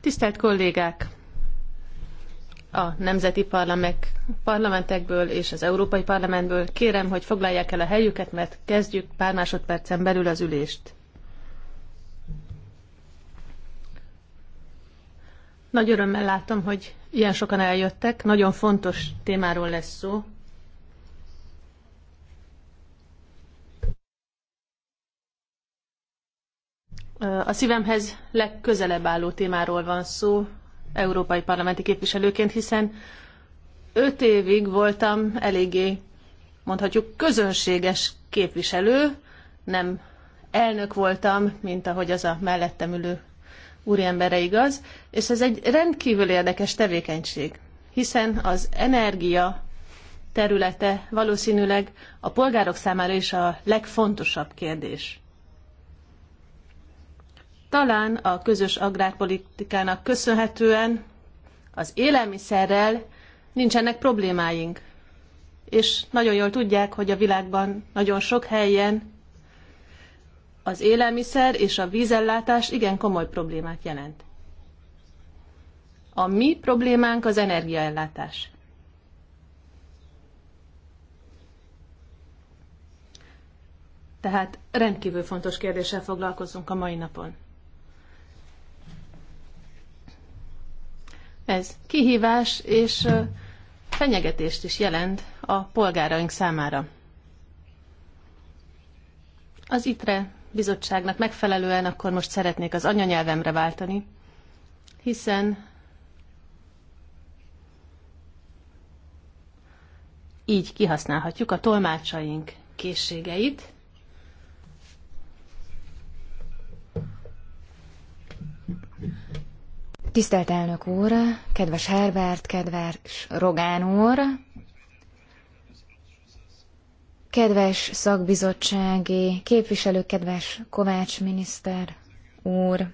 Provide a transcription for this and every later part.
Tisztelt kollégák! A nemzeti parlamentekből és az Európai Parlamentből kérem, hogy foglalják el a helyüket, mert kezdjük pár másodpercen belül az ülést. Nagy örömmel látom, hogy ilyen sokan eljöttek. Nagyon fontos témáról lesz szó, A szívemhez legközelebb álló témáról van szó, európai parlamenti képviselőként, hiszen öt évig voltam eléggé, mondhatjuk, közönséges képviselő, nem elnök voltam, mint ahogy az a mellettem ülő úriembere igaz, és ez egy rendkívül érdekes tevékenység, hiszen az energia területe valószínűleg a polgárok számára is a legfontosabb kérdés. Talán a közös agrárpolitikának köszönhetően az élelmiszerrel nincsenek problémáink. És nagyon jól tudják, hogy a világban nagyon sok helyen az élelmiszer és a vízellátás igen komoly problémát jelent. A mi problémánk az energiaellátás. Tehát rendkívül fontos kérdéssel foglalkozunk a mai napon. Ez kihívás és fenyegetést is jelent a polgáraink számára. Az ITRE bizottságnak megfelelően akkor most szeretnék az anyanyelvemre váltani, hiszen így kihasználhatjuk a tolmácsaink készségeit, Tisztelt elnök úr, kedves Herbert, kedves Rogán úr, kedves szakbizottsági képviselő kedves Kovács miniszter úr,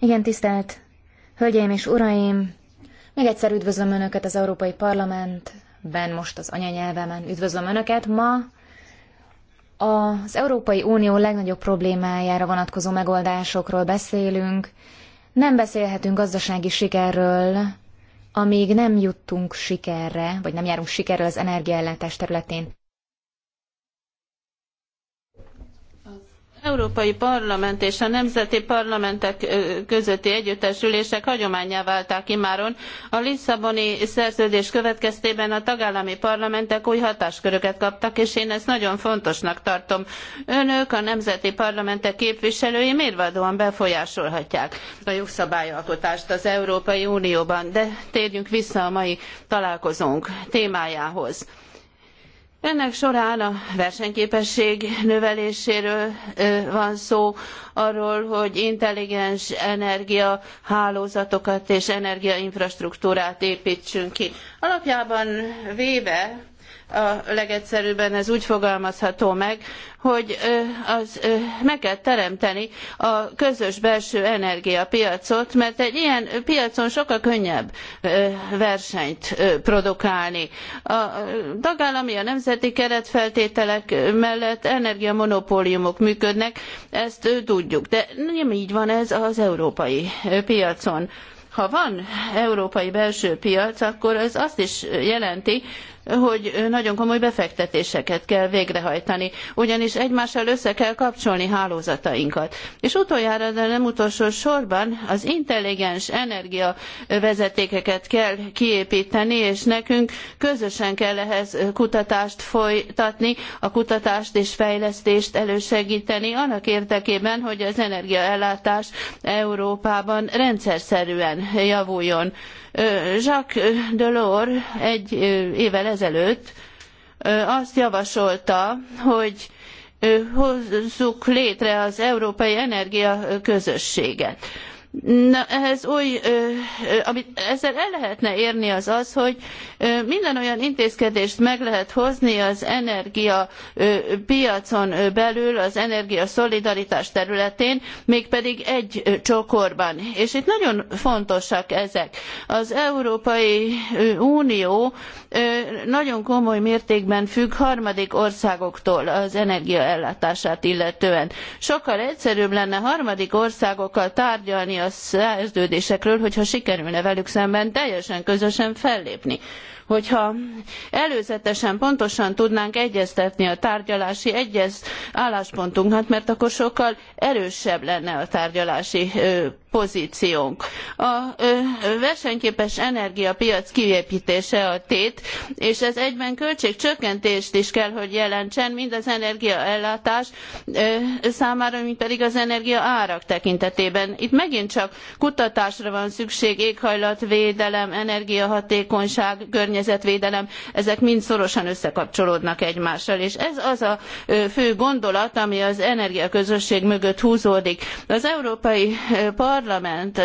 igen, tisztelt hölgyeim és uraim, még egyszer üdvözlöm Önöket az Európai Parlamentben, most az anyanyelvemen üdvözlöm Önöket. Ma az Európai Unió legnagyobb problémájára vonatkozó megoldásokról beszélünk, nem beszélhetünk gazdasági sikerről, amíg nem juttunk sikerre, vagy nem járunk sikerrel az energiaellátás területén. Európai Parlament és a nemzeti parlamentek közötti együttesülések hagyományá válták imáron. A Lisszaboni szerződés következtében a tagállami parlamentek új hatásköröket kaptak, és én ezt nagyon fontosnak tartom. Önök, a nemzeti parlamentek képviselői mérvadóan befolyásolhatják a jogszabályalkotást az Európai Unióban, de térjünk vissza a mai találkozónk témájához ennek során a versenyképesség növeléséről van szó, arról, hogy intelligens energiahálózatokat és energiainfrastruktúrát építsünk ki. Alapjában véve a legegyszerűbben ez úgy fogalmazható meg, hogy az, meg kell teremteni a közös belső energiapiacot, mert egy ilyen piacon sokkal könnyebb versenyt produkálni. A tagállami, a nemzeti keretfeltételek mellett energiamonopóliumok működnek, ezt tudjuk, de nem így van ez az európai piacon ha van európai belső piac, akkor ez azt is jelenti, hogy nagyon komoly befektetéseket kell végrehajtani, ugyanis egymással össze kell kapcsolni hálózatainkat. És utoljára, de nem utolsó sorban az intelligens energiavezetékeket kell kiépíteni, és nekünk közösen kell ehhez kutatást folytatni, a kutatást és fejlesztést elősegíteni, annak érdekében, hogy az energiaellátás Európában rendszerszerűen javuljon. Jacques Delors egy évvel ezelőtt azt javasolta, hogy hozzuk létre az Európai Energia Közösséget. Na, ehhez új, amit ezzel el lehetne érni az az, hogy minden olyan intézkedést meg lehet hozni az energia piacon belül, az energia szolidaritás területén, mégpedig egy csokorban. És itt nagyon fontosak ezek. Az Európai Unió nagyon komoly mértékben függ harmadik országoktól az energia ellátását illetően. Sokkal egyszerűbb lenne harmadik országokkal tárgyalni a szerződésekről, hogyha sikerülne velük szemben teljesen közösen fellépni hogyha előzetesen pontosan tudnánk egyeztetni a tárgyalási egyez álláspontunkat, mert akkor sokkal erősebb lenne a tárgyalási pozíciónk. A versenyképes energiapiac kiépítése a tét, és ez egyben költségcsökkentést is kell, hogy jelentsen, mind az energiaellátás számára, mint pedig az energia árak tekintetében. Itt megint csak kutatásra van szükség, éghajlatvédelem, energiahatékonyság, környezetvédelem, ezek mind szorosan összekapcsolódnak egymással, és ez az a fő gondolat, ami az energiaközösség mögött húzódik. Az Európai Parlament parlament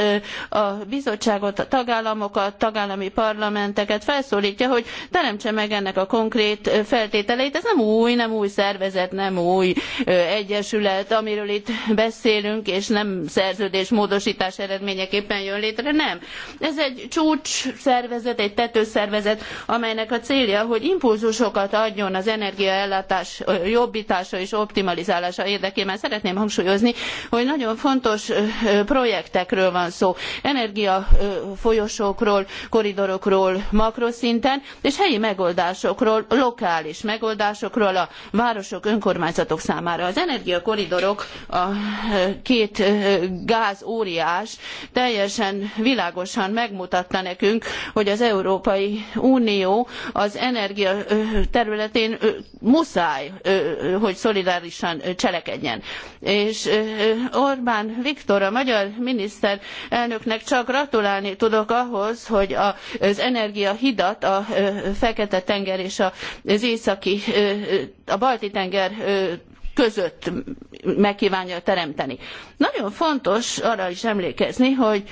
a bizottságot, a tagállamokat, tagállami parlamenteket felszólítja, hogy teremtse meg ennek a konkrét feltételeit. Ez nem új, nem új szervezet, nem új egyesület, amiről itt beszélünk, és nem szerződés módosítás eredményeképpen jön létre, nem. Ez egy csúcs szervezet, egy tetőszervezet, amelynek a célja, hogy impulzusokat adjon az energiaellátás jobbítása és optimalizálása érdekében. Szeretném hangsúlyozni, hogy nagyon fontos projekt projektekről van szó, energiafolyosókról, koridorokról makroszinten, és helyi megoldásokról, lokális megoldásokról a városok, önkormányzatok számára. Az energiakoridorok a két gáz óriás teljesen világosan megmutatta nekünk, hogy az Európai Unió az energia területén muszáj, hogy szolidárisan cselekedjen. És Orbán Viktor, a magyar miniszterelnöknek csak gratulálni tudok ahhoz, hogy az energiahidat a Fekete-tenger és az északi, a Balti-tenger között megkívánja teremteni. Nagyon fontos arra is emlékezni, hogy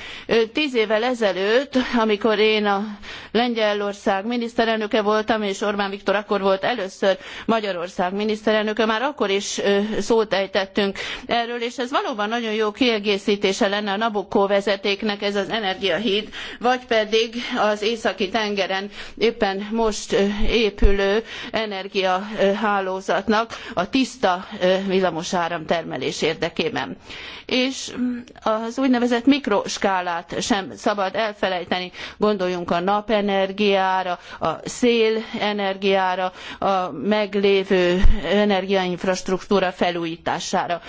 tíz évvel ezelőtt, amikor én a Lengyelország miniszterelnöke voltam, és Orbán Viktor akkor volt először Magyarország miniszterelnöke, már akkor is szót ejtettünk erről, és ez valóban nagyon jó kiegészítése lenne a Nabucco vezetéknek ez az energiahíd, vagy pedig az északi tengeren éppen most épülő energiahálózatnak a tiszta villamosáram termelés érdekében. És mm, az úgynevezett mikroskálát sem szabad elfelejteni. Gondoljunk a napenergiára, a szélenergiára, a meglévő energiainfrastruktúra felújítására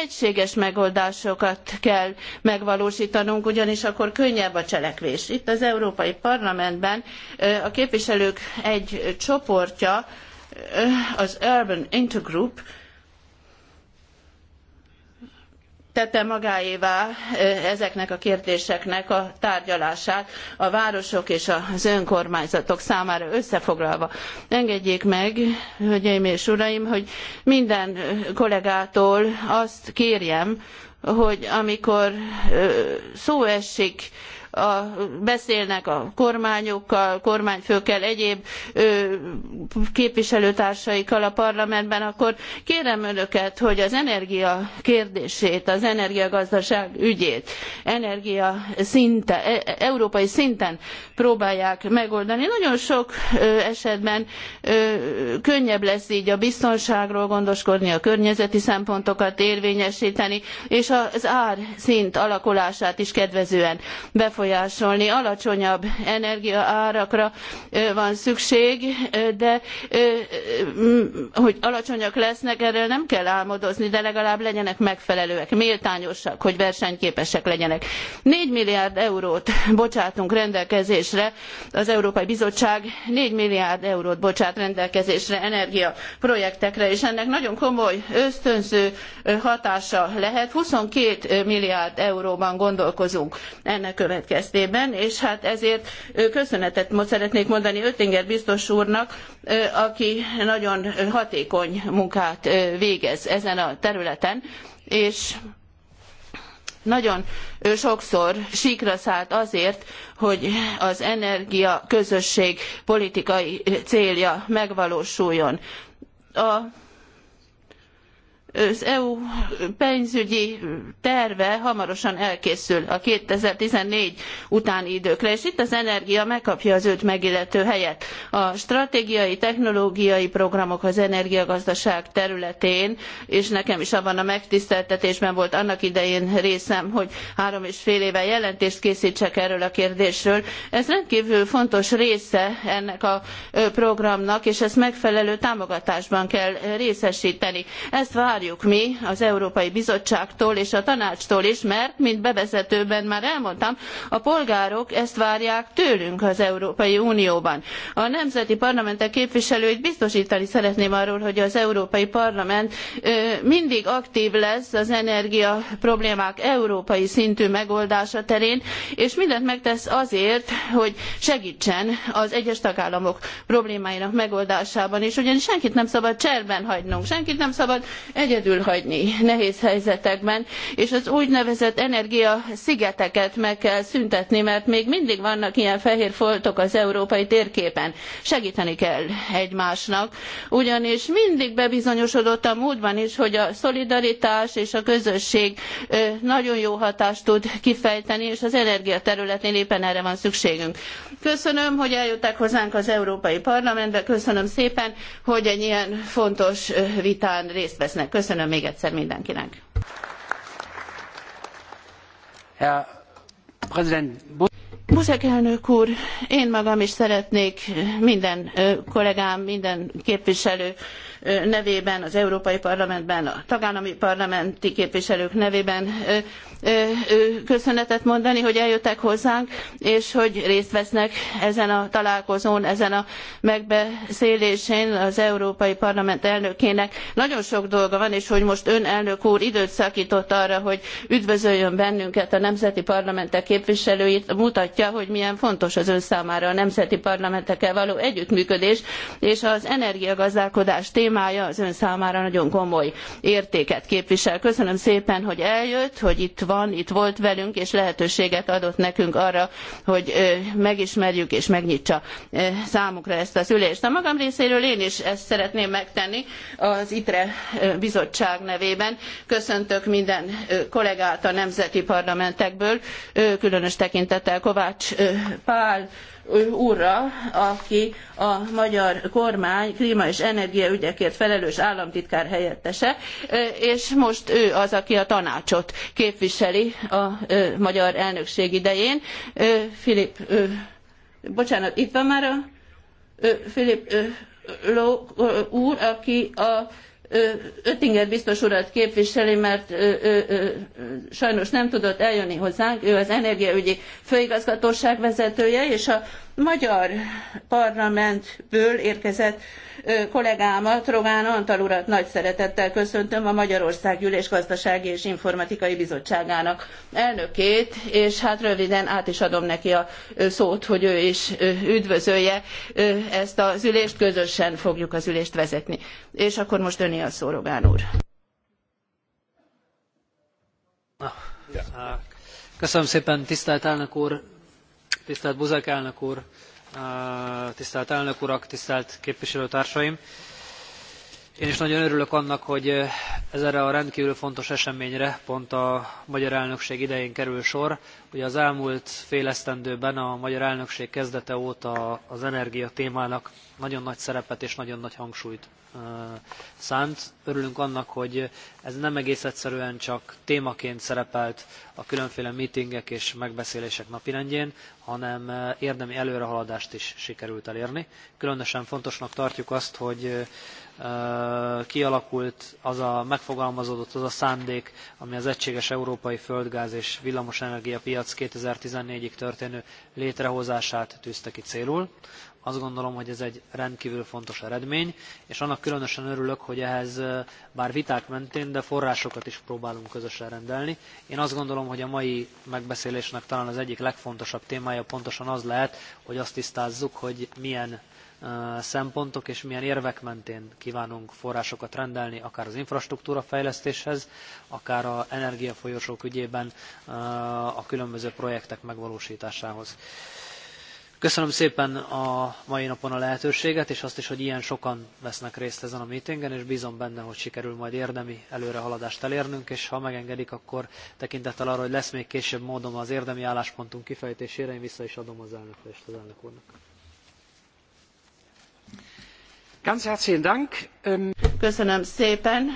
egységes megoldásokat kell megvalósítanunk, ugyanis akkor könnyebb a cselekvés. Itt az Európai Parlamentben a képviselők egy csoportja Eh, az Urban Intergroup tette magáévá eh, ezeknek a kérdéseknek a tárgyalását a városok és az önkormányzatok számára összefoglalva. Engedjék meg, hölgyeim és uraim, hogy minden kollégától azt kérjem, hogy amikor eh, szó esik a, beszélnek a kormányokkal, kormányfőkkel, egyéb ö, képviselőtársaikkal a parlamentben, akkor kérem önöket, hogy az energia kérdését, az energiagazdaság ügyét, energia szinte, e, e európai szinten próbálják megoldani. Nagyon sok esetben könnyebb lesz így a biztonságról gondoskodni, a környezeti szempontokat érvényesíteni, és az ár szint alakulását is kedvezően befolyásolni. Alacsonyabb energiaárakra van szükség, de hogy alacsonyak lesznek, erről nem kell álmodozni, de legalább legyenek megfelelőek, méltányosak, hogy versenyképesek legyenek. 4 milliárd eurót bocsátunk rendelkezésre rendelkezésre. Az Európai Bizottság 4 milliárd eurót bocsát rendelkezésre energiaprojektekre, és ennek nagyon komoly ösztönző hatása lehet. 22 milliárd euróban gondolkozunk ennek következtében, és hát ezért köszönetet szeretnék mondani Öttinger biztos úrnak, aki nagyon hatékony munkát végez ezen a területen, és nagyon sokszor síkra szállt azért, hogy az energia közösség politikai célja megvalósuljon. A az EU pénzügyi terve hamarosan elkészül a 2014 utáni időkre, és itt az energia megkapja az őt megillető helyet. A stratégiai, technológiai programok az energiagazdaság területén, és nekem is abban a megtiszteltetésben volt annak idején részem, hogy három és fél éve jelentést készítsek erről a kérdésről. Ez rendkívül fontos része ennek a programnak, és ezt megfelelő támogatásban kell részesíteni. Ezt várjuk várjuk mi az Európai Bizottságtól és a tanácstól is, mert, mint bevezetőben már elmondtam, a polgárok ezt várják tőlünk az Európai Unióban. A nemzeti parlamentek képviselőit biztosítani szeretném arról, hogy az Európai Parlament mindig aktív lesz az energia problémák európai szintű megoldása terén, és mindent megtesz azért, hogy segítsen az egyes tagállamok problémáinak megoldásában, és ugyanis senkit nem szabad cserben hagynunk, senkit nem szabad egy egyedül hagyni nehéz helyzetekben, és az úgynevezett energiaszigeteket meg kell szüntetni, mert még mindig vannak ilyen fehér foltok az európai térképen. Segíteni kell egymásnak, ugyanis mindig bebizonyosodott a múltban is, hogy a szolidaritás és a közösség nagyon jó hatást tud kifejteni, és az energia területén éppen erre van szükségünk. Köszönöm, hogy eljöttek hozzánk az Európai Parlamentbe, köszönöm szépen, hogy egy ilyen fontos vitán részt vesznek. Köszönöm még egyszer mindenkinek. Buzek elnök úr, én magam is szeretnék minden kollégám, minden képviselő nevében, az Európai Parlamentben, a tagállami parlamenti képviselők nevében köszönetet mondani, hogy eljöttek hozzánk, és hogy részt vesznek ezen a találkozón, ezen a megbeszélésén az Európai Parlament elnökének. Nagyon sok dolga van, és hogy most ön elnök úr időt szakított arra, hogy üdvözöljön bennünket a nemzeti parlamentek képviselőit, mutatja, hogy milyen fontos az ön számára a nemzeti parlamentekkel való együttműködés, és az energiagazdálkodás témájában témája az ön számára nagyon komoly értéket képvisel. Köszönöm szépen, hogy eljött, hogy itt van, itt volt velünk, és lehetőséget adott nekünk arra, hogy megismerjük és megnyitsa számukra ezt az ülést. A magam részéről én is ezt szeretném megtenni az ITRE bizottság nevében. Köszöntök minden kollégát a nemzeti parlamentekből, különös tekintettel Kovács Pál úrra, aki a magyar kormány klíma és energiaügyekért felelős államtitkár helyettese, és most ő az, aki a tanácsot képviseli a magyar elnökség idején. Filip, bocsánat, itt van már a Filip Ló úr, aki a Öttinger biztos urat képviseli, mert ö, ö, ö, sajnos nem tudott eljönni hozzánk. Ő az energiaügyi főigazgatóság vezetője, és a magyar parlamentből érkezett kollégámat, Rogán Antal urat nagy szeretettel köszöntöm a Magyarország Gyűlés Gazdasági és Informatikai Bizottságának elnökét, és hát röviden át is adom neki a szót, hogy ő is üdvözölje ezt az ülést, közösen fogjuk az ülést vezetni. És akkor most öné a szó, Rogán úr. Köszönöm szépen, tisztelt elnök úr, Tisztelt Buzek elnök úr, tisztelt elnök urak, tisztelt képviselőtársaim! Én is nagyon örülök annak, hogy ez erre a rendkívül fontos eseményre pont a magyar elnökség idején kerül sor. Ugye az elmúlt fél esztendőben a magyar elnökség kezdete óta az energia témának nagyon nagy szerepet és nagyon nagy hangsúlyt szánt. Örülünk annak, hogy ez nem egész egyszerűen csak témaként szerepelt a különféle meetingek és megbeszélések napirendjén, hanem érdemi előrehaladást is sikerült elérni. Különösen fontosnak tartjuk azt, hogy kialakult az a megfogalmazódott az a szándék, ami az egységes európai földgáz és villamosenergia piac 2014-ig történő létrehozását tűzte ki célul. Azt gondolom, hogy ez egy rendkívül fontos eredmény, és annak különösen örülök, hogy ehhez bár viták mentén, de forrásokat is próbálunk közösen rendelni. Én azt gondolom, hogy a mai megbeszélésnek talán az egyik legfontosabb témája pontosan az lehet, hogy azt tisztázzuk, hogy milyen szempontok és milyen érvek mentén kívánunk forrásokat rendelni, akár az infrastruktúra fejlesztéshez, akár a energiafolyosók ügyében a különböző projektek megvalósításához. Köszönöm szépen a mai napon a lehetőséget, és azt is, hogy ilyen sokan vesznek részt ezen a meetingen, és bízom benne, hogy sikerül majd érdemi előrehaladást elérnünk, és ha megengedik, akkor tekintettel arra, hogy lesz még később módom az érdemi álláspontunk kifejtésére, én vissza is adom az elnöklést az elnök úrnak. Ganz herzlichen Dank. Ähm, Köszönöm szépen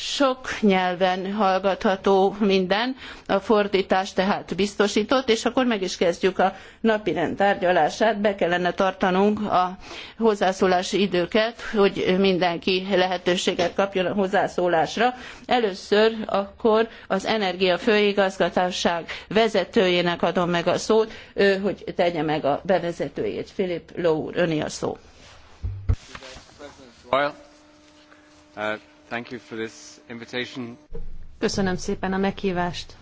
sok nyelven hallgatható minden, a fordítás tehát biztosított, és akkor meg is kezdjük a napirend tárgyalását. Be kellene tartanunk a hozzászólási időket, hogy mindenki lehetőséget kapjon a hozzászólásra. Először akkor az Energia Főigazgatóság vezetőjének adom meg a szót, ő, hogy tegye meg a bevezetőjét. Philip Lóúr, öné a szó. Well, uh... Köszönöm szépen a meghívást,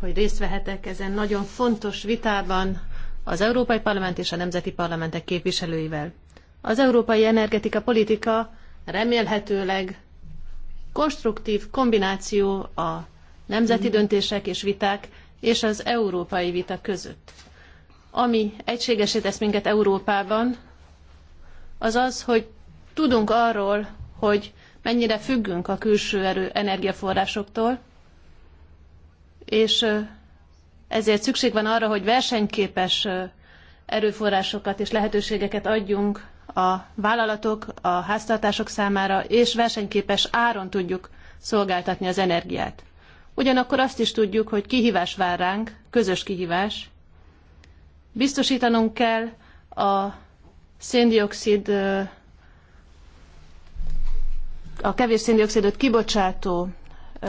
hogy részt vehetek ezen nagyon fontos vitában az Európai Parlament és a Nemzeti Parlamentek képviselőivel. Az európai energetika politika remélhetőleg konstruktív kombináció a nemzeti döntések és viták és az európai vita között. Ami egységesé tesz minket Európában, az az, hogy tudunk arról, hogy mennyire függünk a külső erő energiaforrásoktól, és ezért szükség van arra, hogy versenyképes erőforrásokat és lehetőségeket adjunk a vállalatok, a háztartások számára, és versenyképes áron tudjuk szolgáltatni az energiát. Ugyanakkor azt is tudjuk, hogy kihívás vár ránk, közös kihívás. Biztosítanunk kell a széndiokszid a kevés széndiokszidot kibocsátó ö,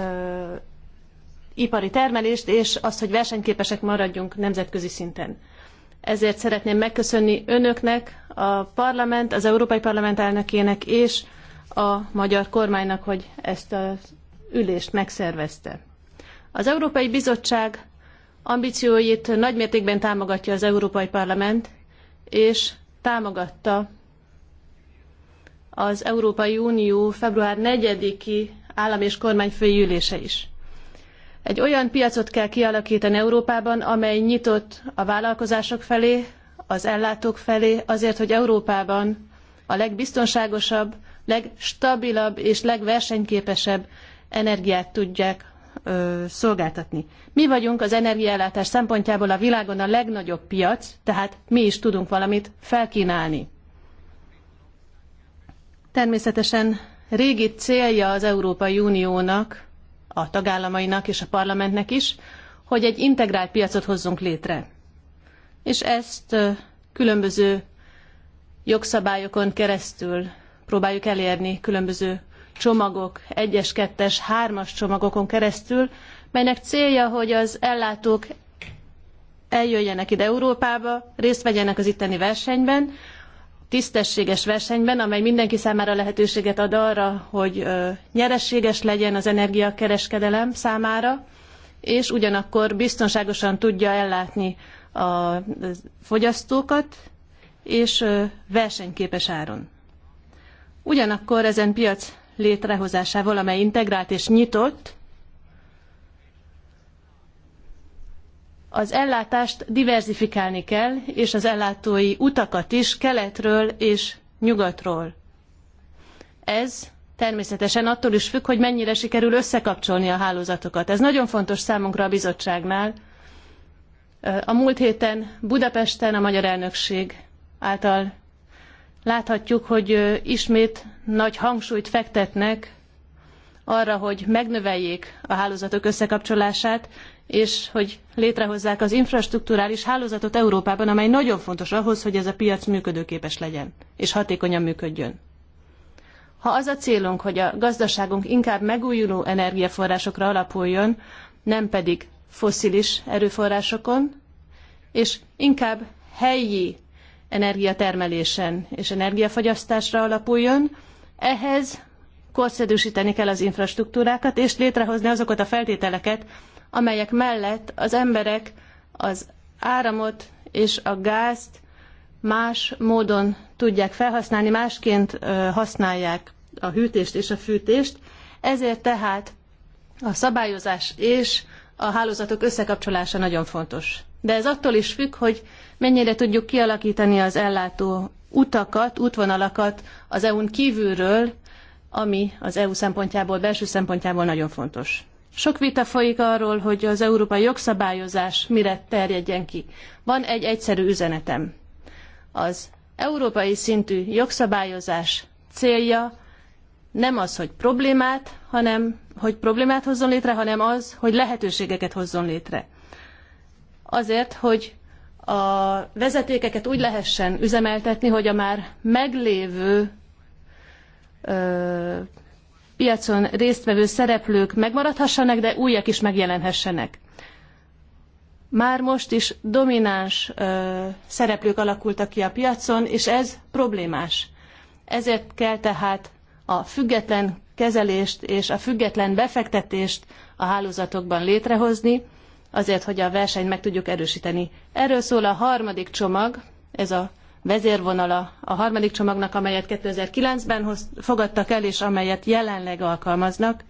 ipari termelést, és azt, hogy versenyképesek maradjunk nemzetközi szinten. Ezért szeretném megköszönni önöknek, a parlament, az Európai Parlament elnökének és a magyar kormánynak, hogy ezt az ülést megszervezte. Az Európai Bizottság ambícióit nagymértékben támogatja az Európai Parlament, és támogatta az Európai Unió február 4-i állam és kormányfői ülése is. Egy olyan piacot kell kialakítani Európában, amely nyitott a vállalkozások felé, az ellátók felé, azért, hogy Európában a legbiztonságosabb, legstabilabb és legversenyképesebb energiát tudják ö, szolgáltatni. Mi vagyunk az energiaellátás szempontjából a világon a legnagyobb piac, tehát mi is tudunk valamit felkínálni. Természetesen régi célja az Európai Uniónak, a tagállamainak és a parlamentnek is, hogy egy integrált piacot hozzunk létre. És ezt különböző jogszabályokon keresztül próbáljuk elérni, különböző csomagok, egyes, kettes, hármas csomagokon keresztül, melynek célja, hogy az ellátók eljöjjenek ide Európába, részt vegyenek az itteni versenyben, tisztességes versenyben, amely mindenki számára lehetőséget ad arra, hogy nyereséges legyen az energiakereskedelem számára, és ugyanakkor biztonságosan tudja ellátni a fogyasztókat, és versenyképes áron. Ugyanakkor ezen piac létrehozásával, amely integrált és nyitott, Az ellátást diverzifikálni kell, és az ellátói utakat is keletről és nyugatról. Ez természetesen attól is függ, hogy mennyire sikerül összekapcsolni a hálózatokat. Ez nagyon fontos számunkra a bizottságnál. A múlt héten Budapesten a magyar elnökség által láthatjuk, hogy ismét nagy hangsúlyt fektetnek arra, hogy megnöveljék a hálózatok összekapcsolását, és hogy létrehozzák az infrastruktúrális hálózatot Európában, amely nagyon fontos ahhoz, hogy ez a piac működőképes legyen, és hatékonyan működjön. Ha az a célunk, hogy a gazdaságunk inkább megújuló energiaforrásokra alapuljon, nem pedig foszilis erőforrásokon, és inkább helyi energiatermelésen és energiafogyasztásra alapuljon, ehhez korszerűsíteni kell az infrastruktúrákat, és létrehozni azokat a feltételeket, amelyek mellett az emberek az áramot és a gázt más módon tudják felhasználni, másként használják a hűtést és a fűtést. Ezért tehát a szabályozás és a hálózatok összekapcsolása nagyon fontos. De ez attól is függ, hogy mennyire tudjuk kialakítani az ellátó utakat, útvonalakat az EU-n kívülről, ami az EU szempontjából, belső szempontjából nagyon fontos. Sok vita folyik arról, hogy az európai jogszabályozás mire terjedjen ki. Van egy egyszerű üzenetem. Az európai szintű jogszabályozás célja nem az, hogy problémát, hanem hogy problémát hozzon létre, hanem az, hogy lehetőségeket hozzon létre. Azért, hogy a vezetékeket úgy lehessen üzemeltetni, hogy a már meglévő ö, piacon résztvevő szereplők megmaradhassanak, de újak is megjelenhessenek. Már most is domináns ö, szereplők alakultak ki a piacon, és ez problémás. Ezért kell tehát a független kezelést és a független befektetést a hálózatokban létrehozni, azért, hogy a versenyt meg tudjuk erősíteni. Erről szól a harmadik csomag, ez a vezérvonala a harmadik csomagnak, amelyet 2009-ben fogadtak el, és amelyet jelenleg alkalmaznak.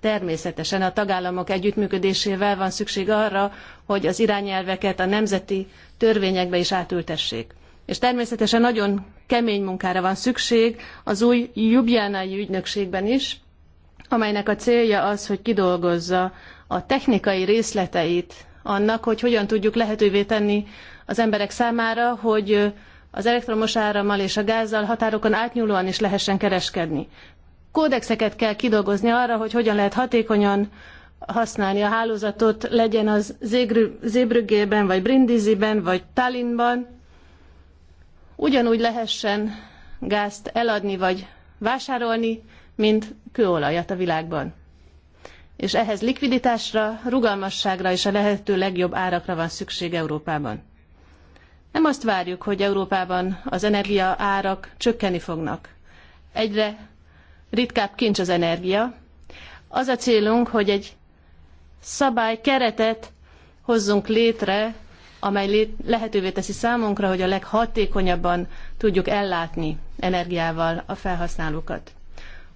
Természetesen a tagállamok együttműködésével van szükség arra, hogy az irányelveket a nemzeti törvényekbe is átültessék. És természetesen nagyon kemény munkára van szükség az új Jubjánai ügynökségben is, amelynek a célja az, hogy kidolgozza a technikai részleteit annak, hogy hogyan tudjuk lehetővé tenni az emberek számára, hogy az elektromos árammal és a gázzal határokon átnyúlóan is lehessen kereskedni. Kódexeket kell kidolgozni arra, hogy hogyan lehet hatékonyan használni a hálózatot, legyen az Zébrüggében, vagy Brindisiben, vagy Tallinnban, ugyanúgy lehessen gázt eladni vagy vásárolni, mint kőolajat a világban. És ehhez likviditásra, rugalmasságra és a lehető legjobb árakra van szükség Európában. Nem azt várjuk, hogy Európában az energia árak csökkenni fognak. Egyre ritkább kincs az energia. Az a célunk, hogy egy szabály keretet hozzunk létre, amely lehetővé teszi számunkra, hogy a leghatékonyabban tudjuk ellátni energiával a felhasználókat.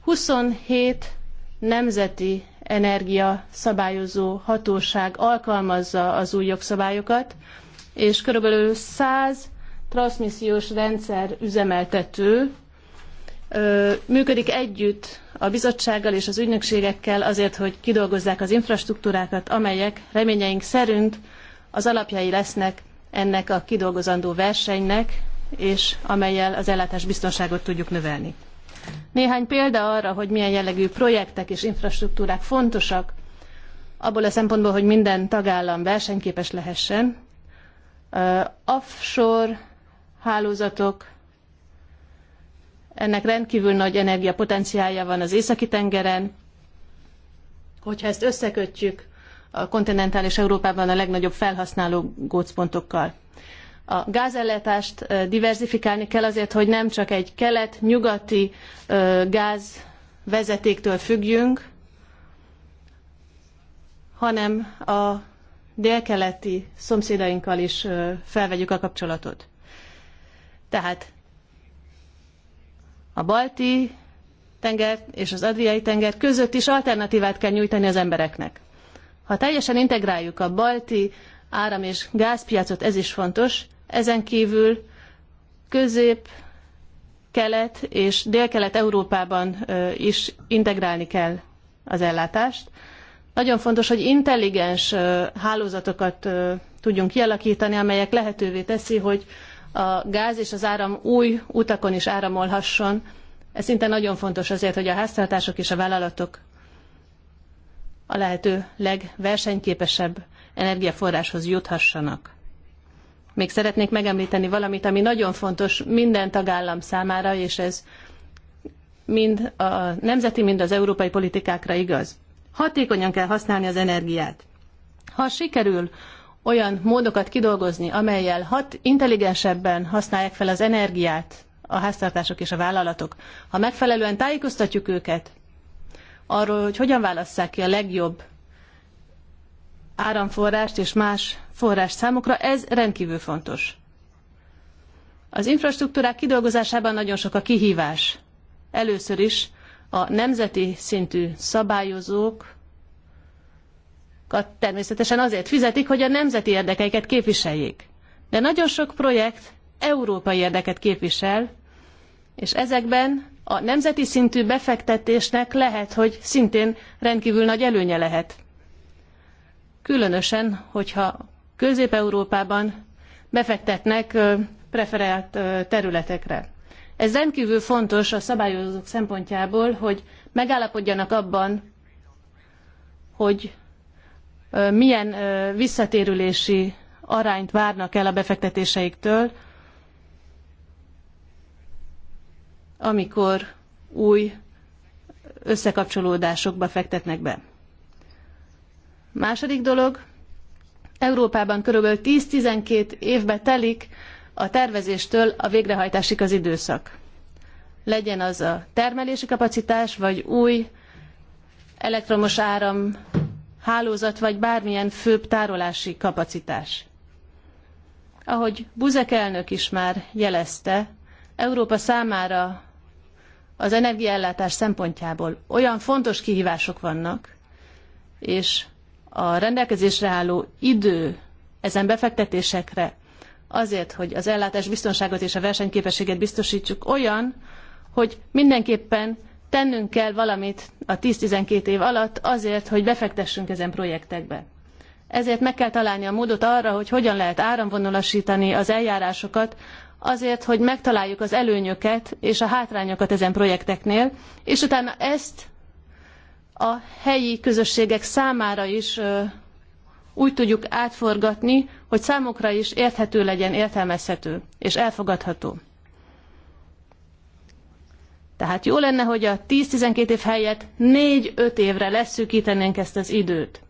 27 nemzeti energia szabályozó hatóság alkalmazza az új jogszabályokat, és körülbelül 100 transmissziós rendszer üzemeltető működik együtt a bizottsággal és az ügynökségekkel azért, hogy kidolgozzák az infrastruktúrákat, amelyek reményeink szerint az alapjai lesznek ennek a kidolgozandó versenynek, és amelyel az ellátás biztonságot tudjuk növelni. Néhány példa arra, hogy milyen jellegű projektek és infrastruktúrák fontosak, abból a szempontból, hogy minden tagállam versenyképes lehessen, offshore hálózatok, ennek rendkívül nagy energiapotenciálja van az Északi-tengeren. Hogyha ezt összekötjük a kontinentális Európában a legnagyobb felhasználó gócpontokkal. A gázellátást diversifikálni kell azért, hogy nem csak egy kelet-nyugati gázvezetéktől függjünk, hanem a délkeleti szomszédainkkal is felvegyük a kapcsolatot. Tehát a balti tenger és az adriai tenger között is alternatívát kell nyújtani az embereknek. Ha teljesen integráljuk a balti áram- és gázpiacot, ez is fontos, ezen kívül közép, kelet és délkelet Európában is integrálni kell az ellátást. Nagyon fontos, hogy intelligens hálózatokat tudjunk kialakítani, amelyek lehetővé teszi, hogy a gáz és az áram új utakon is áramolhasson. Ez szinte nagyon fontos azért, hogy a háztartások és a vállalatok a lehető legversenyképesebb energiaforráshoz juthassanak. Még szeretnék megemlíteni valamit, ami nagyon fontos minden tagállam számára, és ez mind a nemzeti, mind az európai politikákra igaz. Hatékonyan kell használni az energiát. Ha sikerül olyan módokat kidolgozni, amelyel hat intelligensebben használják fel az energiát a háztartások és a vállalatok, ha megfelelően tájékoztatjuk őket arról, hogy hogyan válasszák ki a legjobb áramforrást és más forrást számukra, ez rendkívül fontos. Az infrastruktúrák kidolgozásában nagyon sok a kihívás. Először is a nemzeti szintű szabályozók természetesen azért fizetik, hogy a nemzeti érdekeiket képviseljék. De nagyon sok projekt európai érdeket képvisel, és ezekben a nemzeti szintű befektetésnek lehet, hogy szintén rendkívül nagy előnye lehet. Különösen, hogyha Közép-Európában befektetnek preferált területekre. Ez rendkívül fontos a szabályozók szempontjából, hogy megállapodjanak abban, hogy milyen visszatérülési arányt várnak el a befektetéseiktől, amikor új összekapcsolódásokba fektetnek be. Második dolog, Európában körülbelül 10-12 évbe telik, a tervezéstől a végrehajtásig az időszak. Legyen az a termelési kapacitás, vagy új elektromos áram hálózat, vagy bármilyen főbb tárolási kapacitás. Ahogy Buzek elnök is már jelezte, Európa számára az energiaellátás szempontjából olyan fontos kihívások vannak, és a rendelkezésre álló idő ezen befektetésekre azért, hogy az ellátás biztonságot és a versenyképességet biztosítsuk olyan, hogy mindenképpen tennünk kell valamit a 10-12 év alatt azért, hogy befektessünk ezen projektekbe. Ezért meg kell találni a módot arra, hogy hogyan lehet áramvonalasítani az eljárásokat, azért, hogy megtaláljuk az előnyöket és a hátrányokat ezen projekteknél, és utána ezt a helyi közösségek számára is úgy tudjuk átforgatni, hogy számukra is érthető legyen, értelmezhető és elfogadható. Tehát jó lenne, hogy a 10-12 év helyett 4-5 évre leszűkítenénk ezt az időt.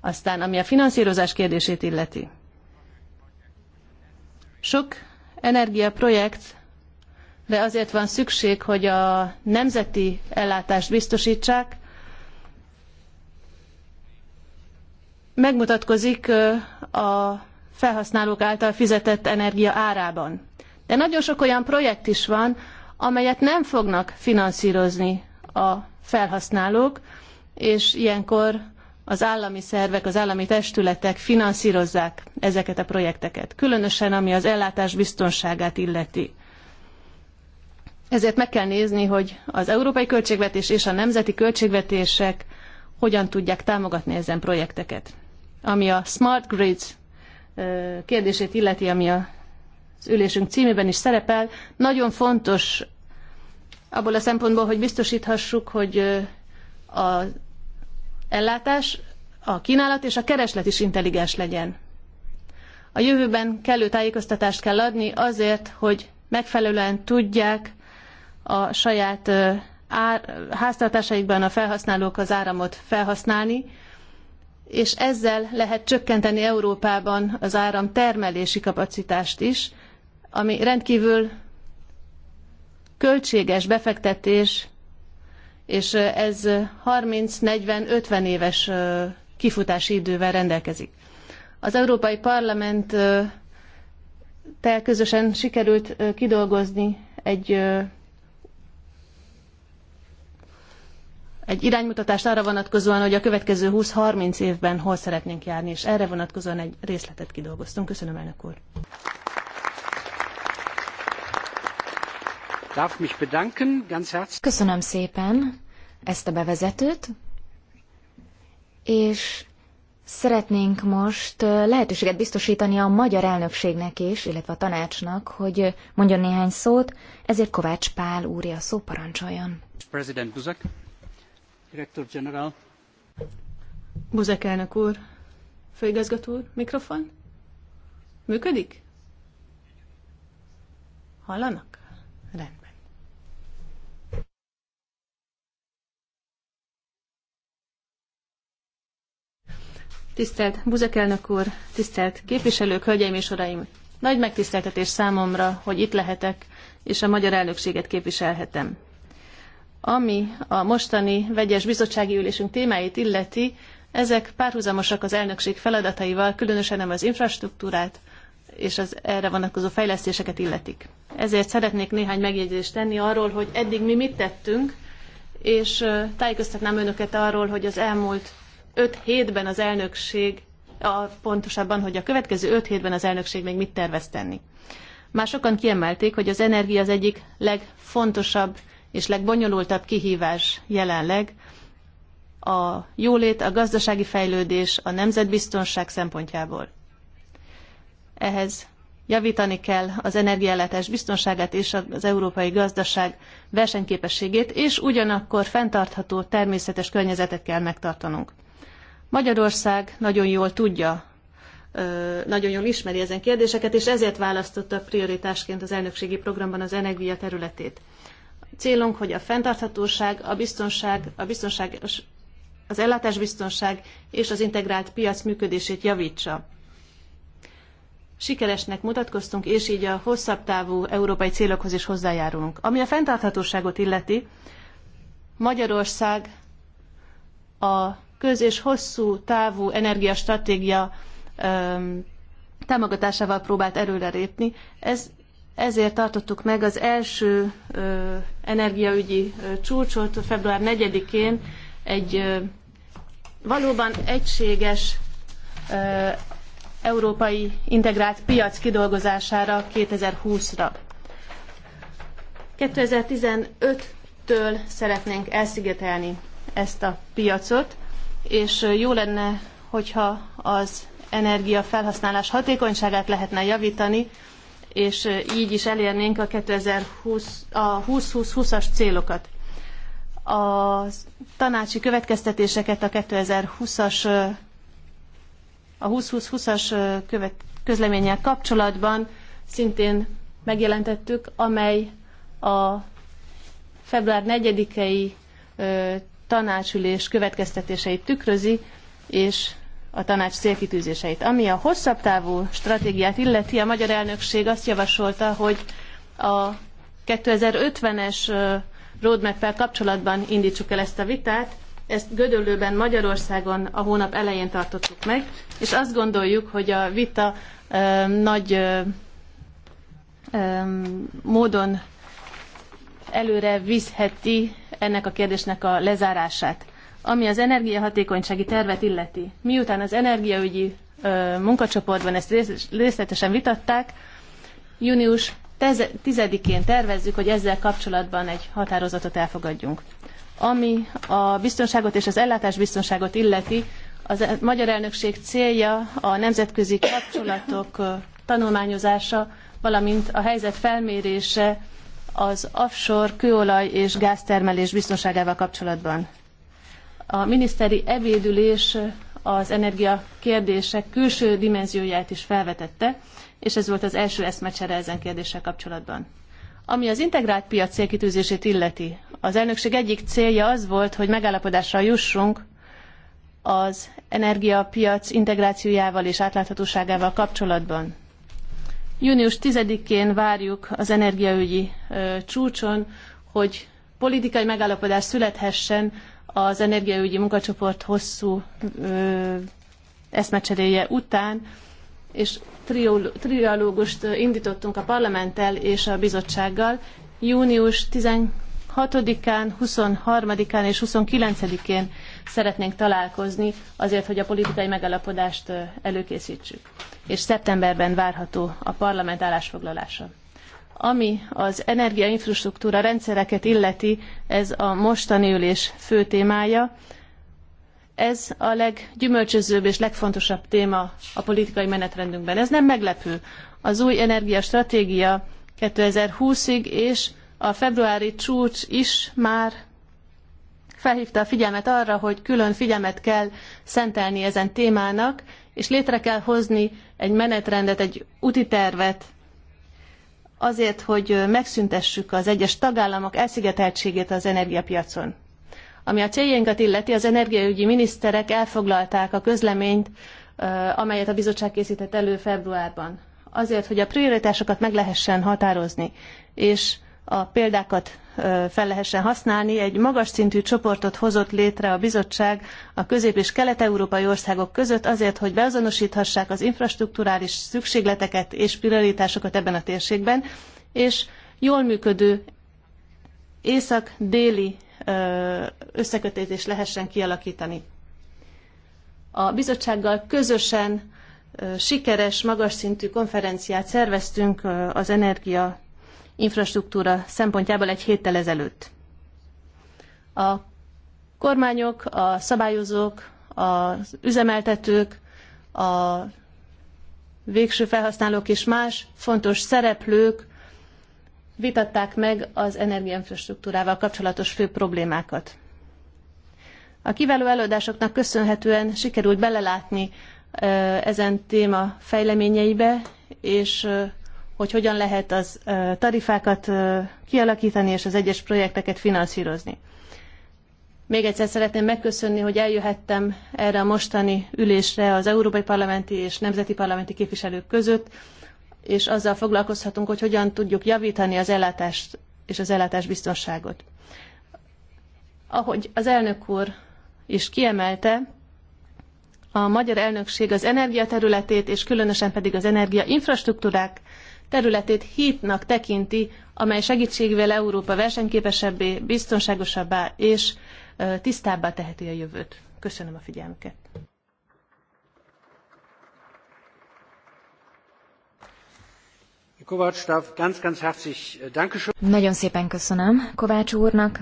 Aztán, ami a finanszírozás kérdését illeti. Sok energiaprojekt, de azért van szükség, hogy a nemzeti ellátást biztosítsák, megmutatkozik a felhasználók által fizetett energia árában. De nagyon sok olyan projekt is van, amelyet nem fognak finanszírozni a felhasználók, és ilyenkor az állami szervek, az állami testületek finanszírozzák ezeket a projekteket, különösen ami az ellátás biztonságát illeti. Ezért meg kell nézni, hogy az európai költségvetés és a nemzeti költségvetések hogyan tudják támogatni ezen projekteket ami a smart grids kérdését illeti, ami az ülésünk címében is szerepel, nagyon fontos abból a szempontból, hogy biztosíthassuk, hogy a ellátás, a kínálat és a kereslet is intelligens legyen. A jövőben kellő tájékoztatást kell adni azért, hogy megfelelően tudják a saját háztartásaikban a felhasználók az áramot felhasználni, és ezzel lehet csökkenteni Európában az áram termelési kapacitást is, ami rendkívül költséges befektetés, és ez 30-40-50 éves kifutási idővel rendelkezik. Az Európai Parlament közösen sikerült kidolgozni egy egy iránymutatást arra vonatkozóan, hogy a következő 20-30 évben hol szeretnénk járni, és erre vonatkozóan egy részletet kidolgoztunk. Köszönöm, elnök úr. Köszönöm szépen ezt a bevezetőt, és szeretnénk most lehetőséget biztosítani a magyar elnökségnek is, illetve a tanácsnak, hogy mondjon néhány szót, ezért Kovács Pál úri a szó parancsoljon. President Buzek. Director General. Buzek elnök úr, főigazgató úr, mikrofon? Működik? Hallanak? Rendben. Tisztelt Buzek elnök úr, tisztelt képviselők, hölgyeim és uraim! Nagy megtiszteltetés számomra, hogy itt lehetek, és a magyar elnökséget képviselhetem. Ami a mostani vegyes bizottsági ülésünk témáit illeti, ezek párhuzamosak az elnökség feladataival, különösen nem az infrastruktúrát és az erre vonatkozó fejlesztéseket illetik. Ezért szeretnék néhány megjegyzést tenni arról, hogy eddig mi mit tettünk, és tájékoztatnám önöket arról, hogy az elmúlt öt hétben az elnökség, a, pontosabban, hogy a következő öt hétben az elnökség még mit tervez tenni. Már sokan kiemelték, hogy az energia az egyik legfontosabb és legbonyolultabb kihívás jelenleg a jólét, a gazdasági fejlődés, a nemzetbiztonság szempontjából. Ehhez javítani kell az energiállátás biztonságát és az európai gazdaság versenyképességét, és ugyanakkor fenntartható természetes környezetet kell megtartanunk. Magyarország nagyon jól tudja, nagyon jól ismeri ezen kérdéseket, és ezért választotta prioritásként az elnökségi programban az energia területét. Célunk, hogy a fenntarthatóság, a biztonság, a biztonság, az ellátásbiztonság és az integrált piac működését javítsa. Sikeresnek mutatkoztunk, és így a hosszabb távú európai célokhoz is hozzájárulunk. Ami a fenntarthatóságot illeti, Magyarország a köz- és hosszú távú energiastratégia támogatásával próbált erőre lépni. Ez ezért tartottuk meg az első energiaügyi csúcsot február 4-én egy valóban egységes európai integrált piac kidolgozására 2020-ra. 2015-től szeretnénk elszigetelni ezt a piacot, és jó lenne, hogyha az energiafelhasználás hatékonyságát lehetne javítani, és így is elérnénk a 2020, a 2020-20-as célokat. A tanácsi következtetéseket a 2020-as a 2020-20-as közlemények közleménnyel kapcsolatban szintén megjelentettük, amely a február 4-i tanácsülés következtetéseit tükrözi, és a tanács célkitűzéseit. Ami a hosszabb távú stratégiát illeti, a magyar elnökség azt javasolta, hogy a 2050-es roadmap kapcsolatban indítsuk el ezt a vitát. Ezt Gödöllőben Magyarországon a hónap elején tartottuk meg, és azt gondoljuk, hogy a vita ö, nagy ö, ö, módon előre viszheti ennek a kérdésnek a lezárását. Ami az energiahatékonysági tervet illeti, miután az energiaügyi ö, munkacsoportban ezt részletesen vitatták, június 10-én tervezzük, hogy ezzel kapcsolatban egy határozatot elfogadjunk. Ami a biztonságot és az ellátásbiztonságot illeti, az e- magyar elnökség célja a nemzetközi kapcsolatok tanulmányozása, valamint a helyzet felmérése az offshore kőolaj és gáztermelés biztonságával kapcsolatban. A miniszteri ebédülés az energia kérdések külső dimenzióját is felvetette, és ez volt az első eszmecsere ezen kérdéssel kapcsolatban. Ami az integrált piac célkitűzését illeti, az elnökség egyik célja az volt, hogy megállapodásra jussunk az energiapiac integrációjával és átláthatóságával kapcsolatban. Június 10-én várjuk az energiaügyi ö, csúcson, hogy politikai megállapodás születhessen az energiaügyi munkacsoport hosszú ö, eszmecseréje után, és triológust indítottunk a parlamenttel és a bizottsággal. Június 16-án, 23-án és 29-én szeretnénk találkozni azért, hogy a politikai megalapodást előkészítsük. És szeptemberben várható a parlament állásfoglalása. Ami az energiainfrastruktúra rendszereket illeti, ez a mostani ülés fő témája. Ez a leggyümölcsözőbb és legfontosabb téma a politikai menetrendünkben. Ez nem meglepő. Az új energiastratégia 2020-ig és a februári csúcs is már felhívta a figyelmet arra, hogy külön figyelmet kell szentelni ezen témának, és létre kell hozni egy menetrendet, egy úti tervet azért, hogy megszüntessük az egyes tagállamok elszigeteltségét az energiapiacon. Ami a céljainkat illeti, az energiaügyi miniszterek elfoglalták a közleményt, amelyet a bizottság készített elő februárban. Azért, hogy a prioritásokat meg lehessen határozni, és a példákat fel lehessen használni. Egy magas szintű csoportot hozott létre a bizottság a közép- és kelet-európai országok között azért, hogy beazonosíthassák az infrastrukturális szükségleteket és prioritásokat ebben a térségben, és jól működő észak-déli összekötétés lehessen kialakítani. A bizottsággal közösen sikeres, magas szintű konferenciát szerveztünk az energia infrastruktúra szempontjából egy héttel ezelőtt. A kormányok, a szabályozók, az üzemeltetők, a végső felhasználók és más fontos szereplők vitatták meg az energiainfrastruktúrával kapcsolatos fő problémákat. A kiváló előadásoknak köszönhetően sikerült belelátni ezen téma fejleményeibe, és hogy hogyan lehet az tarifákat kialakítani és az egyes projekteket finanszírozni. Még egyszer szeretném megköszönni, hogy eljöhettem erre a mostani ülésre az Európai Parlamenti és Nemzeti Parlamenti képviselők között, és azzal foglalkozhatunk, hogy hogyan tudjuk javítani az ellátást és az biztonságot. Ahogy az elnök úr is kiemelte, a magyar elnökség az energia területét, és különösen pedig az energia infrastruktúrák területét hítnak tekinti, amely segítségével Európa versenyképesebbé, biztonságosabbá és tisztábbá teheti a jövőt. Köszönöm a figyelmüket. Nagyon szépen köszönöm Kovács úrnak,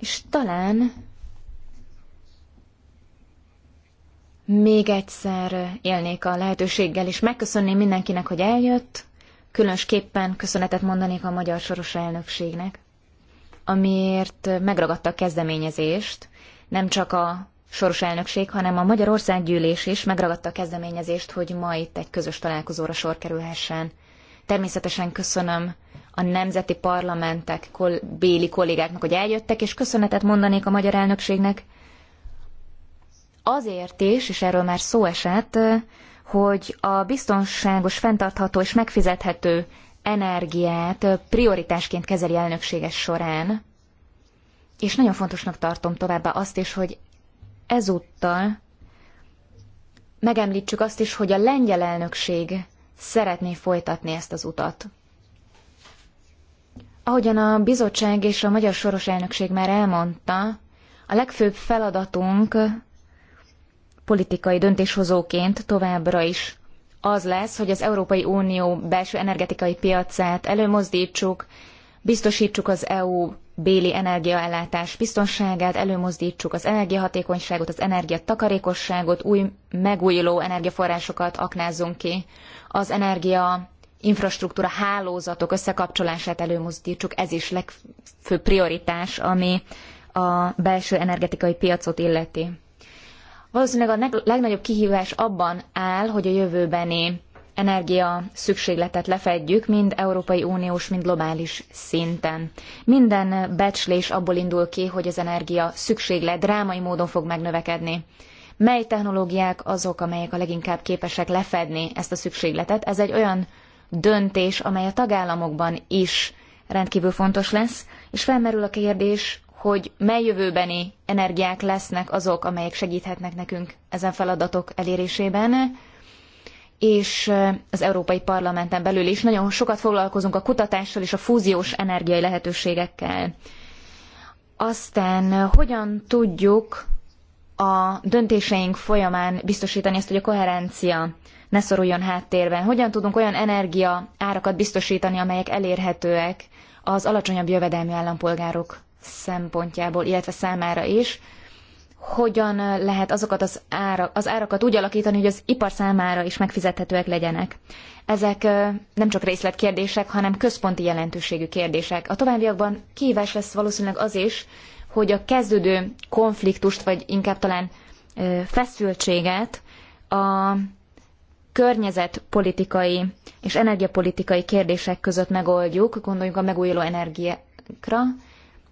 és talán még egyszer élnék a lehetőséggel, és megköszönném mindenkinek, hogy eljött. Különösképpen köszönetet mondanék a Magyar Soros elnökségnek, amiért megragadta a kezdeményezést, nem csak a soros elnökség, hanem a Magyarország gyűlés is megragadta a kezdeményezést, hogy ma itt egy közös találkozóra sor kerülhessen. Természetesen köszönöm a nemzeti parlamentek kol- béli kollégáknak, hogy eljöttek, és köszönetet mondanék a magyar elnökségnek, Azért is, és erről már szó esett, hogy a biztonságos, fenntartható és megfizethető energiát prioritásként kezeli elnökséges során, és nagyon fontosnak tartom továbbá azt is, hogy ezúttal megemlítsük azt is, hogy a lengyel elnökség szeretné folytatni ezt az utat. Ahogyan a bizottság és a magyar soros elnökség már elmondta, a legfőbb feladatunk politikai döntéshozóként továbbra is az lesz, hogy az Európai Unió belső energetikai piacát előmozdítsuk, biztosítsuk az EU béli energiaellátás biztonságát, előmozdítsuk az energiahatékonyságot, az energiatakarékosságot, új megújuló energiaforrásokat aknázzunk ki, az energia infrastruktúra hálózatok összekapcsolását előmozdítsuk, ez is legfőbb prioritás, ami a belső energetikai piacot illeti. Valószínűleg a legnagyobb kihívás abban áll, hogy a jövőbeni energia szükségletet lefedjük, mind Európai Uniós, mind globális szinten. Minden becslés abból indul ki, hogy az energia szükséglet drámai módon fog megnövekedni. Mely technológiák azok, amelyek a leginkább képesek lefedni ezt a szükségletet? Ez egy olyan döntés, amely a tagállamokban is rendkívül fontos lesz, és felmerül a kérdés, hogy mely jövőbeni energiák lesznek azok, amelyek segíthetnek nekünk ezen feladatok elérésében, és az Európai Parlamenten belül is nagyon sokat foglalkozunk a kutatással és a fúziós energiai lehetőségekkel. Aztán hogyan tudjuk a döntéseink folyamán biztosítani ezt, hogy a koherencia ne szoruljon háttérben? Hogyan tudunk olyan energia árakat biztosítani, amelyek elérhetőek az alacsonyabb jövedelmű állampolgárok szempontjából, illetve számára is, hogyan lehet azokat az, ára, az árakat úgy alakítani, hogy az ipar számára is megfizethetőek legyenek. Ezek nem csak részletkérdések, hanem központi jelentőségű kérdések. A továbbiakban kihívás lesz valószínűleg az is, hogy a kezdődő konfliktust, vagy inkább talán feszültséget a környezetpolitikai és energiapolitikai kérdések között megoldjuk, gondoljunk a megújuló energiákra,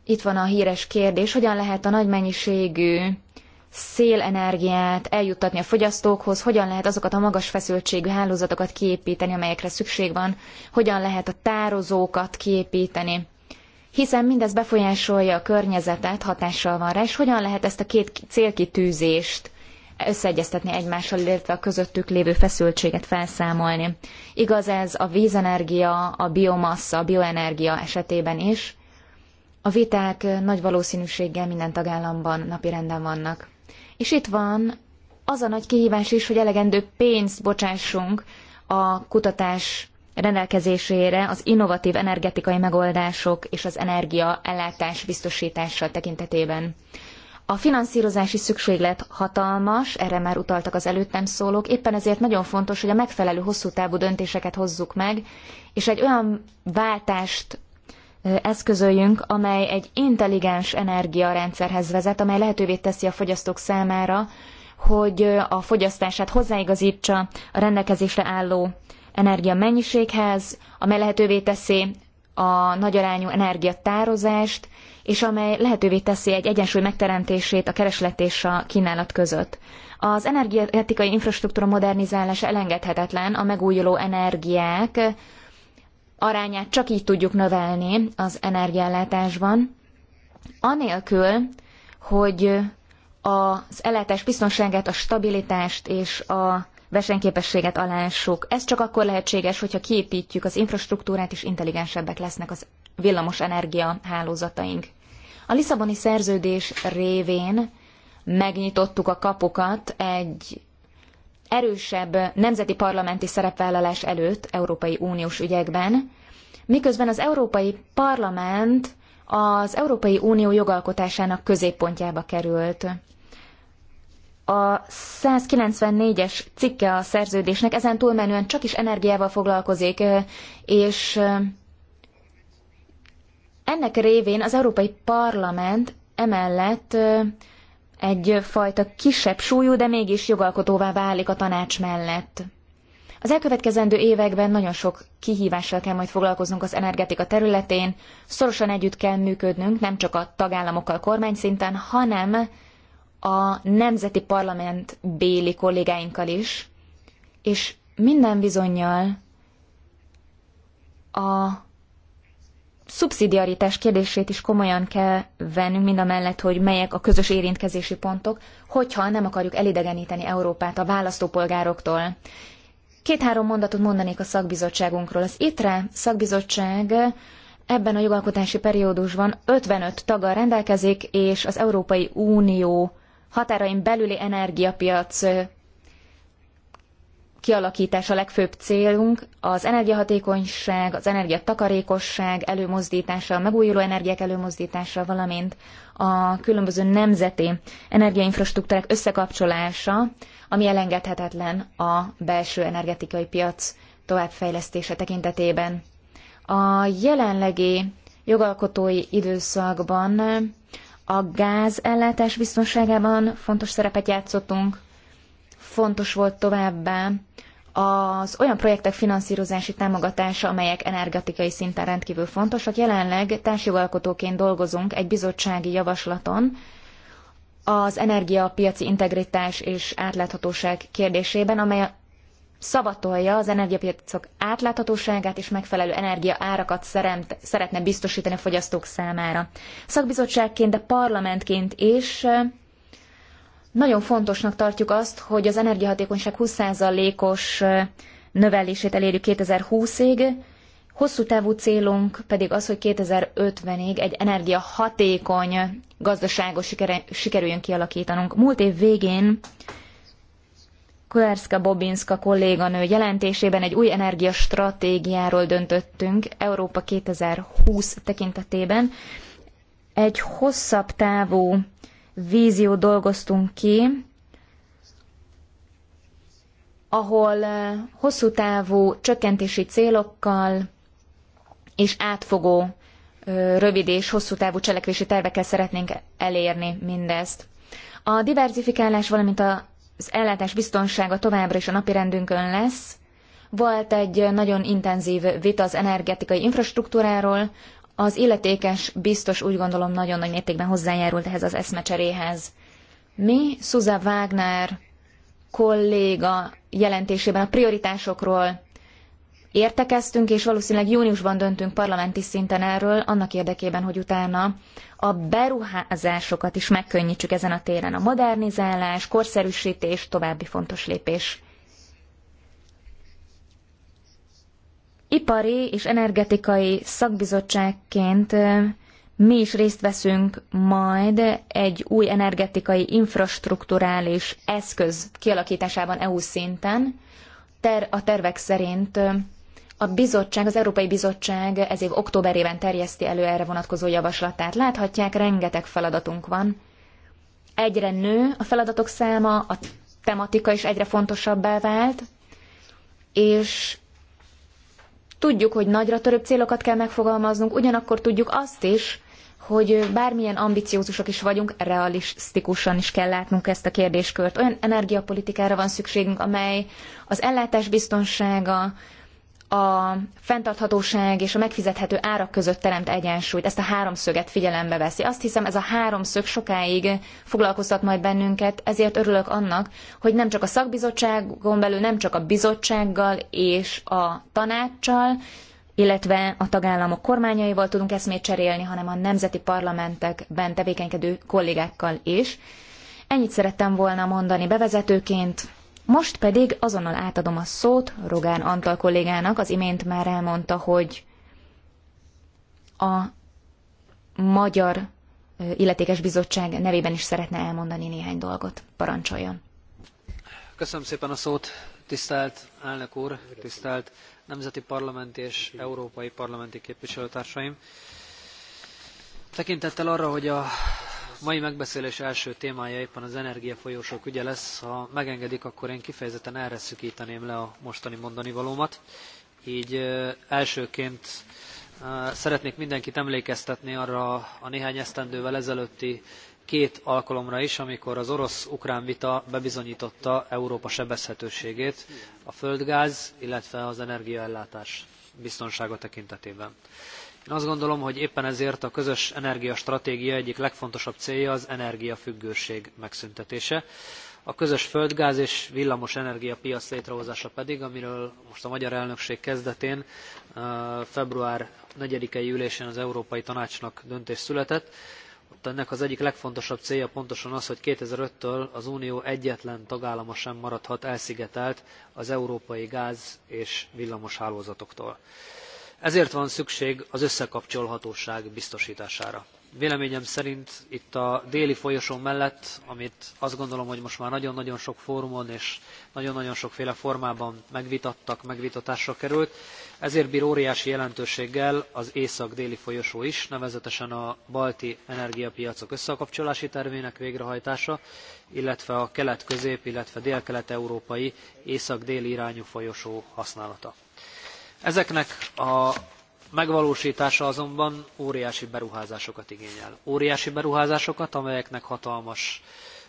itt van a híres kérdés, hogyan lehet a nagy mennyiségű szélenergiát eljuttatni a fogyasztókhoz, hogyan lehet azokat a magas feszültségű hálózatokat kiépíteni, amelyekre szükség van, hogyan lehet a tározókat kiépíteni. Hiszen mindez befolyásolja a környezetet, hatással van rá, és hogyan lehet ezt a két célkitűzést összeegyeztetni egymással, illetve a közöttük lévő feszültséget felszámolni. Igaz ez a vízenergia, a biomassa, a bioenergia esetében is, a viták nagy valószínűséggel minden tagállamban napirenden vannak. És itt van az a nagy kihívás is, hogy elegendő pénzt bocsássunk a kutatás rendelkezésére az innovatív energetikai megoldások és az energia ellátás biztosítása tekintetében. A finanszírozási szükséglet hatalmas, erre már utaltak az előttem szólók, éppen ezért nagyon fontos, hogy a megfelelő hosszú távú döntéseket hozzuk meg, és egy olyan váltást eszközöljünk, amely egy intelligens energiarendszerhez vezet, amely lehetővé teszi a fogyasztók számára, hogy a fogyasztását hozzáigazítsa a rendelkezésre álló energia mennyiséghez, amely lehetővé teszi a nagyarányú energiatározást, és amely lehetővé teszi egy egyensúly megteremtését a kereslet és a kínálat között. Az energetikai infrastruktúra modernizálása elengedhetetlen a megújuló energiák arányát csak így tudjuk növelni az energiállátásban, anélkül, hogy az ellátás biztonságát, a stabilitást és a versenyképességet alássuk. Ez csak akkor lehetséges, hogyha kiépítjük az infrastruktúrát, és intelligensebbek lesznek az villamos energia hálózataink. A Lisszaboni szerződés révén megnyitottuk a kapukat egy erősebb nemzeti parlamenti szerepvállalás előtt Európai Uniós ügyekben, miközben az Európai Parlament az Európai Unió jogalkotásának középpontjába került. A 194-es cikke a szerződésnek ezen túlmenően csak is energiával foglalkozik, és ennek révén az Európai Parlament emellett egyfajta kisebb súlyú, de mégis jogalkotóvá válik a tanács mellett. Az elkövetkezendő években nagyon sok kihívással kell majd foglalkoznunk az energetika területén, szorosan együtt kell működnünk nem csak a tagállamokkal kormányszinten, hanem a nemzeti parlament béli kollégáinkkal is, és minden bizonyal a szubszidiaritás kérdését is komolyan kell vennünk, mind a mellett, hogy melyek a közös érintkezési pontok, hogyha nem akarjuk elidegeníteni Európát a választópolgároktól. Két-három mondatot mondanék a szakbizottságunkról. Az ITRE szakbizottság ebben a jogalkotási periódusban 55 taggal rendelkezik, és az Európai Unió határain belüli energiapiac kialakítása legfőbb célunk, az energiahatékonyság, az energiatakarékosság előmozdítása, a megújuló energiák előmozdítása, valamint a különböző nemzeti energiainfrastruktúrák összekapcsolása, ami elengedhetetlen a belső energetikai piac továbbfejlesztése tekintetében. A jelenlegi jogalkotói időszakban a gáz ellátás biztonságában fontos szerepet játszottunk, Fontos volt továbbá az olyan projektek finanszírozási támogatása, amelyek energetikai szinten rendkívül fontosak. Jelenleg társjogalkotóként dolgozunk egy bizottsági javaslaton az energiapiaci integritás és átláthatóság kérdésében, amely szavatolja az energiapiacok átláthatóságát és megfelelő energiaárakat szeretne biztosítani a fogyasztók számára. Szakbizottságként, de parlamentként is nagyon fontosnak tartjuk azt, hogy az energiahatékonyság 20%-os növelését elérjük 2020-ig, hosszú távú célunk pedig az, hogy 2050-ig egy energiahatékony gazdaságot sikere, sikerüljön kialakítanunk. Múlt év végén Kulerska Bobinska kolléganő jelentésében egy új energiastratégiáról döntöttünk Európa 2020 tekintetében. Egy hosszabb távú vízió dolgoztunk ki, ahol eh, hosszú távú csökkentési célokkal és átfogó rövid és hosszú távú cselekvési tervekkel szeretnénk elérni mindezt. A diversifikálás, valamint az ellátás biztonsága továbbra is a napirendünkön lesz. Volt egy nagyon intenzív vita az energetikai infrastruktúráról, az illetékes biztos úgy gondolom nagyon nagy mértékben hozzájárult ehhez az eszmecseréhez. Mi Suza Wagner kolléga jelentésében a prioritásokról értekeztünk, és valószínűleg júniusban döntünk parlamenti szinten erről, annak érdekében, hogy utána a beruházásokat is megkönnyítsük ezen a téren. A modernizálás, korszerűsítés további fontos lépés. ipari és energetikai szakbizottságként mi is részt veszünk majd egy új energetikai infrastrukturális eszköz kialakításában EU szinten. Ter, a tervek szerint a bizottság, az Európai Bizottság ez év októberében terjeszti elő erre vonatkozó javaslatát. Láthatják, rengeteg feladatunk van. Egyre nő a feladatok száma, a tematika is egyre fontosabbá vált, és Tudjuk, hogy nagyra törőbb célokat kell megfogalmaznunk, ugyanakkor tudjuk azt is, hogy bármilyen ambiciózusak is vagyunk, realisztikusan is kell látnunk ezt a kérdéskört. Olyan energiapolitikára van szükségünk, amely az ellátás biztonsága, a fenntarthatóság és a megfizethető árak között teremt egyensúlyt, ezt a háromszöget figyelembe veszi. Azt hiszem, ez a háromszög sokáig foglalkoztat majd bennünket, ezért örülök annak, hogy nem csak a szakbizottságon belül, nem csak a bizottsággal és a tanácssal, illetve a tagállamok kormányaival tudunk eszmét cserélni, hanem a nemzeti parlamentekben tevékenykedő kollégákkal is. Ennyit szerettem volna mondani bevezetőként most pedig azonnal átadom a szót Rogán Antal kollégának, az imént már elmondta, hogy a magyar illetékes bizottság nevében is szeretne elmondani néhány dolgot. Parancsoljon! Köszönöm szépen a szót, tisztelt elnök úr, tisztelt nemzeti parlamenti és európai parlamenti képviselőtársaim! Tekintettel arra, hogy a mai megbeszélés első témája éppen az energiafolyósok ügye lesz. Ha megengedik, akkor én kifejezetten erre szükíteném le a mostani mondani valómat. Így elsőként szeretnék mindenkit emlékeztetni arra a néhány esztendővel ezelőtti két alkalomra is, amikor az orosz-ukrán vita bebizonyította Európa sebezhetőségét a földgáz, illetve az energiaellátás biztonsága tekintetében. Én Azt gondolom, hogy éppen ezért a közös energiastratégia egyik legfontosabb célja az energiafüggőség megszüntetése. A közös földgáz és villamos energiapiac létrehozása pedig, amiről most a magyar elnökség kezdetén február 4-i ülésén az Európai Tanácsnak döntés született. Ott ennek az egyik legfontosabb célja pontosan az, hogy 2005-től az Unió egyetlen tagállama sem maradhat elszigetelt az európai gáz és villamos hálózatoktól ezért van szükség az összekapcsolhatóság biztostására. véleményem szerint itt a déli folyosó mellett amit azt gondolom hogy most már nagyon nagyon sok fórumon és nagyon nagyon sokféle formában megvitattak megvitatásra került ezért br óriási jelentőséggel az észak déli folyosó is nevezetesen a balti energiapiacok összekapcsolási tervének végrehajtása illetve a kelet közép illetve délkelet európai észak déli irányú folyosó használata. Ezeknek a megvalósítása azonban óriási beruházásokat igényel. Óriási beruházásokat, amelyeknek hatalmas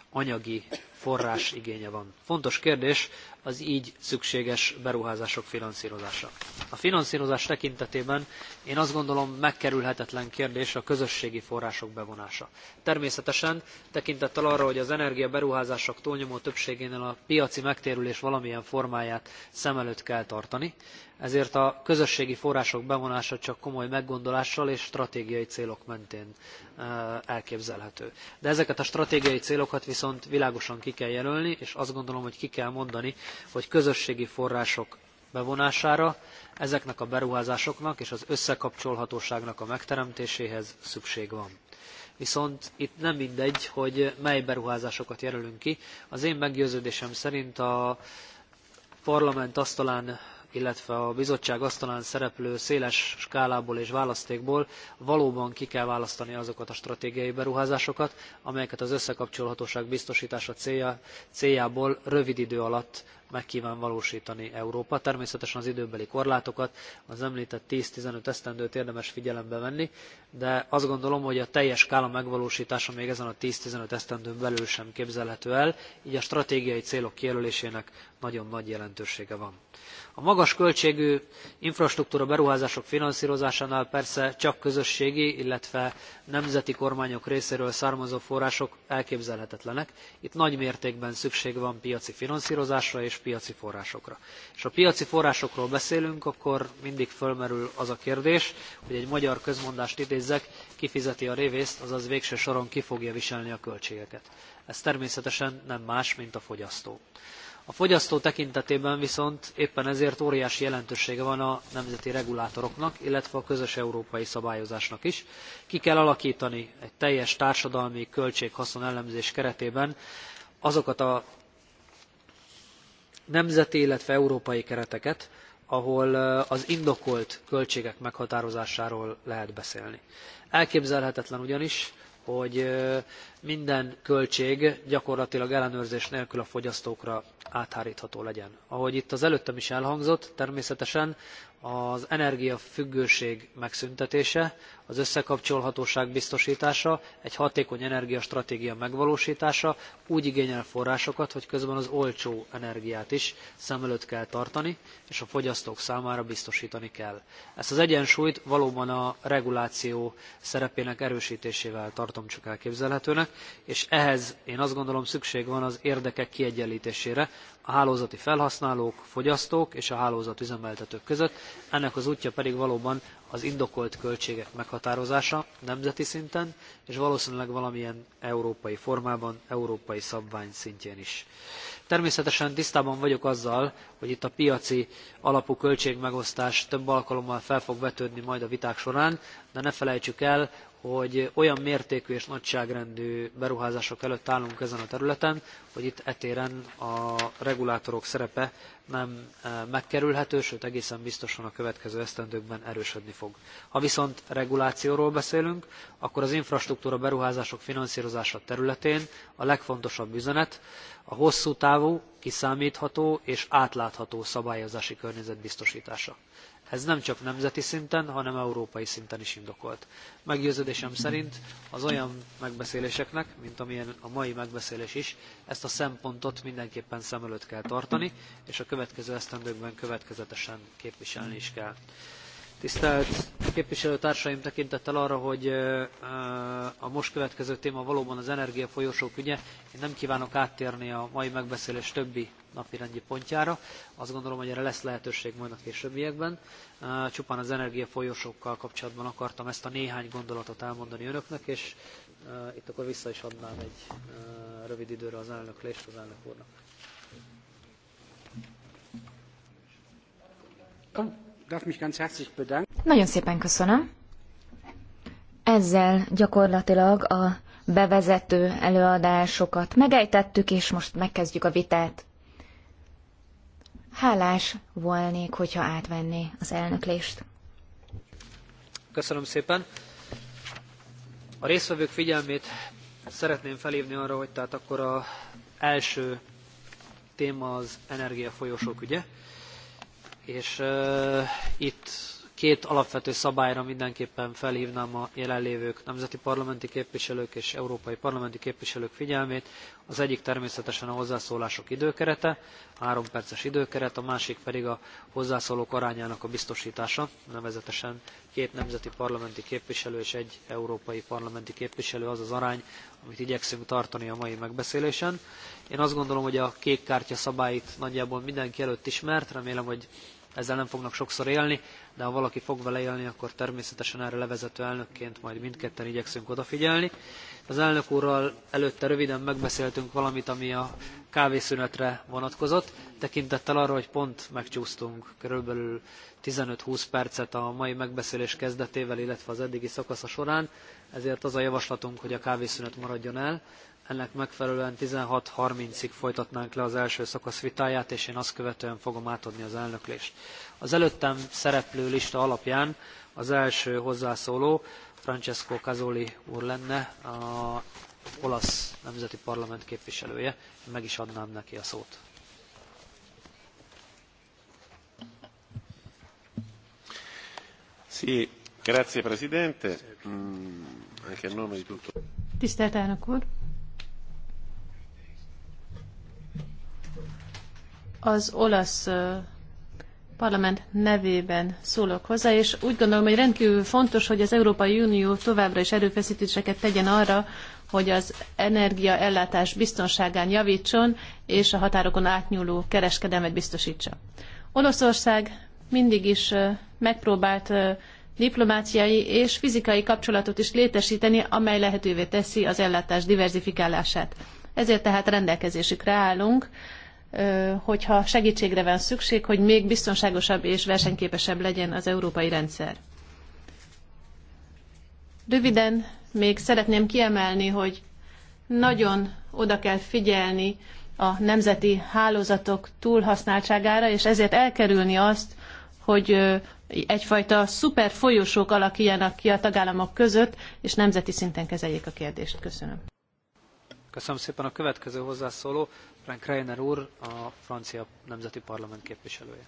anyagi forrás igénye van. Fontos kérdés az így szükséges beruházások finanszírozása. A finanszírozás tekintetében én azt gondolom megkerülhetetlen kérdés a közösségi források bevonása. Természetesen tekintettel arra, hogy az energia beruházások túlnyomó többségénél a piaci megtérülés valamilyen formáját szem előtt kell tartani, ezért a közösségi források bevonása csak komoly meggondolással és stratégiai célok mentén elképzelhető. De ezeket a stratégiai célokat viszont világosan ki kell jelölni, és azt gondolom, hogy ki kell mondani, hogy közösségi források bevonására ezeknek a beruházásoknak és az összekapcsolhatóságnak a megteremtéséhez szükség van viszont itt nem mindegy, hogy mely beruházásokat jelölünk ki. Az én meggyőződésem szerint a parlament asztalán illetve a bizottság asztalán szereplő széles skálából és választékból valóban ki kell választani azokat a stratégiai beruházásokat, amelyeket az összekapcsolhatóság biztosítása célja, céljából rövid idő alatt meg kíván valósítani Európa. Természetesen az időbeli korlátokat, az említett 10-15 esztendőt érdemes figyelembe venni, de azt gondolom, hogy a teljes skála megvalósítása még ezen a 10-15 esztendőn belül sem képzelhető el, így a stratégiai célok kijelölésének nagyon nagy jelentősége van. A magas költségű infrastruktúra beruházások finanszírozásánál persze csak közösségi, illetve nemzeti kormányok részéről származó források elképzelhetetlenek. Itt nagy mértékben szükség van piaci finanszírozásra és piaci forrásokra. És ha piaci forrásokról beszélünk, akkor mindig fölmerül az a kérdés, hogy egy magyar közmondást idézzek, kifizeti a révészt, azaz végső soron ki fogja viselni a költségeket. Ez természetesen nem más, mint a fogyasztó. A fogyasztó tekintetében viszont éppen ezért óriási jelentősége van a nemzeti regulátoroknak, illetve a közös európai szabályozásnak is. Ki kell alakítani egy teljes társadalmi költséghaszon elemzés keretében azokat a nemzeti, illetve európai kereteket, ahol az indokolt költségek meghatározásáról lehet beszélni. Elképzelhetetlen ugyanis, hogy minden költség gyakorlatilag ellenőrzés nélkül a fogyasztókra áthártható legyen. ahogy itt az előttem is elhangzott természetesen az energiafüggőség megszüntetése az összekapcsolhatóság biztostása egy hatékony energiastratégia megvalóstása úgy igényel forrásokat hogy közben az olcsó energiát is szem előtt kell tartani és a fogyasztók számára biztostani kell. ezt az egyensúlyt valóban a reguláció szerepének erőstésével tartom csak elképzelhetőnek és ehhez én azt gondolom szükség van az érdekek kiegyenlítésére a hálózati felhasználók, fogyasztók és a hálózat üzemeltetők között, ennek az útja pedig valóban az indokolt költségek meghatározása nemzeti szinten, és valószínűleg valamilyen európai formában, európai szabvány szintjén is. Természetesen tisztában vagyok azzal, hogy itt a piaci alapú költségmegosztás több alkalommal fel fog vetődni majd a viták során, de ne felejtsük el, hogy olyan mértékű és nagyságrendű beruházások előtt állunk ezen a területen, hogy itt etéren a regulátorok szerepe nem eh, megkerülhető, sőt egészen biztosan a következő esztendőkben erősödni fog. Ha viszont regulációról beszélünk, akkor az infrastruktúra beruházások finanszírozása területén a legfontosabb üzenet a hosszú távú, kiszámítható és átlátható szabályozási környezet biztosítása ez nem csak nemzeti szinten, hanem európai szinten is indokolt. Meggyőződésem szerint az olyan megbeszéléseknek, mint amilyen a mai megbeszélés is, ezt a szempontot mindenképpen szem előtt kell tartani, és a következő esztendőkben következetesen képviselni is kell. Tisztelt képviselőtársaim, tekintettel arra, hogy a most következő téma valóban az energiafolyosók ügye, én nem kívánok áttérni a mai megbeszélés többi napirendi pontjára. Azt gondolom, hogy erre lesz lehetőség majd a későbbiekben. Csupán az energiafolyosókkal kapcsolatban akartam ezt a néhány gondolatot elmondani önöknek, és itt akkor vissza is adnám egy rövid időre az elnöklést az elnök úrnak. Nagyon szépen köszönöm. Ezzel gyakorlatilag a bevezető előadásokat megejtettük, és most megkezdjük a vitát. Hálás volnék, hogyha átvenné az elnöklést. Köszönöm szépen. A résztvevők figyelmét szeretném felhívni arra, hogy tehát akkor az első téma az energiafolyosók ügye és uh, itt két alapvető szabályra mindenképpen felhívnám a jelenlévők nemzeti parlamenti képviselők és európai parlamenti képviselők figyelmét. Az egyik természetesen a hozzászólások időkerete, három perces időkeret, a másik pedig a hozzászólók arányának a biztosítása, nevezetesen két nemzeti parlamenti képviselő és egy európai parlamenti képviselő az az arány, amit igyekszünk tartani a mai megbeszélésen. Én azt gondolom, hogy a kék kártya szabályt nagyjából mindenki előtt ismert, remélem, hogy ezzel nem fognak sokszor élni, de ha valaki fog vele élni, akkor természetesen erre levezető elnökként majd mindketten igyekszünk odafigyelni. Az elnök úrral előtte röviden megbeszéltünk valamit, ami a kávészünetre vonatkozott, tekintettel arra, hogy pont megcsúsztunk körülbelül 15-20 percet a mai megbeszélés kezdetével, illetve az eddigi szakasza során, ezért az a javaslatunk, hogy a kávészünet maradjon el, ennek megfelelően 16.30-ig folytatnánk le az első szakasz vitáját, és én azt követően fogom átadni az elnöklést. Az előttem szereplő lista alapján az első hozzászóló Francesco Casoli úr lenne, a olasz nemzeti parlament képviselője. Meg is adnám neki a szót. Sí, grazie Presidente. Mm, anche a nome di tutto. Tisztelt elnök úr! az olasz parlament nevében szólok hozzá, és úgy gondolom, hogy rendkívül fontos, hogy az Európai Unió továbbra is erőfeszítéseket tegyen arra, hogy az energiaellátás biztonságán javítson, és a határokon átnyúló kereskedelmet biztosítsa. Olaszország mindig is megpróbált diplomáciai és fizikai kapcsolatot is létesíteni, amely lehetővé teszi az ellátás diverzifikálását. Ezért tehát rendelkezésükre állunk, hogyha segítségre van szükség, hogy még biztonságosabb és versenyképesebb legyen az európai rendszer. Röviden még szeretném kiemelni, hogy nagyon oda kell figyelni a nemzeti hálózatok túlhasználtságára, és ezért elkerülni azt, hogy egyfajta szuper folyosók alakuljanak ki a tagállamok között, és nemzeti szinten kezeljék a kérdést. Köszönöm. Köszönöm szépen a következő hozzászóló. Frank Reiner úr, a francia nemzeti parlament képviselője.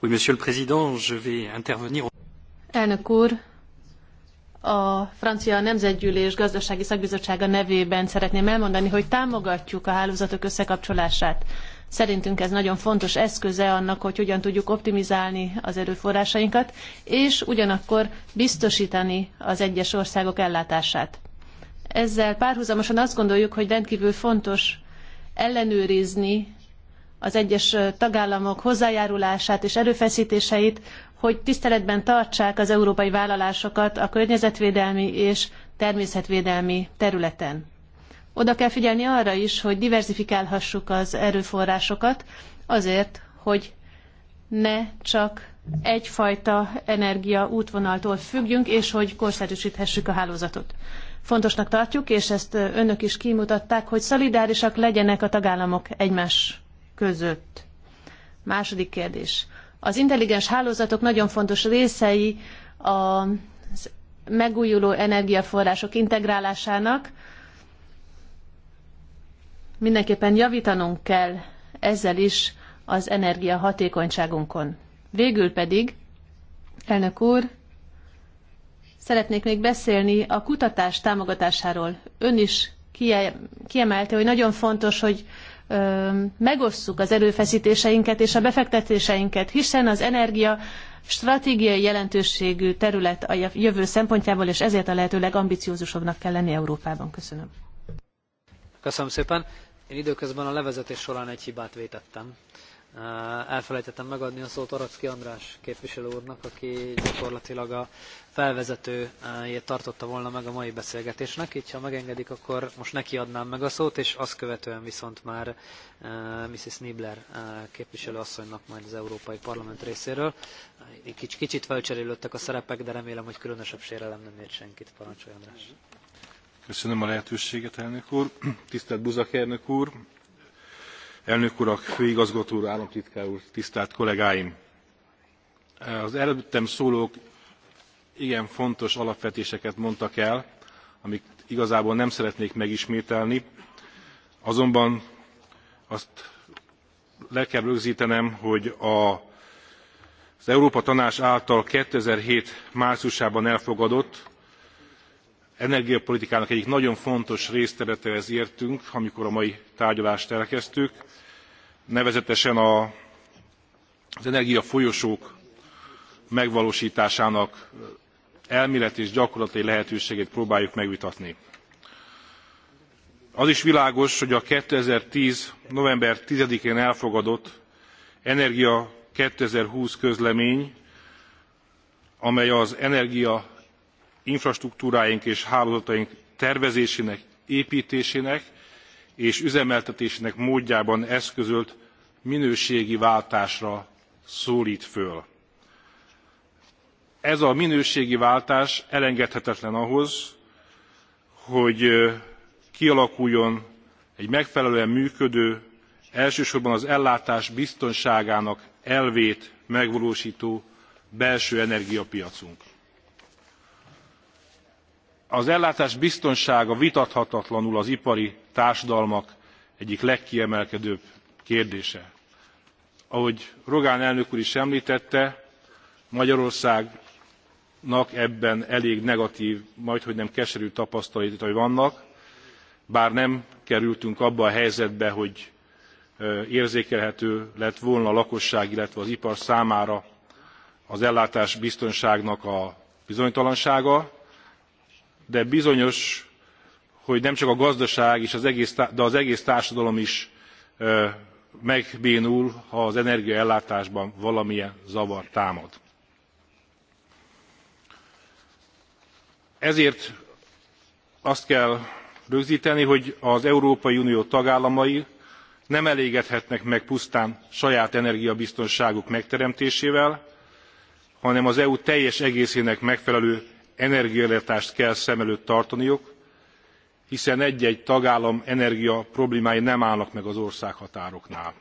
Oui, monsieur le président, je vais intervenir. Elnök úr, a francia nemzetgyűlés gazdasági szakbizottsága nevében szeretném elmondani, hogy támogatjuk a hálózatok összekapcsolását. Szerintünk ez nagyon fontos eszköze annak, hogy hogyan tudjuk optimizálni az erőforrásainkat, és ugyanakkor biztosítani az egyes országok ellátását. Ezzel párhuzamosan azt gondoljuk, hogy rendkívül fontos ellenőrizni az egyes tagállamok hozzájárulását és erőfeszítéseit, hogy tiszteletben tartsák az európai vállalásokat a környezetvédelmi és természetvédelmi területen. Oda kell figyelni arra is, hogy diversifikálhassuk az erőforrásokat azért, hogy ne csak egyfajta energia útvonaltól függjünk, és hogy korszerűsíthessük a hálózatot. Fontosnak tartjuk, és ezt önök is kimutatták, hogy szolidárisak legyenek a tagállamok egymás között. Második kérdés. Az intelligens hálózatok nagyon fontos részei a megújuló energiaforrások integrálásának. Mindenképpen javítanunk kell ezzel is az energiahatékonyságunkon. Végül pedig, elnök úr, szeretnék még beszélni a kutatás támogatásáról. Ön is kiemelte, hogy nagyon fontos, hogy megosszuk az erőfeszítéseinket és a befektetéseinket, hiszen az energia stratégiai jelentőségű terület a jövő szempontjából, és ezért a lehető legambiciózusabbnak kell lenni Európában. Köszönöm. Köszönöm szépen. Én időközben a levezetés során egy hibát vétettem elfelejtettem megadni a szót Aracki András képviselő úrnak, aki gyakorlatilag a felvezetőjét tartotta volna meg a mai beszélgetésnek, így ha megengedik, akkor most neki adnám meg a szót, és azt követően viszont már Mrs. Nibler képviselő asszonynak majd az Európai Parlament részéről. Kicsit, kicsit felcserélődtek a szerepek, de remélem, hogy különösebb sérelem nem ért senkit. Parancsolj András! Köszönöm a lehetőséget, elnök úr! Tisztelt Buzak elnök úr! elnök urak főigazgató úr államtitkár úr tisztelt kollégáim! az előttem szólók igen fontos alapvetéseket mondtak el amiket igazából nem szeretnék megismételni azonban azt le kell rögztenem hogy az európa tanács által two thousand and seven márciusában elfogadott energiapolitikának egyik nagyon fontos részterületéhez értünk amikor a mai tárgyalást elkezdtük nevezetesen az energiafolyosók megvalóstásának elméleti és gyakorlati lehetőségét próbáljuk megvitatni. az is világos hogy a two thousand and ten november ten én elfogadott energia two thousand and twenty közlemény amely az energia infrastruktúráink és hálózataink tervezésének éptésének és üzemeltetésének módjában eszközölt minőségi váltásra szólt föl. ez a minőségi váltás elengedhetetlen ahhoz hogy kialakuljon egy megfelelően működő elsősorban az ellátás biztonságának elvét megvalóstó belső energiapiacunk az ellátás biztonsága vitathatatlanul az ipari társadalmak egyik legkiemelkedőbb kérdése. ahogy rogán elnök úr is emltette magyarországnak ebben elég negatv nem keserű tapasztalatai vannak bár nem kerültünk abba a helyzetbe hogy érzékelhető lett volna a lakosság illetve az ipar számára az ellátásbiztonságnak a bizonytalansága de bizonyos hogy nem csak a gazdaság és az egész, de az egész társadalom is megbénul ha az energiaellátásban valamilyen zavar támad. ezért azt kell rögzteni hogy az európai unió tagállamai nem elégedhetnek meg pusztán saját energiabiztonságuk megteremtésével hanem az eu teljes egészének megfelelő energiaellátást kell szem előtt tartaniuk hiszen egy egy tagállam energia problémái nem állnak meg az országhatároknál.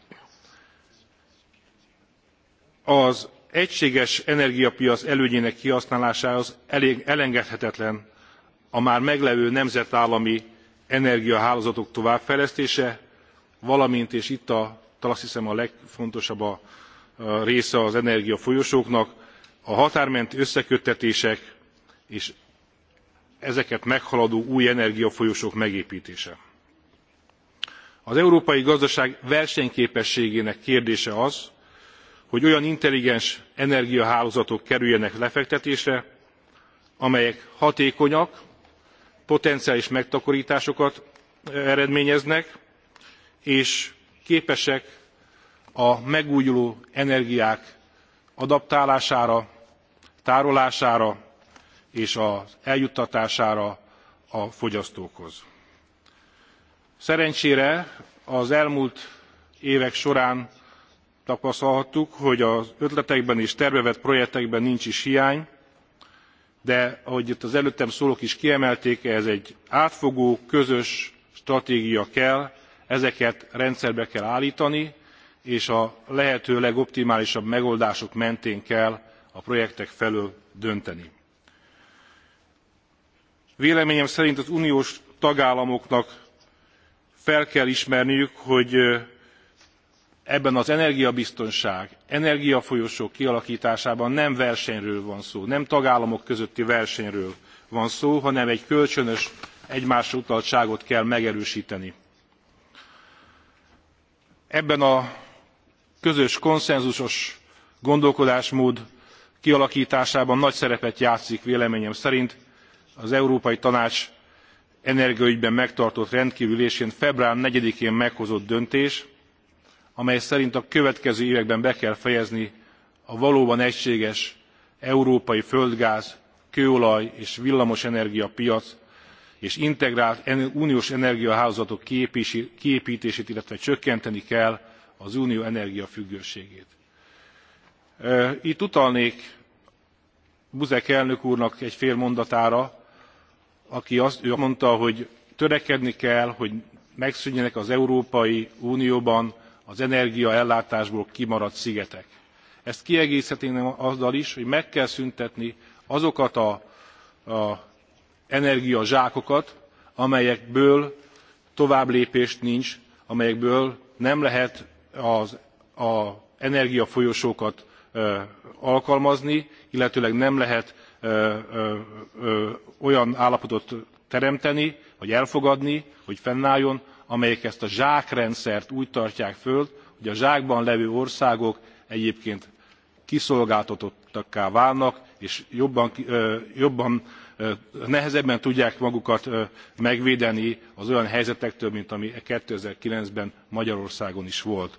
az egységes energiapiac előnyének kihasználásához elengedhetetlen a már meglevő nemzetállami energiahálózatok továbbfejlesztése valamint és itt a, talán azt hiszem a legfontosabb a része az energiafolyosóknak a határmenti összeköttetések és ezeket meghaladó új energiafolyósok megéptése. az európai gazdaság versenyképességének kérdése az hogy olyan intelligens energiahálózatok kerüljenek lefektetésre amelyek hatékonyak potenciális megtakartásokat e, eredményeznek és képesek a megújuló energiák adaptálására tárolására és az eljuttatására a fogyasztókhoz. Szerencsére az elmúlt évek során tapasztalhattuk, hogy az ötletekben és tervevett projektekben nincs is hiány, de ahogy itt az előttem szólók is kiemelték, ez egy átfogó, közös stratégia kell, ezeket rendszerbe kell állítani, és a lehető legoptimálisabb megoldások mentén kell a projektek felől dönteni véleményem szerint az uniós tagállamoknak fel kell ismerniük hogy ebben az energiabiztonság energiafolyosók kialaktásában nem versenyről van szó nem tagállamok közötti versenyről van szó hanem egy kölcsönös egymásra utaltságot kell megerősteni. ebben a közös konszenzusos gondolkodásmód kialaktásában nagy szerepet játszik véleményem szerint az európai tanács energiaügyben megtartott rendkvüli ülésén február four én meghozott döntés amely szerint a következő években be kell fejezni a valóban egységes európai földgáz kőolaj és villamosenergia piac és integrált uniós energiahálózatok kiéptését illetve csökkenteni kell az unió energiafüggőségét. itt utalnék buzek elnök úrnak egy fél mondatára aki azt ő mondta, hogy törekedni kell, hogy megszűnjenek az Európai Unióban az energiaellátásból kimaradt szigetek. Ezt kiegészíteném azzal is, hogy meg kell szüntetni azokat a, a energiazsákokat, amelyekből lépést nincs, amelyekből nem lehet az a energiafolyosókat alkalmazni, illetőleg nem lehet olyan állapotot teremteni vagy elfogadni hogy fennálljon amelyek ezt a zsákrendszert úgy tartják föl hogy a zsákban levő országok egyébként kiszolgáltatottakká válnak és jobban, jobban nehezebben tudják magukat megvédeni az olyan helyzetektől mint ami two thousand and nine ben magyarországon is volt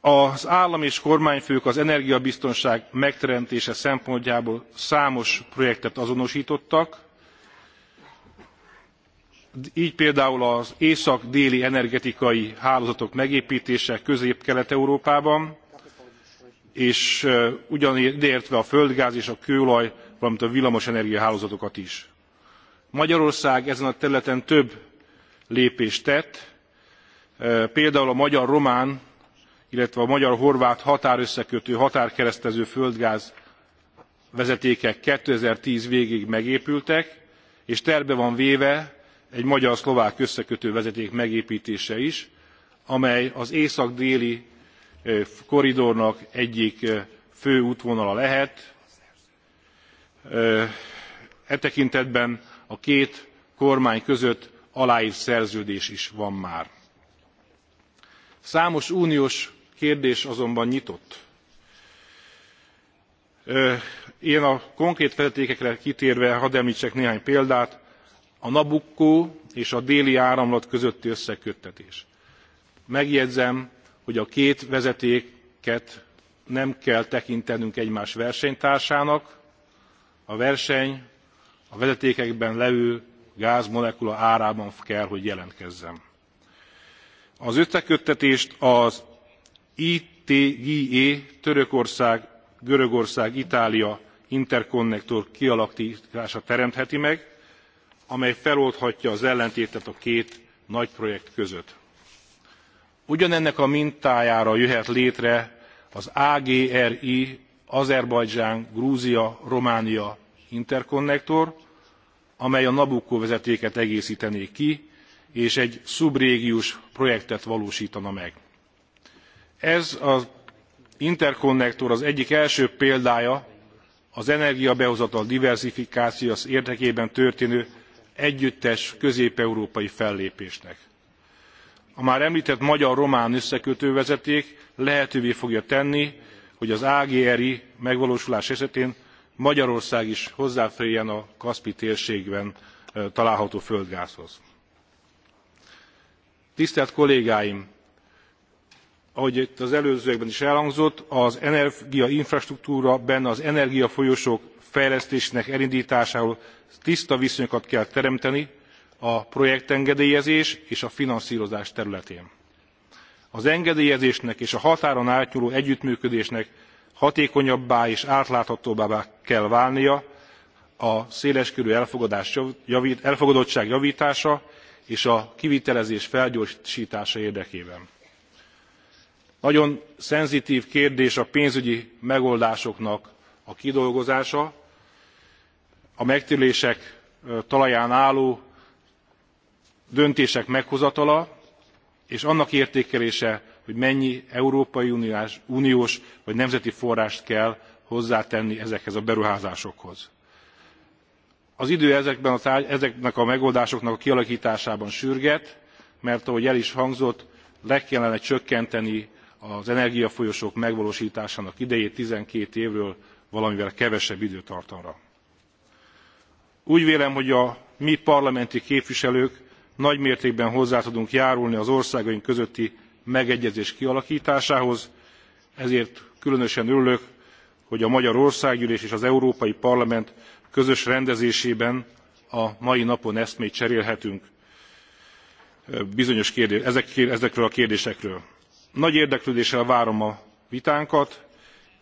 az állam és kormányfők az energiabiztonság megteremtése szempontjából számos projektet azonostottak gy például az észak déli energetikai hálózatok megéptése közép kelet európában és ideértve a földgáz és a kőolaj valamint a villamosenergia hálózatokat is. magyarország ezen a területen több lépést tett például a magyar román illetve a magyar horvát összekötő határkeresztező földgáz vezetékek two thousand and ten végéig megépültek és tervbe van véve egy magyar szlovák összekötő vezeték megéptése is amely az észak déli korridornak egyik fő útvonala lehet. e tekintetben a két kormány között alárt szerződés is van már. számos uniós kérdés azonban nyitott. én a konkrét vezetékekre kitérve hadd emltsek néhány példát a nabucco és a déli áramlat közötti összeköttetés. megjegyzem hogy a két vezetéket nem kell tekintenünk egymás versenytársának a verseny a vezetékekben levő gázmolekula árában kell hogy jelentkezzen. az összeköttetést az itje törökország görögország itália interkonnektor kialaktása teremtheti meg amely feloldhatja az ellentétet a két nagy projekt között. ugyanennek a mintájára jöhet létre az agri azerbajdzsán grúzia románia interkonnektor amely a nabucco vezetéket egésztené ki és egy szubrégiós projektet valóstana meg ez az interkonnektor az egyik első példája az energiabehozatal diverzifikációja érdekében történő együttes közép európai fellépésnek. a már emltett magyar román összekötővezeték lehetővé fogja tenni hogy az agri megvalósulás esetén magyarország is hozzáférjen a kaszpi térségben található földgázhoz. tisztelt kollégáim! ahogy itt az előzőekben is elhangzott az energiainfrastruktúra benne az energiafolyosok fejlesztésének elindtásához tiszta viszonyokat kell teremteni a projektengedélyezés és a finanszrozás területén. az engedélyezésnek és a határon átnyúló együttműködésnek hatékonyabbá és átláthatóbbá kell válnia a széleskörű elfogadottság javtása és a kivitelezés felgyorstása érdekében nagyon szenzitv kérdés a pénzügyi megoldásoknak a kidolgozása a megtérülések talaján álló döntések meghozatala és annak értékelése hogy mennyi európai uniós vagy nemzeti forrást kell hozzátenni ezekhez a beruházásokhoz. az idő ezeknek a megoldásoknak a kialaktásában sürget mert ahogy el is hangzott le kellene csökkenteni az energiafolyosók megvalóstásának idejét twelve évről valamivel kevesebb időtartamra. úgy vélem hogy a mi parlamenti képviselők nagy mértékben hozzá tudunk járulni az országaink közötti megegyezés kialaktásához ezért különösen örülök hogy a magyar országgyűlés és az európai parlament közös rendezésében a mai napon eszmét cserélhetünk bizonyos kérdés, ezek, ezekről a kérdésekről nagy érdeklődéssel várom a vitánkat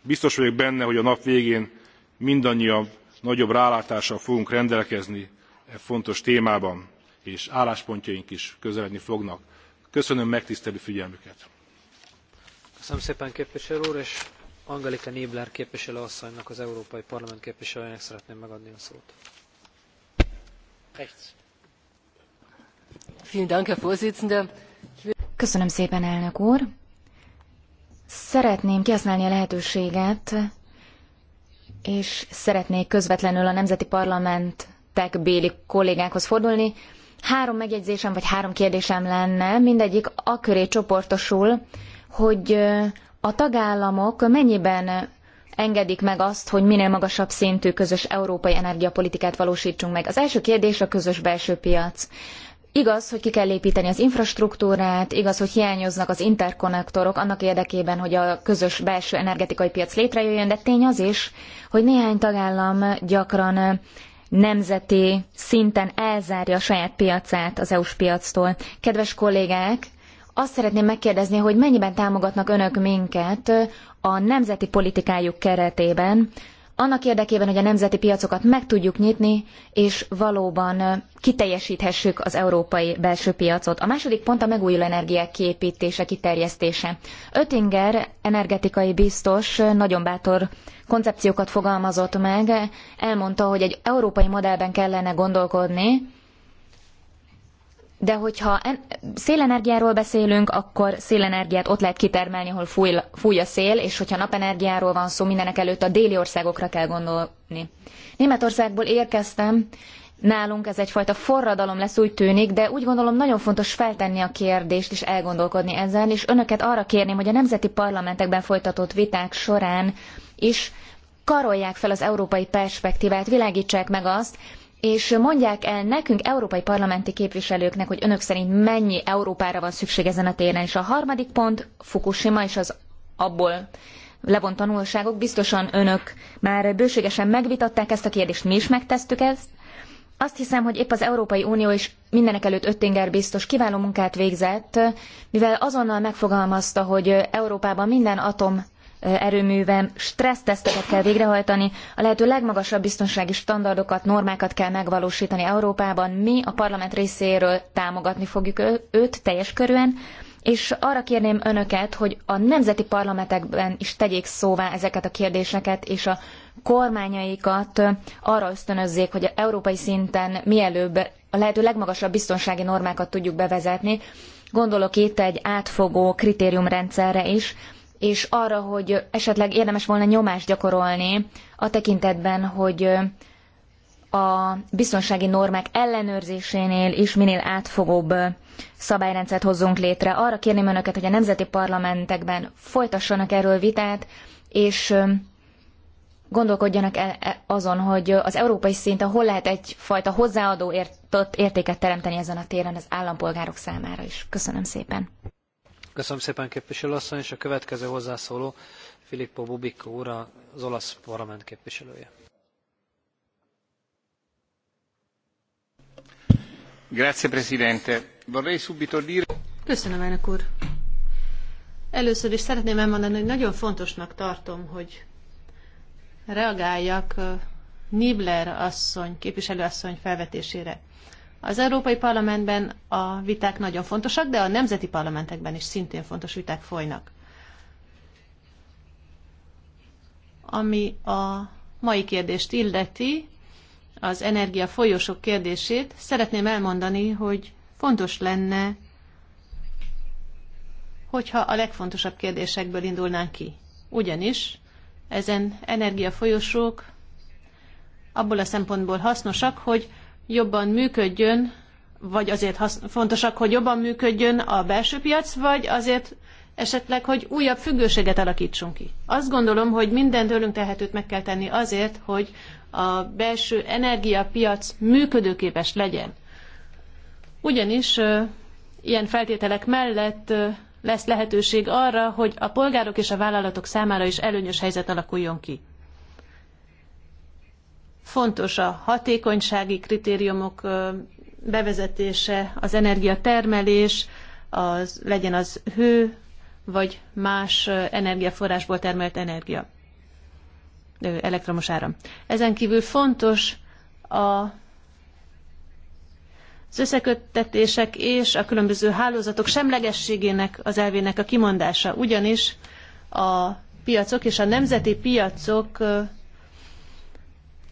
biztos vagyok benne hogy a nap végén mindannyian nagyobb rálátással fogunk rendelkezni e fontos témában és álláspontjaink is közeledni fognak. köszönöm megtisztelő figyelmüket. köszönöm szépen képviselő úr és angelika niebler képviselő asszonynak az európai parlament képviselőjének szeretném megadni a szót. Rechts. Vielen Dank, Herr Vorsitzender Köszönöm szépen, elnök úr. Szeretném kihasználni a lehetőséget, és szeretnék közvetlenül a Nemzeti Parlamentek béli kollégákhoz fordulni. Három megjegyzésem vagy három kérdésem lenne, mindegyik a köré csoportosul, hogy a tagállamok mennyiben engedik meg azt, hogy minél magasabb szintű közös európai energiapolitikát valósítsunk meg. Az első kérdés a közös belső piac. Igaz, hogy ki kell építeni az infrastruktúrát, igaz, hogy hiányoznak az interkonnektorok annak érdekében, hogy a közös belső energetikai piac létrejöjjön, de tény az is, hogy néhány tagállam gyakran nemzeti szinten elzárja a saját piacát az EU-s piactól. Kedves kollégák, azt szeretném megkérdezni, hogy mennyiben támogatnak önök minket a nemzeti politikájuk keretében, annak érdekében, hogy a nemzeti piacokat meg tudjuk nyitni, és valóban kiteljesíthessük az európai belső piacot. A második pont a megújuló energiák kiépítése, kiterjesztése. Öttinger energetikai biztos nagyon bátor koncepciókat fogalmazott meg, elmondta, hogy egy európai modellben kellene gondolkodni, de hogyha en- szélenergiáról beszélünk, akkor szélenergiát ott lehet kitermelni, ahol fúj, fúj a szél, és hogyha napenergiáról van szó, mindenek előtt a déli országokra kell gondolni. Németországból érkeztem, nálunk ez egyfajta forradalom lesz, úgy tűnik, de úgy gondolom nagyon fontos feltenni a kérdést és elgondolkodni ezen, és önöket arra kérném, hogy a nemzeti parlamentekben folytatott viták során is karolják fel az európai perspektívát, világítsák meg azt, és mondják el nekünk, európai parlamenti képviselőknek, hogy önök szerint mennyi Európára van szükség ezen a téren. És a harmadik pont, Fukushima és az abból levont tanulságok, biztosan önök már bőségesen megvitatták ezt a kérdést, mi is megtesztük ezt. Azt hiszem, hogy épp az Európai Unió és mindenek előtt Öttinger biztos kiváló munkát végzett, mivel azonnal megfogalmazta, hogy Európában minden atom erőműven stresszteszteket kell végrehajtani, a lehető legmagasabb biztonsági standardokat, normákat kell megvalósítani Európában. Mi a parlament részéről támogatni fogjuk őt teljes körűen, és arra kérném önöket, hogy a nemzeti parlamentekben is tegyék szóvá ezeket a kérdéseket, és a kormányaikat arra ösztönözzék, hogy európai szinten mielőbb a lehető legmagasabb biztonsági normákat tudjuk bevezetni. Gondolok itt egy átfogó kritériumrendszerre is, és arra, hogy esetleg érdemes volna nyomást gyakorolni a tekintetben, hogy a biztonsági normák ellenőrzésénél is minél átfogóbb szabályrendszert hozzunk létre. Arra kérném önöket, hogy a nemzeti parlamentekben folytassanak erről vitát, és gondolkodjanak el e, azon, hogy az európai szinten hol lehet egyfajta hozzáadó értéket teremteni ezen a téren az állampolgárok számára is. Köszönöm szépen! Köszönöm szépen képviselőasszony, és a következő hozzászóló Filippo Bubikko úr, az olasz parlament képviselője. Grazie, Presidente. Vorrei subito dire... Köszönöm, elnök úr. Először is szeretném elmondani, hogy nagyon fontosnak tartom, hogy reagáljak uh, Nibler asszony, képviselőasszony felvetésére. Az Európai Parlamentben a viták nagyon fontosak, de a nemzeti parlamentekben is szintén fontos viták folynak. Ami a mai kérdést illeti, az energia folyosok kérdését, szeretném elmondani, hogy fontos lenne, hogyha a legfontosabb kérdésekből indulnánk ki. Ugyanis ezen energiafolyosók abból a szempontból hasznosak, hogy jobban működjön, vagy azért fontosak, hogy jobban működjön a belső piac, vagy azért esetleg, hogy újabb függőséget alakítsunk ki. Azt gondolom, hogy minden tőlünk tehetőt meg kell tenni azért, hogy a belső energiapiac működőképes legyen. Ugyanis ilyen feltételek mellett lesz lehetőség arra, hogy a polgárok és a vállalatok számára is előnyös helyzet alakuljon ki. Fontos a hatékonysági kritériumok bevezetése, az energiatermelés, az, legyen az hő vagy más energiaforrásból termelt energia, elektromos áram. Ezen kívül fontos a az összeköttetések és a különböző hálózatok semlegességének az elvének a kimondása, ugyanis a piacok és a nemzeti piacok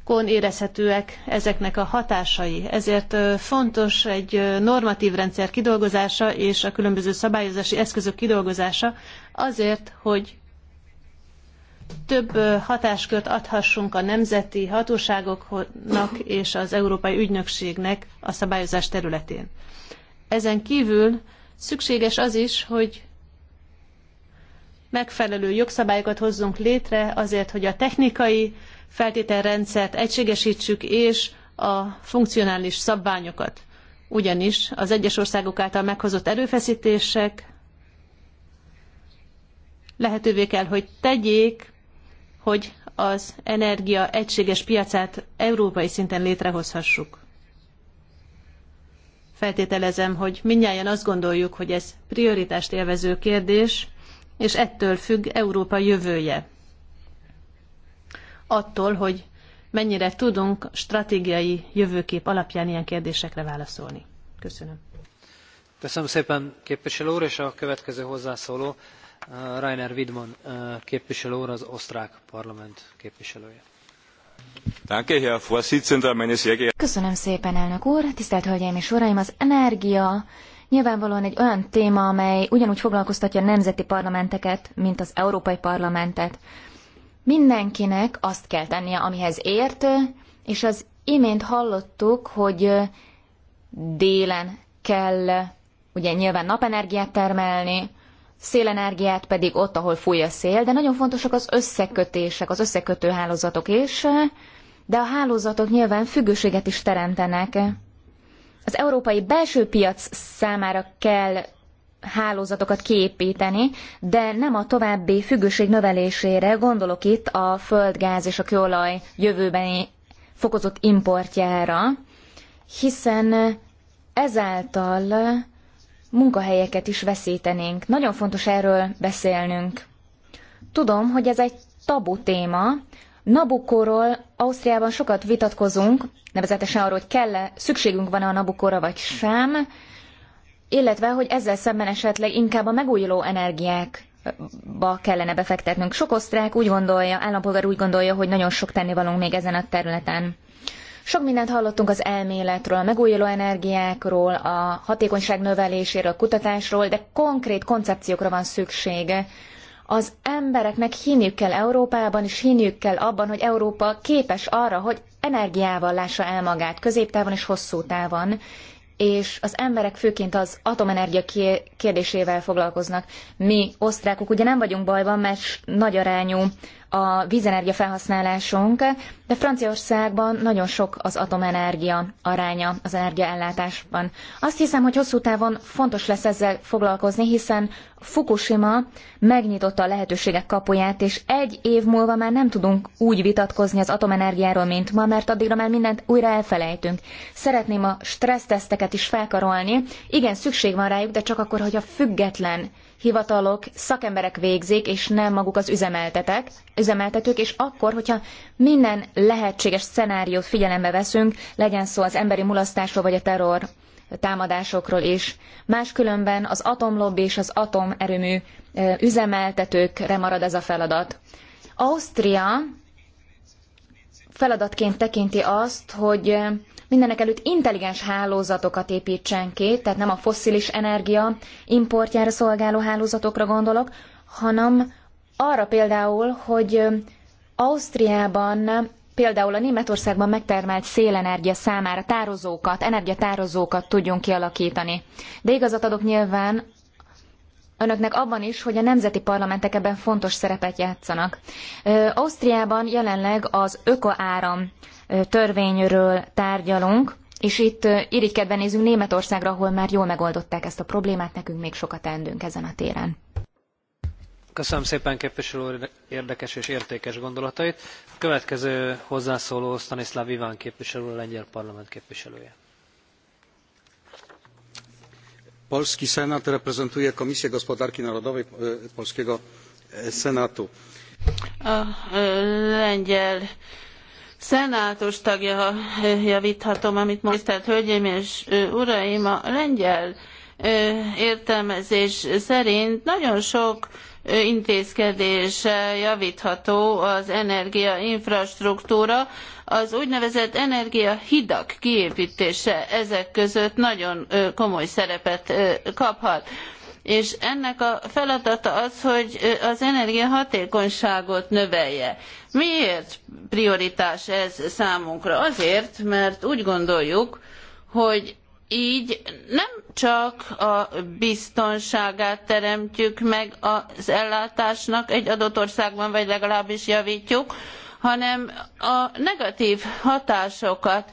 kon érezhetőek ezeknek a hatásai. Ezért fontos egy normatív rendszer kidolgozása és a különböző szabályozási eszközök kidolgozása azért, hogy több hatáskört adhassunk a nemzeti hatóságoknak és az Európai Ügynökségnek a szabályozás területén. Ezen kívül szükséges az is, hogy megfelelő jogszabályokat hozzunk létre azért, hogy a technikai feltételrendszert egységesítsük, és a funkcionális szabványokat. Ugyanis az egyes országok által meghozott erőfeszítések lehetővé kell, hogy tegyék, hogy az energia egységes piacát európai szinten létrehozhassuk. Feltételezem, hogy mindnyáján azt gondoljuk, hogy ez prioritást élvező kérdés, és ettől függ Európa jövője. Attól, hogy mennyire tudunk stratégiai jövőkép alapján ilyen kérdésekre válaszolni. Köszönöm. Köszönöm szépen képviselő úr, és a következő hozzászóló eh, Rainer Widman eh, képviselő úr, az osztrák parlament képviselője. Köszönöm szépen, elnök úr, tisztelt hölgyeim és uraim, az energia Nyilvánvalóan egy olyan téma, amely ugyanúgy foglalkoztatja a nemzeti parlamenteket, mint az Európai Parlamentet. Mindenkinek azt kell tennie, amihez ért, és az imént hallottuk, hogy délen kell ugye nyilván napenergiát termelni, szélenergiát pedig ott, ahol fúj a szél, de nagyon fontosak az összekötések, az összekötő hálózatok is, de a hálózatok nyilván függőséget is teremtenek az európai belső piac számára kell hálózatokat kiépíteni, de nem a további függőség növelésére, gondolok itt a földgáz és a kőolaj jövőbeni fokozott importjára, hiszen ezáltal munkahelyeket is veszítenénk. Nagyon fontos erről beszélnünk. Tudom, hogy ez egy tabu téma, Nabukóról Ausztriában sokat vitatkozunk, nevezetesen arról, hogy kell-e, szükségünk van-e a Nabukóra vagy sem, illetve, hogy ezzel szemben esetleg inkább a megújuló energiák ba kellene befektetnünk. Sok osztrák úgy gondolja, állampolgár úgy gondolja, hogy nagyon sok tennivalónk még ezen a területen. Sok mindent hallottunk az elméletről, a megújuló energiákról, a hatékonyság növeléséről, a kutatásról, de konkrét koncepciókra van szüksége az embereknek hinniük kell Európában, és hinniük kell abban, hogy Európa képes arra, hogy energiával lássa el magát középtávon és hosszú távon, és az emberek főként az atomenergia kérdésével foglalkoznak. Mi, osztrákok, ugye nem vagyunk bajban, mert nagy arányú a vízenergia felhasználásunk, de Franciaországban nagyon sok az atomenergia aránya az energiaellátásban. Azt hiszem, hogy hosszú távon fontos lesz ezzel foglalkozni, hiszen Fukushima megnyitotta a lehetőségek kapuját, és egy év múlva már nem tudunk úgy vitatkozni az atomenergiáról, mint ma, mert addigra már mindent újra elfelejtünk. Szeretném a stresszteszteket is felkarolni. Igen, szükség van rájuk, de csak akkor, hogyha független hivatalok szakemberek végzik, és nem maguk az üzemeltetek, üzemeltetők, és akkor, hogyha minden lehetséges szenáriót figyelembe veszünk, legyen szó az emberi mulasztásról vagy a terror támadásokról is. Máskülönben az atomlobbi és az atomerőmű üzemeltetőkre marad ez a feladat. Ausztria feladatként tekinti azt, hogy mindenek előtt intelligens hálózatokat építsen ki, tehát nem a fosszilis energia importjára szolgáló hálózatokra gondolok, hanem arra például, hogy Ausztriában például a Németországban megtermelt szélenergia számára tározókat, energiatározókat tudjunk kialakítani. De igazat adok nyilván önöknek abban is, hogy a nemzeti parlamentek ebben fontos szerepet játszanak. Ausztriában jelenleg az ökoáram törvényről tárgyalunk, és itt irigykedve nézünk Németországra, ahol már jól megoldották ezt a problémát, nekünk még sokat teendünk ezen a téren. Köszönöm szépen képviselő úr érdekes és értékes gondolatait. A következő hozzászóló Stanislav Iván képviselő, a lengyel parlament képviselője polski senat reprezentuje komisję gospodarki narodowej e, polskiego e, senatu. a e, lengyel tagja, ha javíthatom, amit most tisztelt Hölgyeim és Uraim, a lengyel értelmezés szerint nagyon sok intézkedés javítható az energiainfrastruktúra. Az úgynevezett energiahidak kiépítése ezek között nagyon komoly szerepet kaphat és ennek a feladata az, hogy az energiahatékonyságot növelje. Miért prioritás ez számunkra? Azért, mert úgy gondoljuk, hogy így nem csak a biztonságát teremtjük meg az ellátásnak egy adott országban, vagy legalábbis javítjuk, hanem a negatív hatásokat,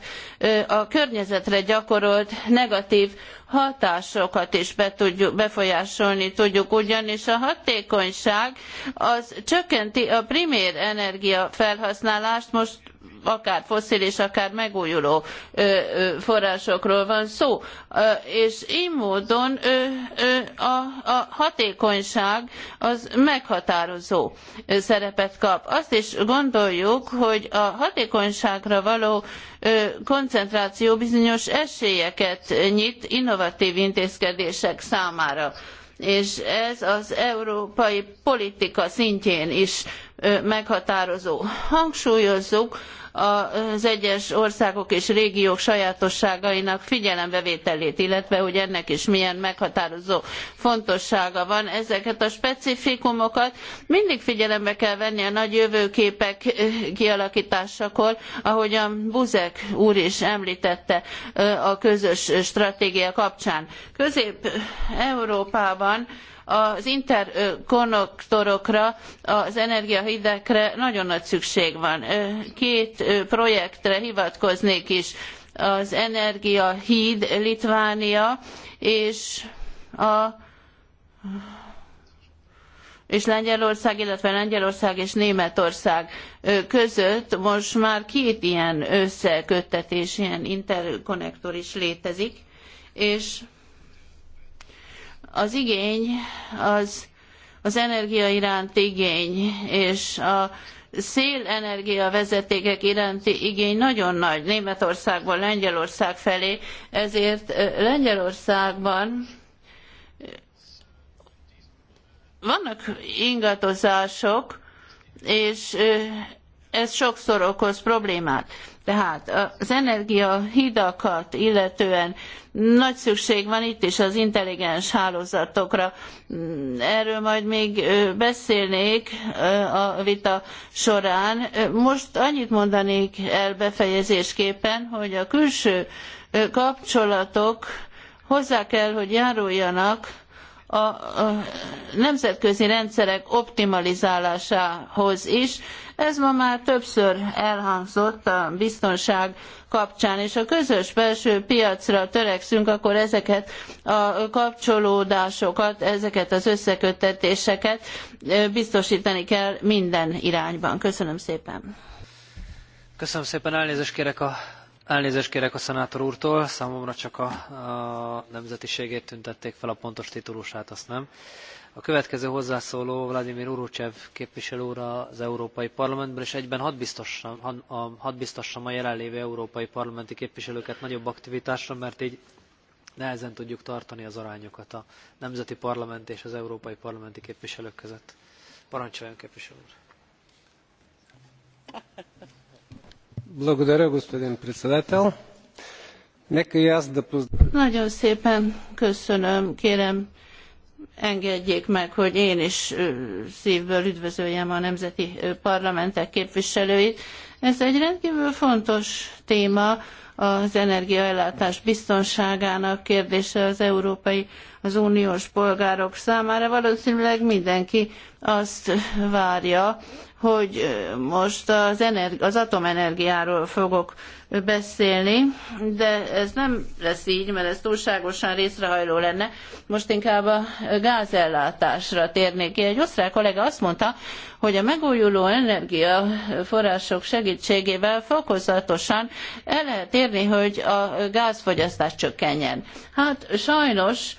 a környezetre gyakorolt negatív hatásokat is be tudjuk, befolyásolni tudjuk, ugyanis a hatékonyság az csökkenti a primér energia felhasználást, most akár fosszilis, akár megújuló forrásokról van szó. És így módon a hatékonyság az meghatározó szerepet kap. Azt is gondoljuk, hogy a hatékonyságra való koncentráció bizonyos esélyeket nyit innovatív intézkedések számára és ez az európai politika szintjén is meghatározó. Hangsúlyozzuk, az egyes országok és régiók sajátosságainak figyelembevételét, illetve hogy ennek is milyen meghatározó fontossága van. Ezeket a specifikumokat mindig figyelembe kell venni a nagy jövőképek kialakításakor, ahogyan Buzek úr is említette a közös stratégia kapcsán. Közép-Európában az interkonnektorokra, az energiahidekre nagyon nagy szükség van. Két projektre hivatkoznék is. Az energiahíd Litvánia és a és Lengyelország, illetve Lengyelország és Németország között most már két ilyen összeköttetés, ilyen interkonnektor is létezik, és az igény az az energia iránti igény és a szélenergia vezetékek iránti igény nagyon nagy Németországból Lengyelország felé, ezért Lengyelországban vannak ingatozások, és ez sokszor okoz problémát. Tehát az energiahidakat illetően nagy szükség van itt is az intelligens hálózatokra. Erről majd még beszélnék a vita során. Most annyit mondanék el befejezésképpen, hogy a külső kapcsolatok hozzá kell, hogy járuljanak a, a nemzetközi rendszerek optimalizálásához is. Ez ma már többször elhangzott a biztonság kapcsán, és a közös belső piacra törekszünk, akkor ezeket a kapcsolódásokat, ezeket az összeköttetéseket biztosítani kell minden irányban. Köszönöm szépen. Köszönöm szépen, elnézést kérek a Elnézést kérek a szenátor úrtól, számomra csak a, a nemzetiségét tüntették fel, a pontos titulusát azt nem. A következő hozzászóló Vladimir Urucsev képviselő úr az Európai Parlamentben, és egyben hadd biztassam, a had a jelenlévő európai parlamenti képviselőket nagyobb aktivitásra, mert így nehezen tudjuk tartani az arányokat a nemzeti parlament és az európai parlamenti képviselők között. Parancsoljon képviselő úr! Nagyon szépen köszönöm, kérem engedjék meg, hogy én is szívből üdvözöljem a nemzeti parlamentek képviselőit. Ez egy rendkívül fontos téma, az energiaellátás biztonságának kérdése az Európai az uniós polgárok számára. Valószínűleg mindenki azt várja, hogy most az, energi- az atomenergiáról fogok beszélni, de ez nem lesz így, mert ez túlságosan részrehajló lenne. Most inkább a gázellátásra térnék ki. Egy osztrák kollega azt mondta, hogy a megújuló energiaforrások segítségével fokozatosan el lehet érni, hogy a gázfogyasztás csökkenjen. Hát sajnos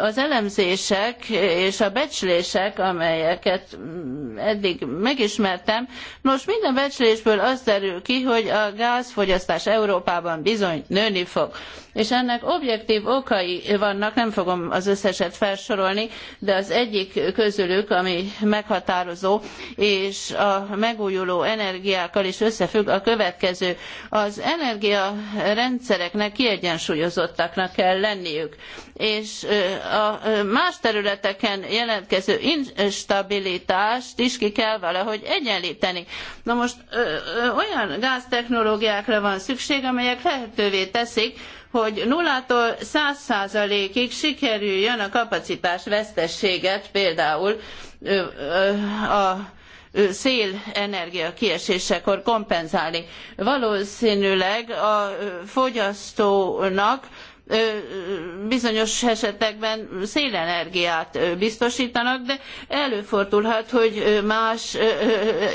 az elemzések és a becslések, amelyeket mm, eddig megismertem, nos minden becslésből az derül ki, hogy a gázfogyasztás Európában bizony nőni fog. És ennek objektív okai vannak, nem fogom az összeset felsorolni, de az egyik közülük, ami meghatározó, és a megújuló energiákkal is összefügg a következő. Az energiarendszereknek kiegyensúlyozottaknak kell lenniük, és a más területeken jelentkező instabilitást is ki kell valahogy egyenlíteni. Na most olyan gáztechnológiákra van szükség, amelyek lehetővé teszik, hogy nullától száz százalékig sikerüljön a kapacitás vesztességet például a szélenergia kiesésekor kompenzálni. Valószínűleg a fogyasztónak bizonyos esetekben szélenergiát biztosítanak, de előfordulhat, hogy más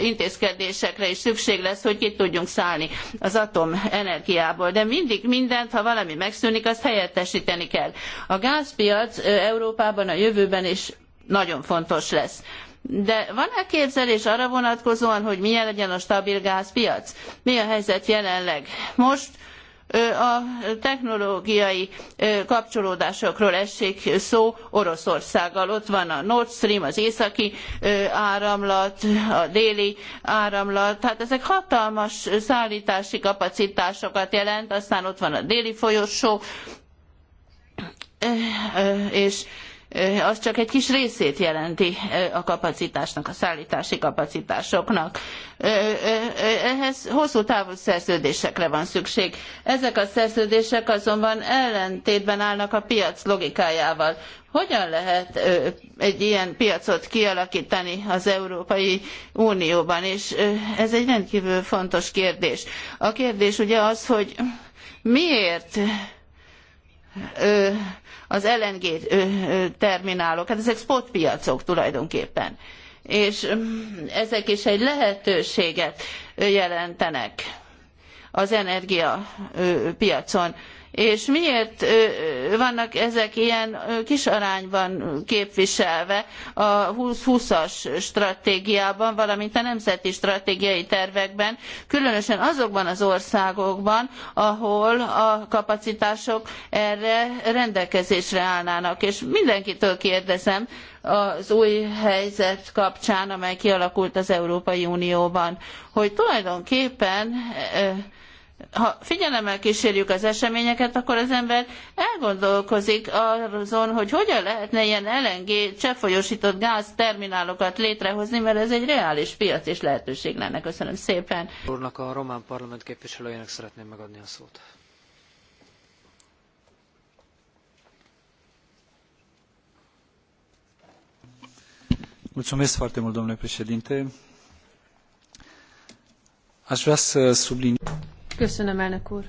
intézkedésekre is szükség lesz, hogy ki tudjunk szállni az atomenergiából. De mindig mindent, ha valami megszűnik, azt helyettesíteni kell. A gázpiac Európában a jövőben is nagyon fontos lesz. De van elképzelés arra vonatkozóan, hogy milyen legyen a stabil gázpiac? Mi a helyzet jelenleg? Most a technológiai kapcsolódásokról essék szó Oroszországgal. Ott van a Nord Stream, az északi áramlat, a déli áramlat, hát ezek hatalmas szállítási kapacitásokat jelent, aztán ott van a déli folyosó, és Eh, az csak egy kis részét jelenti eh, a kapacitásnak, a szállítási kapacitásoknak. Eh, ehhez hosszú távú szerződésekre van szükség. Ezek a szerződések azonban ellentétben állnak a piac logikájával. Hogyan lehet egy ilyen piacot kialakítani az Európai Unióban? És ez egy rendkívül fontos kérdés. A kérdés ugye az, hogy miért az LNG terminálok, hát ezek spotpiacok tulajdonképpen. És ezek is egy lehetőséget jelentenek az energiapiacon. piacon és miért vannak ezek ilyen kis arányban képviselve a 2020-as stratégiában, valamint a nemzeti stratégiai tervekben, különösen azokban az országokban, ahol a kapacitások erre rendelkezésre állnának. És mindenkitől kérdezem, az új helyzet kapcsán, amely kialakult az Európai Unióban, hogy tulajdonképpen ha figyelemmel kísérjük az eseményeket, akkor az ember elgondolkozik azon, hogy hogyan lehetne ilyen LNG cseppfolyósított gáz terminálokat létrehozni, mert ez egy reális piac és lehetőség lenne. Köszönöm szépen. Úrnak a román parlament képviselőjének szeretném megadni a szót. Mulțumesc foarte mult, domnule președinte. Aș vrea să subliniez. Köszönöm, elnök úr.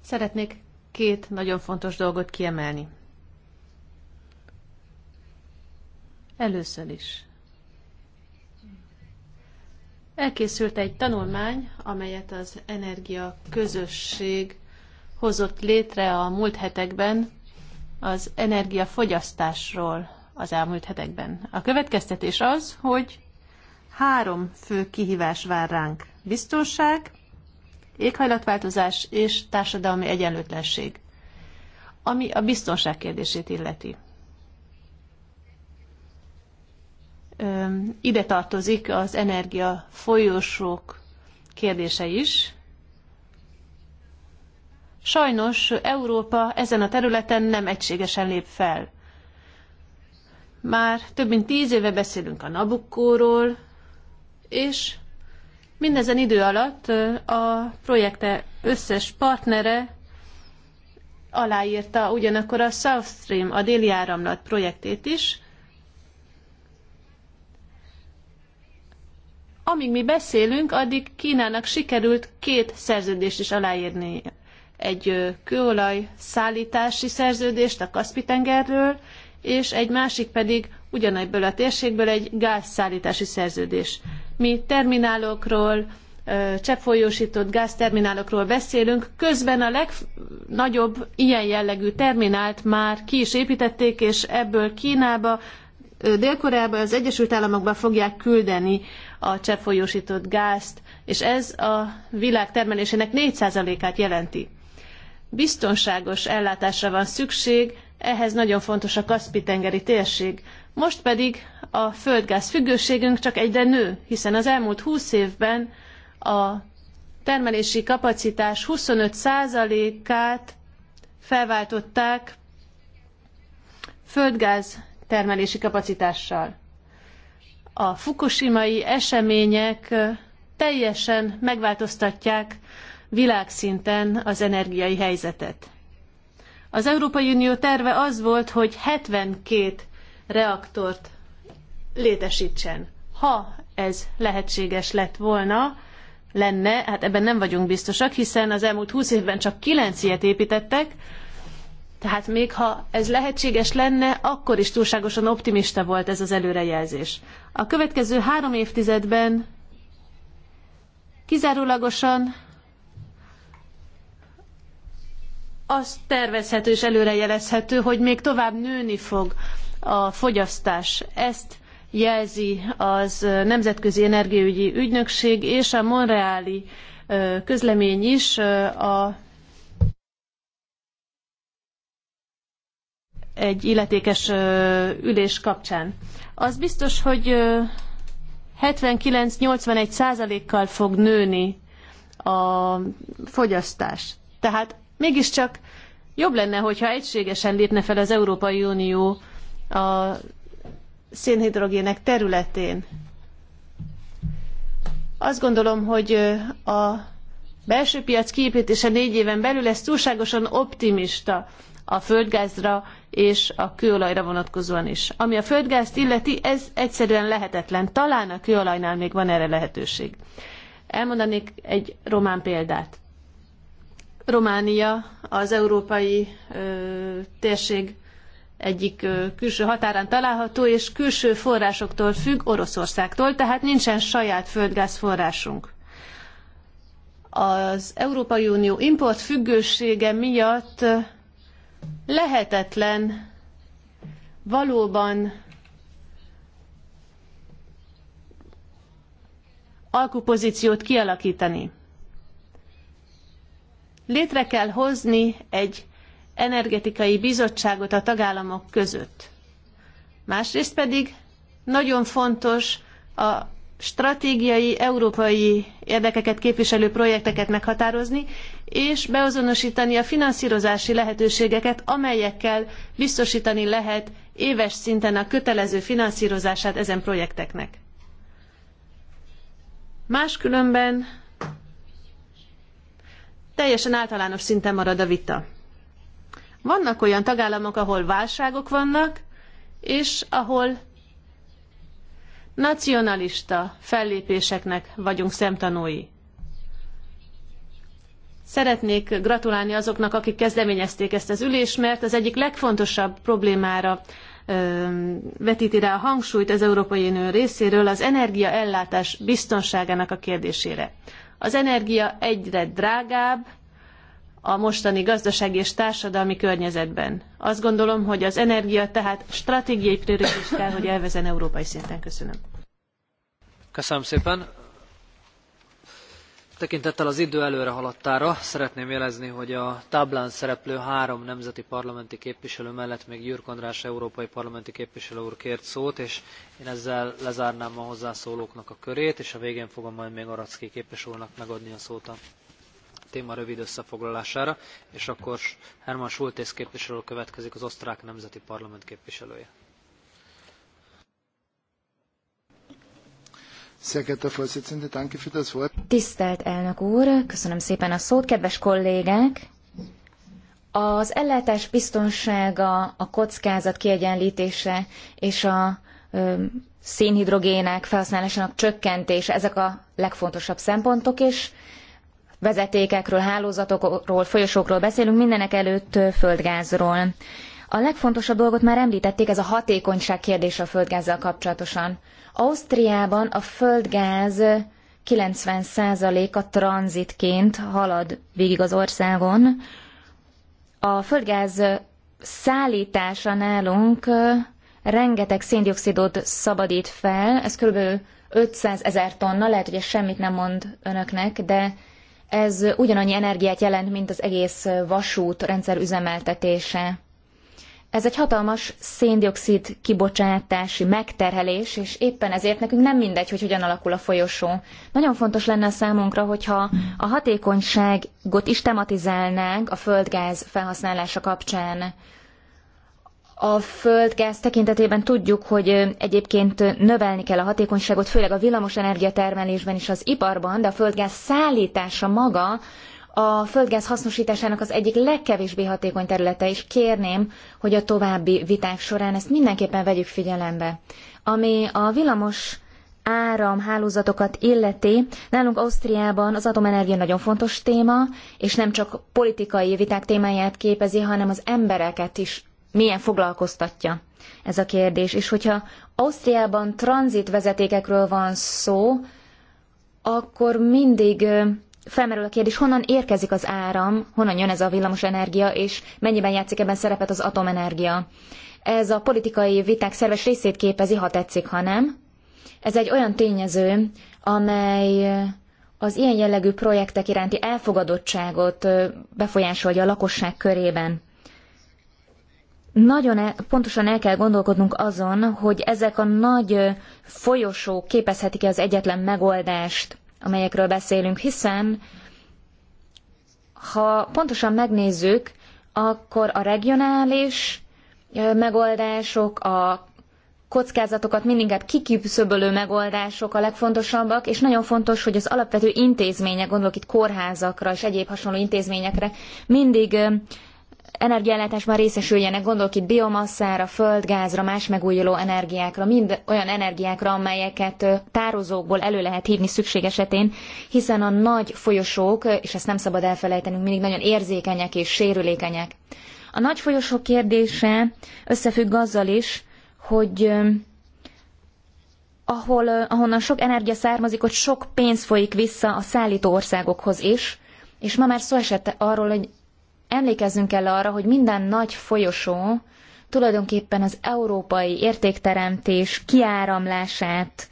Szeretnék két nagyon fontos dolgot kiemelni. Először is. Elkészült egy tanulmány, amelyet az Energia Közösség hozott létre a múlt hetekben az energiafogyasztásról az elmúlt hetekben. A következtetés az, hogy Három fő kihívás vár ránk. Biztonság, éghajlatváltozás és társadalmi egyenlőtlenség, ami a biztonság kérdését illeti. Ide tartozik az energia folyosók kérdése is. Sajnos Európa ezen a területen nem egységesen lép fel. Már több mint tíz éve beszélünk a Nabukkóról, és mindezen idő alatt a projekte összes partnere aláírta ugyanakkor a South Stream, a déli áramlat projektét is. Amíg mi beszélünk, addig Kínának sikerült két szerződést is aláírni. Egy kőolaj szállítási szerződést a kaspi tengerről és egy másik pedig ugyanebből a térségből egy gázszállítási szerződés. Mi terminálokról, cseppfolyósított gázterminálokról beszélünk, közben a legnagyobb ilyen jellegű terminált már ki is építették, és ebből Kínába, Dél-Koreába, az Egyesült Államokba fogják küldeni a cseppfolyósított gázt, és ez a világ termelésének 4%-át jelenti. Biztonságos ellátásra van szükség, ehhez nagyon fontos a Kaszpi-tengeri térség. Most pedig a földgáz függőségünk csak egyre nő, hiszen az elmúlt 20 évben a termelési kapacitás 25%-át felváltották földgáz termelési kapacitással. A fukushimai események teljesen megváltoztatják világszinten az energiai helyzetet. Az Európai Unió terve az volt, hogy 72 reaktort létesítsen. Ha ez lehetséges lett volna, lenne, hát ebben nem vagyunk biztosak, hiszen az elmúlt 20 évben csak 9 ilyet építettek, tehát még ha ez lehetséges lenne, akkor is túlságosan optimista volt ez az előrejelzés. A következő három évtizedben kizárólagosan az tervezhető és előrejelezhető, hogy még tovább nőni fog a fogyasztás. Ezt jelzi az Nemzetközi Energiaügyi Ügynökség és a Monreáli közlemény is a egy illetékes ülés kapcsán. Az biztos, hogy 79-81 százalékkal fog nőni a fogyasztás. Tehát mégiscsak jobb lenne, hogyha egységesen lépne fel az Európai Unió a szénhidrogének területén. Azt gondolom, hogy a belső piac kiépítése négy éven belül ez túlságosan optimista a földgázra és a kőolajra vonatkozóan is. Ami a földgázt illeti, ez egyszerűen lehetetlen. Talán a kőolajnál még van erre lehetőség. Elmondanék egy román példát. Románia az európai ö, térség egyik külső határán található, és külső forrásoktól függ Oroszországtól, tehát nincsen saját földgáz forrásunk. Az Európai Unió import függősége miatt lehetetlen valóban alkupozíciót kialakítani. Létre kell hozni egy energetikai bizottságot a tagállamok között. Másrészt pedig nagyon fontos a stratégiai, európai érdekeket képviselő projekteket meghatározni, és beazonosítani a finanszírozási lehetőségeket, amelyekkel biztosítani lehet éves szinten a kötelező finanszírozását ezen projekteknek. Máskülönben teljesen általános szinten marad a vita. Vannak olyan tagállamok, ahol válságok vannak, és ahol nacionalista fellépéseknek vagyunk szemtanúi. Szeretnék gratulálni azoknak, akik kezdeményezték ezt az ülést, mert az egyik legfontosabb problémára vetíti rá a hangsúlyt az Európai Unió részéről az energiaellátás biztonságának a kérdésére. Az energia egyre drágább, a mostani gazdasági és társadalmi környezetben. Azt gondolom, hogy az energia tehát stratégiai prioritás kell, hogy elvezen európai szinten. Köszönöm. Köszönöm szépen. Tekintettel az idő előre haladtára szeretném jelezni, hogy a táblán szereplő három nemzeti parlamenti képviselő mellett még Gyürk András európai parlamenti képviselő úr kért szót, és én ezzel lezárnám a hozzászólóknak a körét, és a végén fogom majd még Aracki képviselőnek megadni a szót a téma rövid összefoglalására, és akkor Hermann Schultész képviselő következik az osztrák nemzeti parlament képviselője. Tisztelt elnök úr, köszönöm szépen a szót, kedves kollégák! Az ellátás biztonsága, a kockázat kiegyenlítése és a szénhidrogének felhasználásának csökkentése, ezek a legfontosabb szempontok, és vezetékekről, hálózatokról, folyosókról beszélünk, mindenek előtt földgázról. A legfontosabb dolgot már említették, ez a hatékonyság kérdése a földgázzal kapcsolatosan. Ausztriában a földgáz 90%-a tranzitként halad végig az országon. A földgáz szállítása nálunk rengeteg széndiokszidot szabadít fel, ez körülbelül 500 ezer tonna, lehet, hogy ez semmit nem mond önöknek, de ez ugyanannyi energiát jelent, mint az egész vasútrendszer üzemeltetése. Ez egy hatalmas széndiokszid kibocsátási megterhelés, és éppen ezért nekünk nem mindegy, hogy hogyan alakul a folyosó. Nagyon fontos lenne a számunkra, hogyha a hatékonyságot is tematizálnánk a földgáz felhasználása kapcsán. A földgáz tekintetében tudjuk, hogy egyébként növelni kell a hatékonyságot, főleg a villamos energiatermelésben és az iparban, de a földgáz szállítása maga a földgáz hasznosításának az egyik legkevésbé hatékony területe, és kérném, hogy a további viták során ezt mindenképpen vegyük figyelembe. Ami a villamos hálózatokat illeti, nálunk Ausztriában az atomenergia nagyon fontos téma, és nem csak politikai viták témáját képezi, hanem az embereket is milyen foglalkoztatja ez a kérdés. És hogyha Ausztriában tranzitvezetékekről van szó, akkor mindig felmerül a kérdés, honnan érkezik az áram, honnan jön ez a villamos energia, és mennyiben játszik ebben szerepet az atomenergia. Ez a politikai viták szerves részét képezi, ha tetszik, ha nem. Ez egy olyan tényező, amely az ilyen jellegű projektek iránti elfogadottságot befolyásolja a lakosság körében nagyon el, pontosan el kell gondolkodnunk azon, hogy ezek a nagy folyosók képezhetik-e az egyetlen megoldást, amelyekről beszélünk, hiszen ha pontosan megnézzük, akkor a regionális megoldások, a kockázatokat mindinkább hát kiküpszöbölő megoldások a legfontosabbak, és nagyon fontos, hogy az alapvető intézmények, gondolok itt kórházakra és egyéb hasonló intézményekre, mindig energiállátásban részesüljenek, gondolok itt biomasszára, földgázra, más megújuló energiákra, mind olyan energiákra, amelyeket tározókból elő lehet hívni szükség esetén, hiszen a nagy folyosók, és ezt nem szabad elfelejtenünk, mindig nagyon érzékenyek és sérülékenyek. A nagy folyosók kérdése összefügg azzal is, hogy ahol, ahonnan sok energia származik, ott sok pénz folyik vissza a szállító országokhoz is, és ma már szó esett arról, hogy Emlékezzünk el arra, hogy minden nagy folyosó tulajdonképpen az európai értékteremtés kiáramlását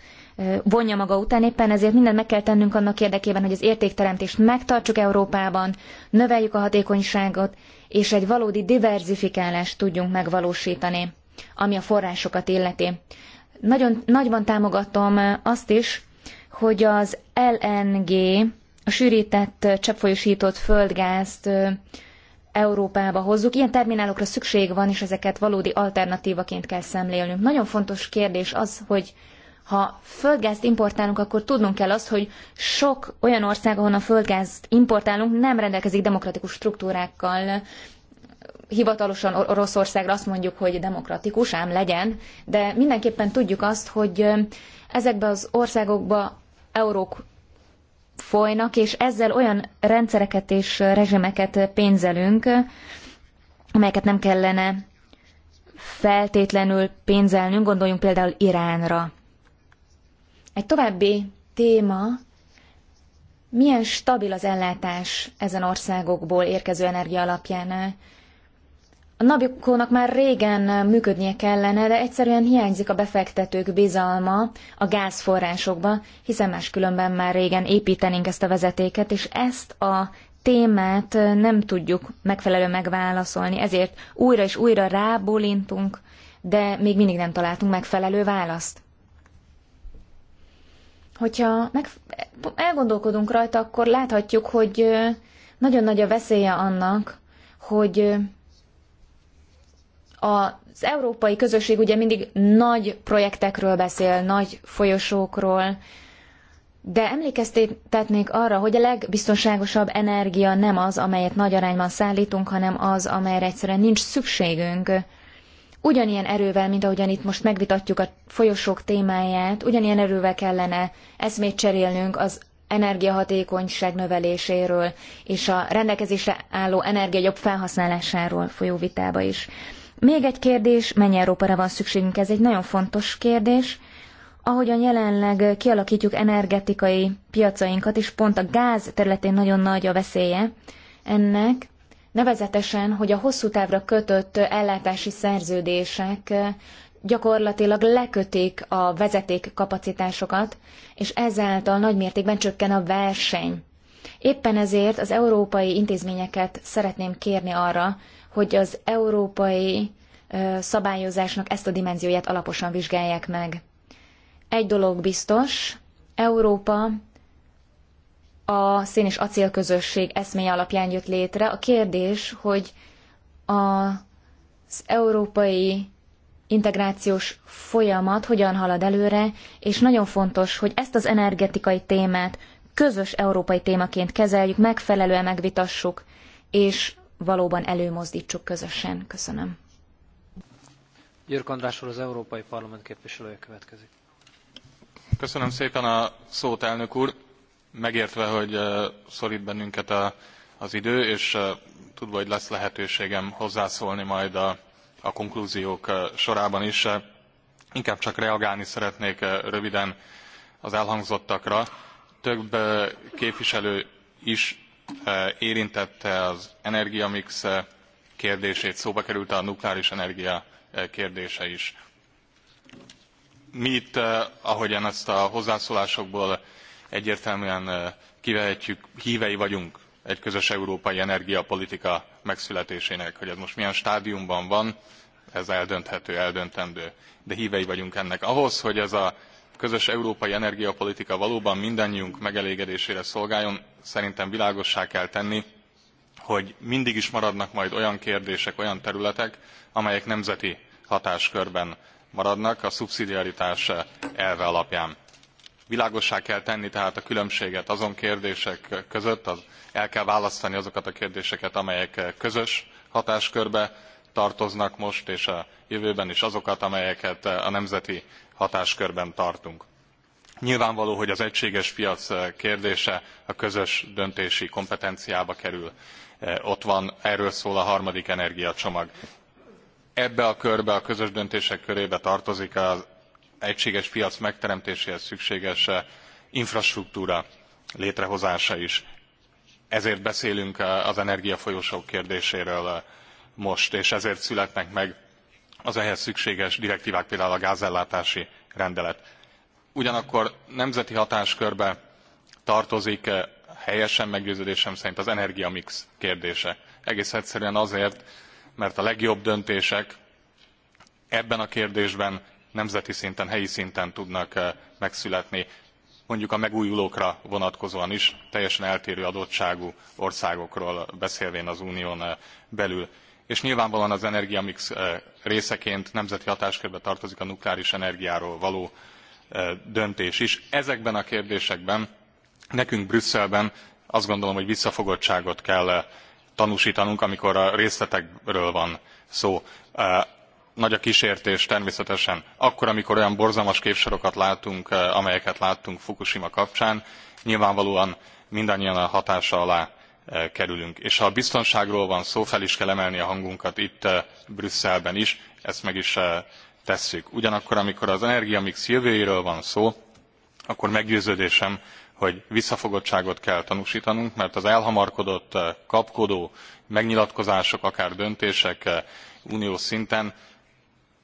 vonja maga után, éppen ezért mindent meg kell tennünk annak érdekében, hogy az értékteremtést megtartsuk Európában, növeljük a hatékonyságot, és egy valódi diverzifikálást tudjunk megvalósítani, ami a forrásokat illeti. Nagyon nagyban támogatom azt is, hogy az LNG, a sűrített cseppfolyósított földgázt Európába hozzuk. Ilyen terminálokra szükség van, és ezeket valódi alternatívaként kell szemlélnünk. Nagyon fontos kérdés az, hogy ha földgázt importálunk, akkor tudnunk kell azt, hogy sok olyan ország, ahonnan földgázt importálunk, nem rendelkezik demokratikus struktúrákkal. Hivatalosan Oroszországra azt mondjuk, hogy demokratikus, ám legyen, de mindenképpen tudjuk azt, hogy ezekbe az országokba eurók folynak, és ezzel olyan rendszereket és rezsemeket pénzelünk, amelyeket nem kellene feltétlenül pénzelnünk, gondoljunk például Iránra. Egy további téma, milyen stabil az ellátás ezen országokból érkező energia alapján. A Nabikónak már régen működnie kellene, de egyszerűen hiányzik a befektetők bizalma a gázforrásokba, hiszen máskülönben már régen építenénk ezt a vezetéket, és ezt a témát nem tudjuk megfelelően megválaszolni, ezért újra és újra rábólintunk, de még mindig nem találtunk megfelelő választ. Hogyha meg, elgondolkodunk rajta, akkor láthatjuk, hogy nagyon nagy a veszélye annak, hogy az európai közösség ugye mindig nagy projektekről beszél, nagy folyosókról, de emlékeztetnék arra, hogy a legbiztonságosabb energia nem az, amelyet nagy arányban szállítunk, hanem az, amelyre egyszerűen nincs szükségünk. Ugyanilyen erővel, mint ahogyan itt most megvitatjuk a folyosók témáját, ugyanilyen erővel kellene eszmét cserélnünk az energiahatékonyság növeléséről és a rendelkezésre álló energia jobb felhasználásáról folyó vitába is. Még egy kérdés, mennyi Európára van szükségünk? Ez egy nagyon fontos kérdés. Ahogyan jelenleg kialakítjuk energetikai piacainkat, és pont a gáz területén nagyon nagy a veszélye ennek, nevezetesen, hogy a hosszú távra kötött ellátási szerződések eh, gyakorlatilag lekötik a vezeték kapacitásokat, és ezáltal nagymértékben csökken a verseny. Éppen ezért az európai intézményeket szeretném kérni arra, hogy az európai szabályozásnak ezt a dimenzióját alaposan vizsgálják meg. Egy dolog biztos, Európa a szén és acélközösség eszméje alapján jött létre. A kérdés, hogy az európai integrációs folyamat hogyan halad előre, és nagyon fontos, hogy ezt az energetikai témát közös európai témaként kezeljük, megfelelően megvitassuk, és valóban előmozdítsuk közösen. Köszönöm. Györk András az Európai Parlament képviselője következik. Köszönöm szépen a szót, elnök úr. Megértve, hogy szorít bennünket a, az idő, és tudva, hogy lesz lehetőségem hozzászólni majd a, a konklúziók sorában is, inkább csak reagálni szeretnék röviden az elhangzottakra. Több képviselő is érintette az energiamix kérdését, szóba került a nukleáris energia kérdése is. Mi itt, ahogyan ezt a hozzászólásokból egyértelműen kivehetjük, hívei vagyunk egy közös európai energiapolitika megszületésének, hogy ez most milyen stádiumban van, ez eldönthető, eldöntendő. De hívei vagyunk ennek. Ahhoz, hogy ez a közös európai energiapolitika valóban mindannyiunk megelégedésére szolgáljon szerintem világossá kell tenni hogy mindig is maradnak majd olyan kérdések olyan területek amelyek nemzeti hatáskörben maradnak a szubszidiaritás elve alapján. világossá kell tenni tehát a különbséget azon kérdések között az, el kell választani azokat a kérdéseket amelyek közös hatáskörbe tartoznak most és a jövőben is azokat amelyeket a nemzeti hatáskörben tartunk. Nyilvánvaló, hogy az egységes piac eh, kérdése a közös döntési kompetenciába kerül. Eh, ott van, erről szól a harmadik energiacsomag. Ebbe a körbe, a közös döntések körébe tartozik az egységes piac megteremtéséhez szükséges eh, infrastruktúra létrehozása is. Ezért beszélünk az energiafolyósok kérdéséről most, és ezért születnek meg az ehhez szükséges direktvák például a gázellátási rendelet. Ugyanakkor nemzeti hatáskörbe tartozik eh, helyesen meggyőződésem szerint az energiamix kérdése. Egész egyszerűen azért, mert a legjobb döntések ebben a kérdésben nemzeti szinten, helyi szinten tudnak eh, megszületni, mondjuk a megújulókra vonatkozóan is, teljesen eltérő adottságú országokról beszélvén az unión eh, belül és nyilvánvalóan az energiamix eh, részeként nemzeti hatáskörbe tartozik a nukleáris energiáról való eh, döntés is. Ezekben a kérdésekben nekünk Brüsszelben azt gondolom, hogy visszafogottságot kell eh, tanúsítanunk, amikor a részletekről van szó. Nagy a kísértés természetesen. Akkor, amikor olyan borzalmas képsorokat látunk, amelyeket láttunk Fukushima kapcsán, nyilvánvalóan mindannyian a hatása alá Eh, kerülünk. És ha a biztonságról van szó, fel is kell emelni a hangunkat itt eh, Brüsszelben is, ezt meg is eh, tesszük. Ugyanakkor, amikor az energiamix jövőjéről van szó, akkor meggyőződésem, hogy visszafogottságot kell tanúsítanunk, mert az elhamarkodott, kapkodó megnyilatkozások, akár döntések uniós szinten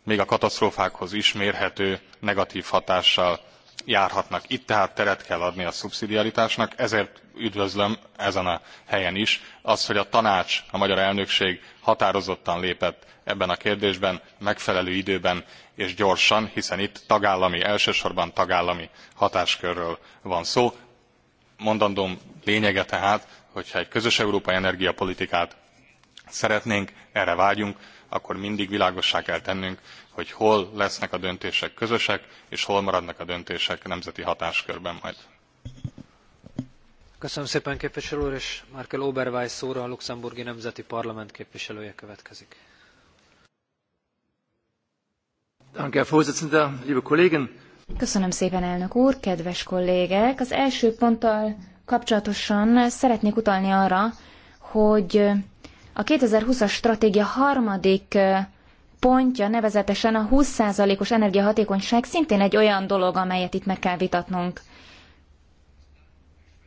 még a katasztrófákhoz is mérhető negatív hatással járhatnak. Itt tehát teret kell adni a szubszidiaritásnak, ezért üdvözlöm ezen a helyen is azt, hogy a tanács, a magyar elnökség határozottan lépett ebben a kérdésben megfelelő időben és gyorsan, hiszen itt tagállami, elsősorban tagállami hatáskörről van szó. Mondandóm lényege tehát, hogyha egy közös európai energiapolitikát szeretnénk, erre vágyunk, akkor mindig világossá kell tennünk, hogy hol lesznek a döntések közösek, és hol maradnak a döntések nemzeti hatáskörben majd. Köszönöm szépen képviselő úr, és Markel Oberweiss úr, a luxemburgi nemzeti parlament képviselője következik. liebe Köszönöm szépen, elnök úr, kedves kollégek! Az első ponttal kapcsolatosan szeretnék utalni arra, hogy a 2020-as stratégia harmadik pontja, nevezetesen a 20%-os energiahatékonyság szintén egy olyan dolog, amelyet itt meg kell vitatnunk.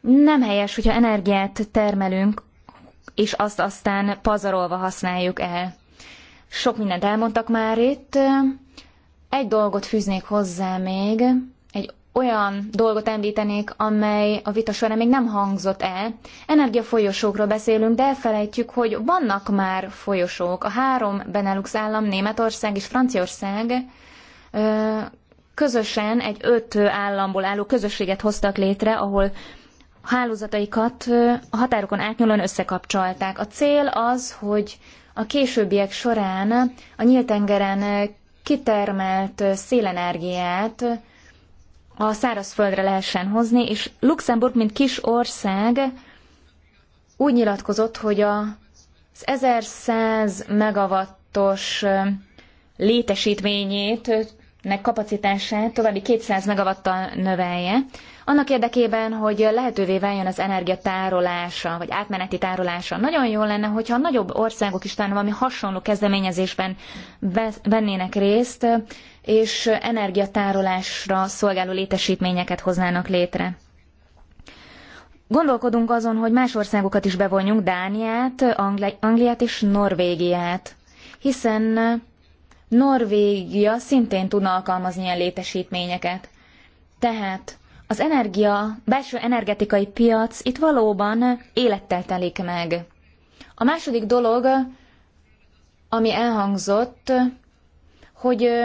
Nem helyes, hogyha energiát termelünk, és azt aztán pazarolva használjuk el. Sok mindent elmondtak már itt. Egy dolgot fűznék hozzá még, olyan dolgot említenék, amely a vita során még nem hangzott el. Energiafolyosókról beszélünk, de elfelejtjük, hogy vannak már folyosók. A három Benelux állam, Németország és Franciaország közösen egy öt államból álló közösséget hoztak létre, ahol hálózataikat a határokon átnyúlóan összekapcsolták. A cél az, hogy a későbbiek során a nyíltengeren kitermelt szélenergiát a szárazföldre lehessen hozni, és Luxemburg, mint kis ország, úgy nyilatkozott, hogy az 1100 megawattos létesítményét, nek kapacitását további 200 megawattal növelje, annak érdekében, hogy lehetővé váljon az energia tárolása, vagy átmeneti tárolása. Nagyon jó lenne, hogyha nagyobb országok is talán valami hasonló kezdeményezésben vennének részt, és energiatárolásra szolgáló létesítményeket hoznának létre. Gondolkodunk azon, hogy más országokat is bevonjunk, Dániát, Angli- Angliát és Norvégiát, hiszen Norvégia szintén tudna alkalmazni ilyen létesítményeket. Tehát az energia, belső energetikai piac itt valóban élettel telik meg. A második dolog, ami elhangzott, hogy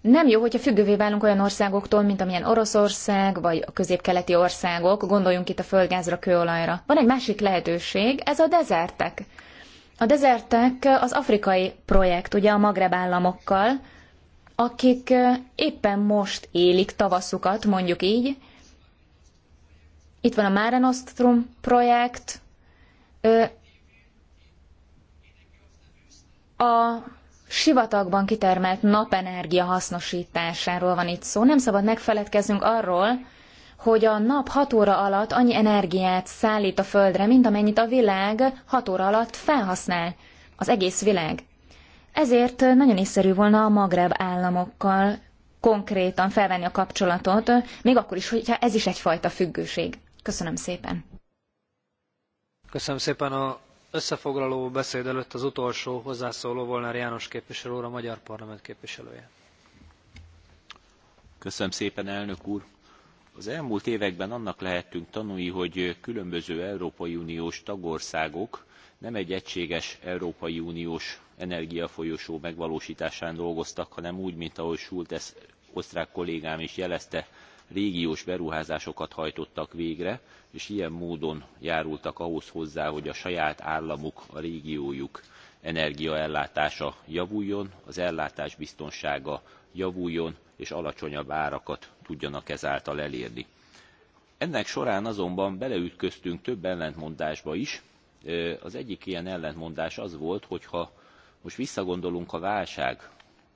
nem jó, hogyha függővé válunk olyan országoktól, mint amilyen Oroszország, vagy a közép-keleti országok, gondoljunk itt a földgázra, kőolajra. Van egy másik lehetőség, ez a dezertek. A dezertek az afrikai projekt, ugye a Magreb államokkal, akik éppen most élik tavaszukat, mondjuk így. Itt van a Mare Nostrum projekt. A sivatagban kitermelt napenergia hasznosításáról van itt szó. Nem szabad megfeledkeznünk arról, hogy a nap 6 óra alatt annyi energiát szállít a Földre, mint amennyit a világ 6 óra alatt felhasznál. Az egész világ. Ezért nagyon észszerű volna a Magreb államokkal konkrétan felvenni a kapcsolatot, még akkor is, hogyha ez is egyfajta függőség. Köszönöm szépen. Köszönöm szépen a összefoglaló beszéd előtt az utolsó hozzászóló Volner János képviselő úr, a Magyar Parlament képviselője. Köszönöm szépen, elnök úr! Az elmúlt években annak lehettünk tanúi, hogy különböző Európai Uniós tagországok nem egy egységes Európai Uniós energiafolyosó megvalósításán dolgoztak, hanem úgy, mint ahogy Schultes osztrák kollégám is jelezte, régiós beruházásokat hajtottak végre, és ilyen módon járultak ahhoz hozzá, hogy a saját államuk, a régiójuk energiaellátása javuljon, az ellátás biztonsága javuljon, és alacsonyabb árakat tudjanak ezáltal elérni. Ennek során azonban beleütköztünk több ellentmondásba is, az egyik ilyen ellentmondás az volt, hogyha most visszagondolunk a válság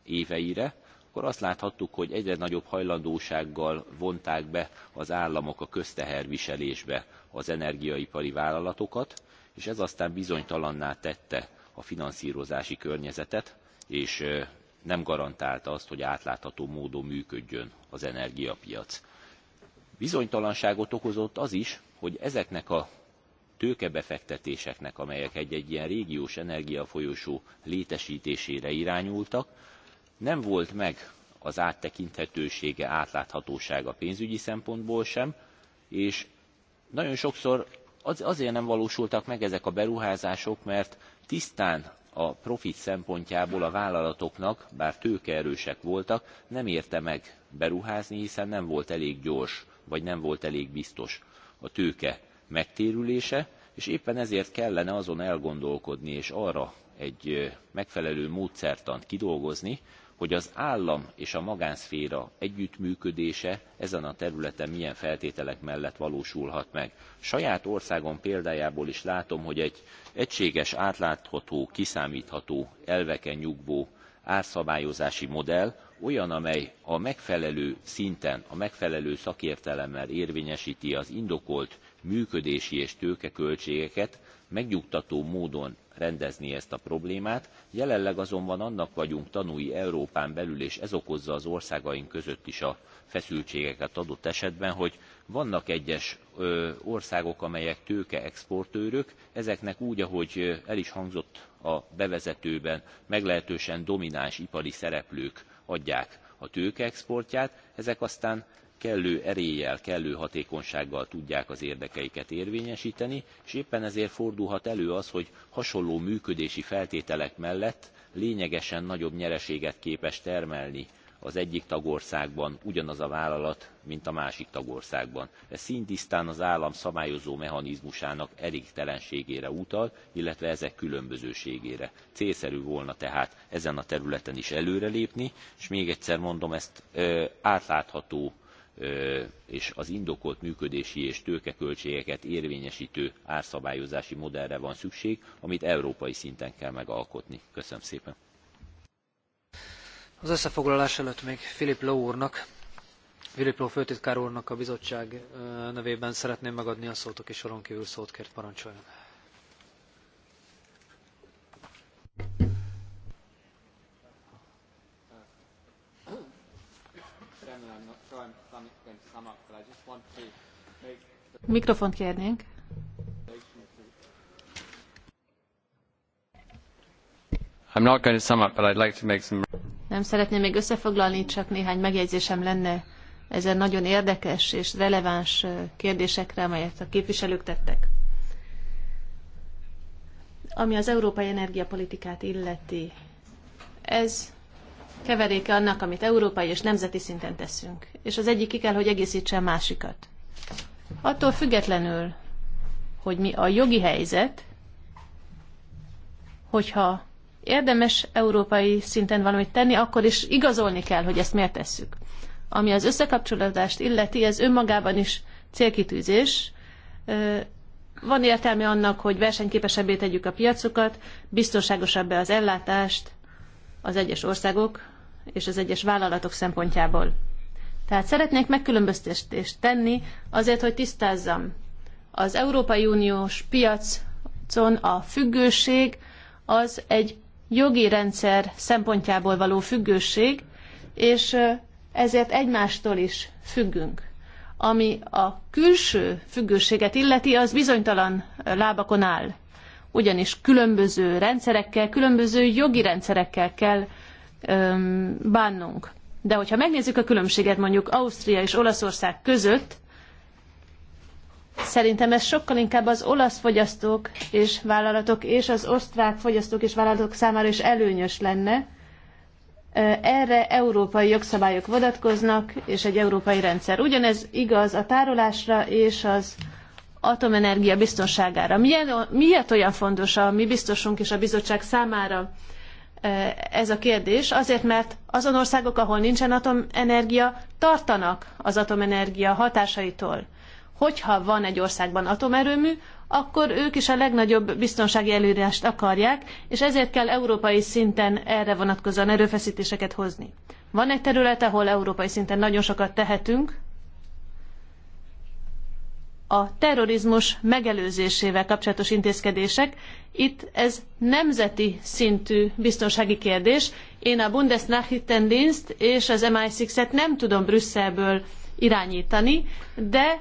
éveire, akkor azt láthattuk, hogy egyre nagyobb hajlandósággal vonták be az államok a közteherviselésbe az energiaipari vállalatokat, és ez aztán bizonytalanná tette a finanszírozási környezetet, és nem garantálta azt, hogy átlátható módon működjön az energiapiac. Bizonytalanságot okozott az is, hogy ezeknek a tőkebefektetéseknek, amelyek egy-egy ilyen régiós energiafolyosó létesítésére irányultak, nem volt meg az áttekinthetősége, átláthatósága pénzügyi szempontból sem, és nagyon sokszor az, azért nem valósultak meg ezek a beruházások, mert tisztán a profit szempontjából a vállalatoknak, bár tőkeerősek voltak, nem érte meg beruházni, hiszen nem volt elég gyors, vagy nem volt elég biztos a tőke megtérülése, és éppen ezért kellene azon elgondolkodni, és arra egy megfelelő módszertant kidolgozni, hogy az állam és a magánszféra együttműködése ezen a területen milyen feltételek mellett valósulhat meg. Saját országom példájából is látom, hogy egy egységes, átlátható, kiszámítható, elveken nyugvó árszabályozási modell olyan, amely a megfelelő szinten, a megfelelő szakértelemmel érvényesíti az indokolt működési és tőkeköltségeket megnyugtató módon rendezni ezt a problémát jelenleg azonban annak vagyunk tanúi európán belül és ez okozza az országaink között is a feszültségeket adott esetben hogy vannak egyes ö, országok amelyek tőkeexportőrök ezeknek úgy ahogy el is hangzott a bevezetőben meglehetősen domináns ipari szereplők adják a tőkeexportját ezek aztán kellő eréllyel, kellő hatékonysággal tudják az érdekeiket érvényesíteni, és éppen ezért fordulhat elő az, hogy hasonló működési feltételek mellett lényegesen nagyobb nyereséget képes termelni az egyik tagországban ugyanaz a vállalat, mint a másik tagországban. Ez szintisztán az állam szabályozó mechanizmusának elégtelenségére utal, illetve ezek különbözőségére. Célszerű volna tehát ezen a területen is előrelépni, és még egyszer mondom, ezt ö, átlátható és az indokolt működési és tőkeköltségeket érvényestő árszabályozási modellre van szükség, amit európai szinten kell megalkotni. Köszönöm szépen. Az összefoglalás előtt még Philip Lowe úrnak, Philip Lowe főtitkár úrnak a bizottság nevében szeretném megadni a szót, aki soron kívül szót kért parancsoljon. Mikrofont kérnénk. I'm not going to sum up, but I'd like to make some... Nem szeretném még összefoglalni, csak néhány megjegyzésem lenne ezen nagyon érdekes és releváns kérdésekre, amelyet a képviselők tettek. Ami az európai energiapolitikát illeti, ez keveréke annak, amit európai és nemzeti szinten teszünk. És az egyik ki kell, hogy egészítse a másikat. Attól függetlenül, hogy mi a jogi helyzet, hogyha érdemes európai szinten valamit tenni, akkor is igazolni kell, hogy ezt miért tesszük. Ami az összekapcsolódást illeti, ez önmagában is célkitűzés. Van értelme annak, hogy versenyképesebbé tegyük a piacokat, biztonságosabbá az ellátást az egyes országok és az egyes vállalatok szempontjából. Tehát szeretnék megkülönböztetést tenni azért, hogy tisztázzam. Az Európai Uniós piacon a függőség az egy jogi rendszer szempontjából való függőség, és ezért egymástól is függünk. Ami a külső függőséget illeti, az bizonytalan lábakon áll. Ugyanis különböző rendszerekkel, különböző jogi rendszerekkel kell bánnunk. De hogyha megnézzük a különbséget mondjuk Ausztria és Olaszország között, Szerintem ez sokkal inkább az olasz fogyasztók és vállalatok és az osztrák fogyasztók és vállalatok számára is előnyös lenne. Erre európai jogszabályok vonatkoznak, és egy európai rendszer. Ugyanez igaz a tárolásra és az atomenergia biztonságára. Milyen, miért olyan fontos a mi biztosunk és a bizottság számára ez a kérdés, azért mert azon országok, ahol nincsen atomenergia, tartanak az atomenergia hatásaitól. Hogyha van egy országban atomerőmű, akkor ők is a legnagyobb biztonsági előírást akarják, és ezért kell európai szinten erre vonatkozóan erőfeszítéseket hozni. Van egy terület, ahol európai szinten nagyon sokat tehetünk, a terrorizmus megelőzésével kapcsolatos intézkedések. Itt ez nemzeti szintű biztonsági kérdés. Én a Bundesnachrichtendienst és az MI6-et nem tudom Brüsszelből irányítani, de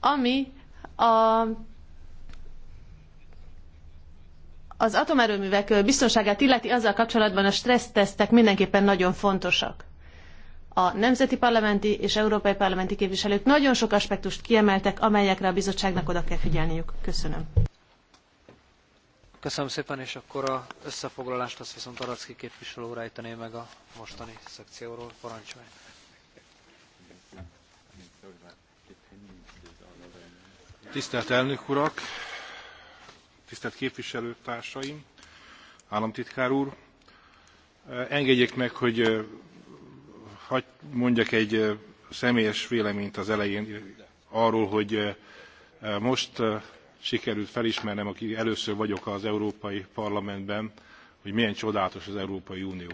ami a az atomerőművek biztonságát illeti, azzal kapcsolatban a stressztesztek mindenképpen nagyon fontosak a nemzeti parlamenti és európai parlamenti képviselők nagyon sok aspektust kiemeltek, amelyekre a bizottságnak oda kell figyelniük. Köszönöm. Köszönöm szépen, és akkor a összefoglalást azt viszont Aracki képviselő úr meg a mostani szekcióról. Parancsolj! Tisztelt elnök urak, tisztelt képviselőtársaim, államtitkár úr! Engedjék meg, hogy Hagy mondjak egy személyes véleményt az elején arról, hogy most sikerült felismernem, aki először vagyok az Európai Parlamentben, hogy milyen csodálatos az Európai Unió.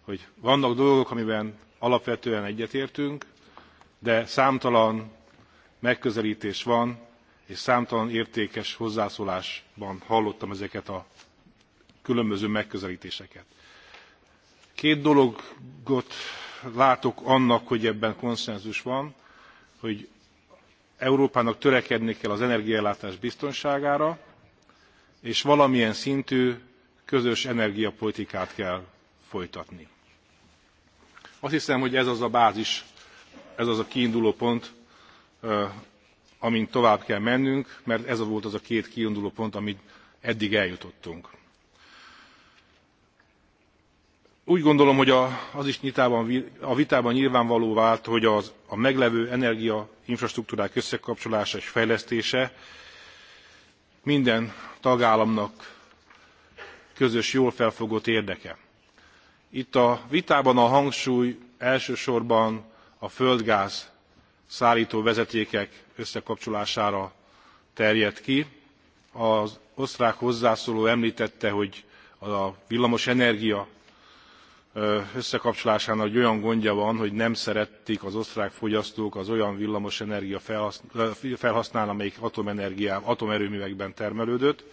Hogy vannak dolgok, amiben alapvetően egyetértünk, de számtalan megközelítés van, és számtalan értékes hozzászólásban hallottam ezeket a különböző megközelítéseket. Két dologot látok annak, hogy ebben konszenzus van, hogy Európának törekedni kell az energiaellátás biztonságára, és valamilyen szintű közös energiapolitikát kell folytatni. Azt hiszem, hogy ez az a bázis, ez az a kiinduló pont, amint tovább kell mennünk, mert ez volt az a két kiinduló pont, amit eddig eljutottunk úgy gondolom hogy az is a vitában nyilvánvalóvá vált hogy a meglevő energiainfrastruktúrák összekapcsolása és fejlesztése minden tagállamnak közös jól felfogott érdeke. itt a vitában a hangsúly elsősorban a földgáz szálltó vezetékek összekapcsolására terjedt ki. az osztrák hozzászóló emltette hogy a villamosenergia összekapcsolásának egy olyan gondja van, hogy nem szerették az osztrák fogyasztók az olyan villamosenergia felhasználni, amelyik atomenergiá, atomerőművekben termelődött.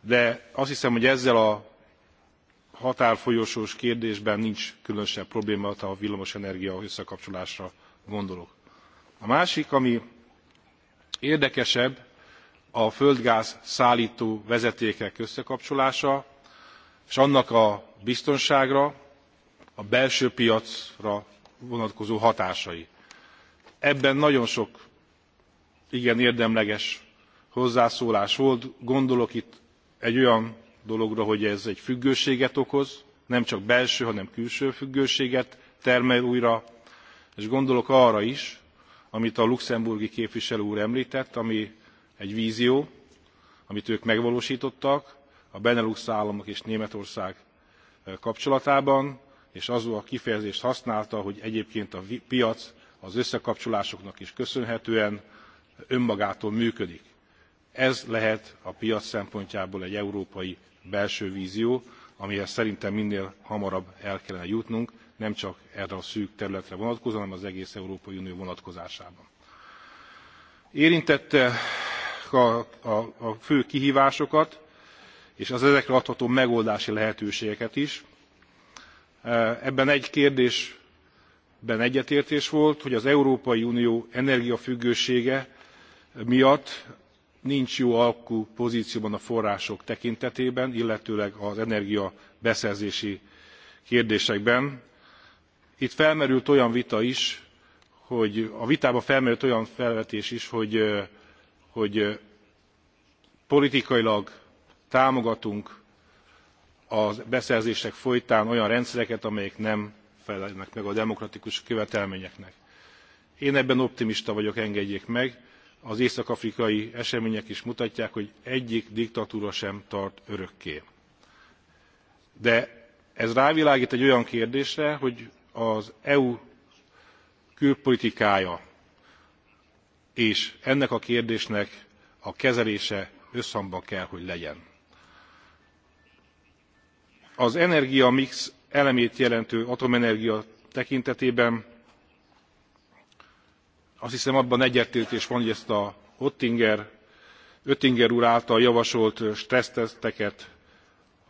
De azt hiszem, hogy ezzel a határfolyósós kérdésben nincs különösebb probléma, ha a villamosenergia összekapcsolásra gondolok. A másik, ami érdekesebb, a földgáz szálltó vezetékek összekapcsolása és annak a biztonságra a belső piacra vonatkozó hatásai. ebben nagyon sok igen érdemleges hozzászólás volt gondolok itt egy olyan dologra hogy ez egy függőséget okoz nem csak belső hanem külső függőséget termel újra és gondolok arra is amit a luxemburgi képviselő úr emltett ami egy vzió amit ők megvalóstottak a benelux államok és németország kapcsolatában és azó a kifejezést használta, hogy egyébként a piac az összekapcsolásoknak is köszönhetően önmagától működik. Ez lehet a piac szempontjából egy európai belső vízió, amihez szerintem minél hamarabb el kellene jutnunk, nem csak erre a szűk területre vonatkozóan, hanem az egész Európai Unió vonatkozásában. Érintette a, a, a fő kihívásokat, és az ezekre adható megoldási lehetőségeket is, ebben egy kérdésben egyetértés volt hogy az európai unió energiafüggősége miatt nincs jó alkú pozcióban a források tekintetében illetőleg az energia beszerzési kérdésekben. itt felmerült olyan vita is hogy a vitában felmerült olyan felvetés is hogy, hogy politikailag támogatunk a beszerzések folytán olyan rendszereket amelyek nem felelnek meg a demokratikus követelményeknek. én ebben optimista vagyok engedjék meg az észak afrikai események is mutatják hogy egyik diktatúra sem tart örökké. de ez rávilágt egy olyan kérdésre hogy az eu külpolitikája és ennek a kérdésnek a kezelése összhangban kell hogy legyen az energiamix elemét jelentő atomenergia tekintetében azt hiszem abban egyetértés van hogy ezt a oettinger, oettinger úr által javasolt stresszteszteket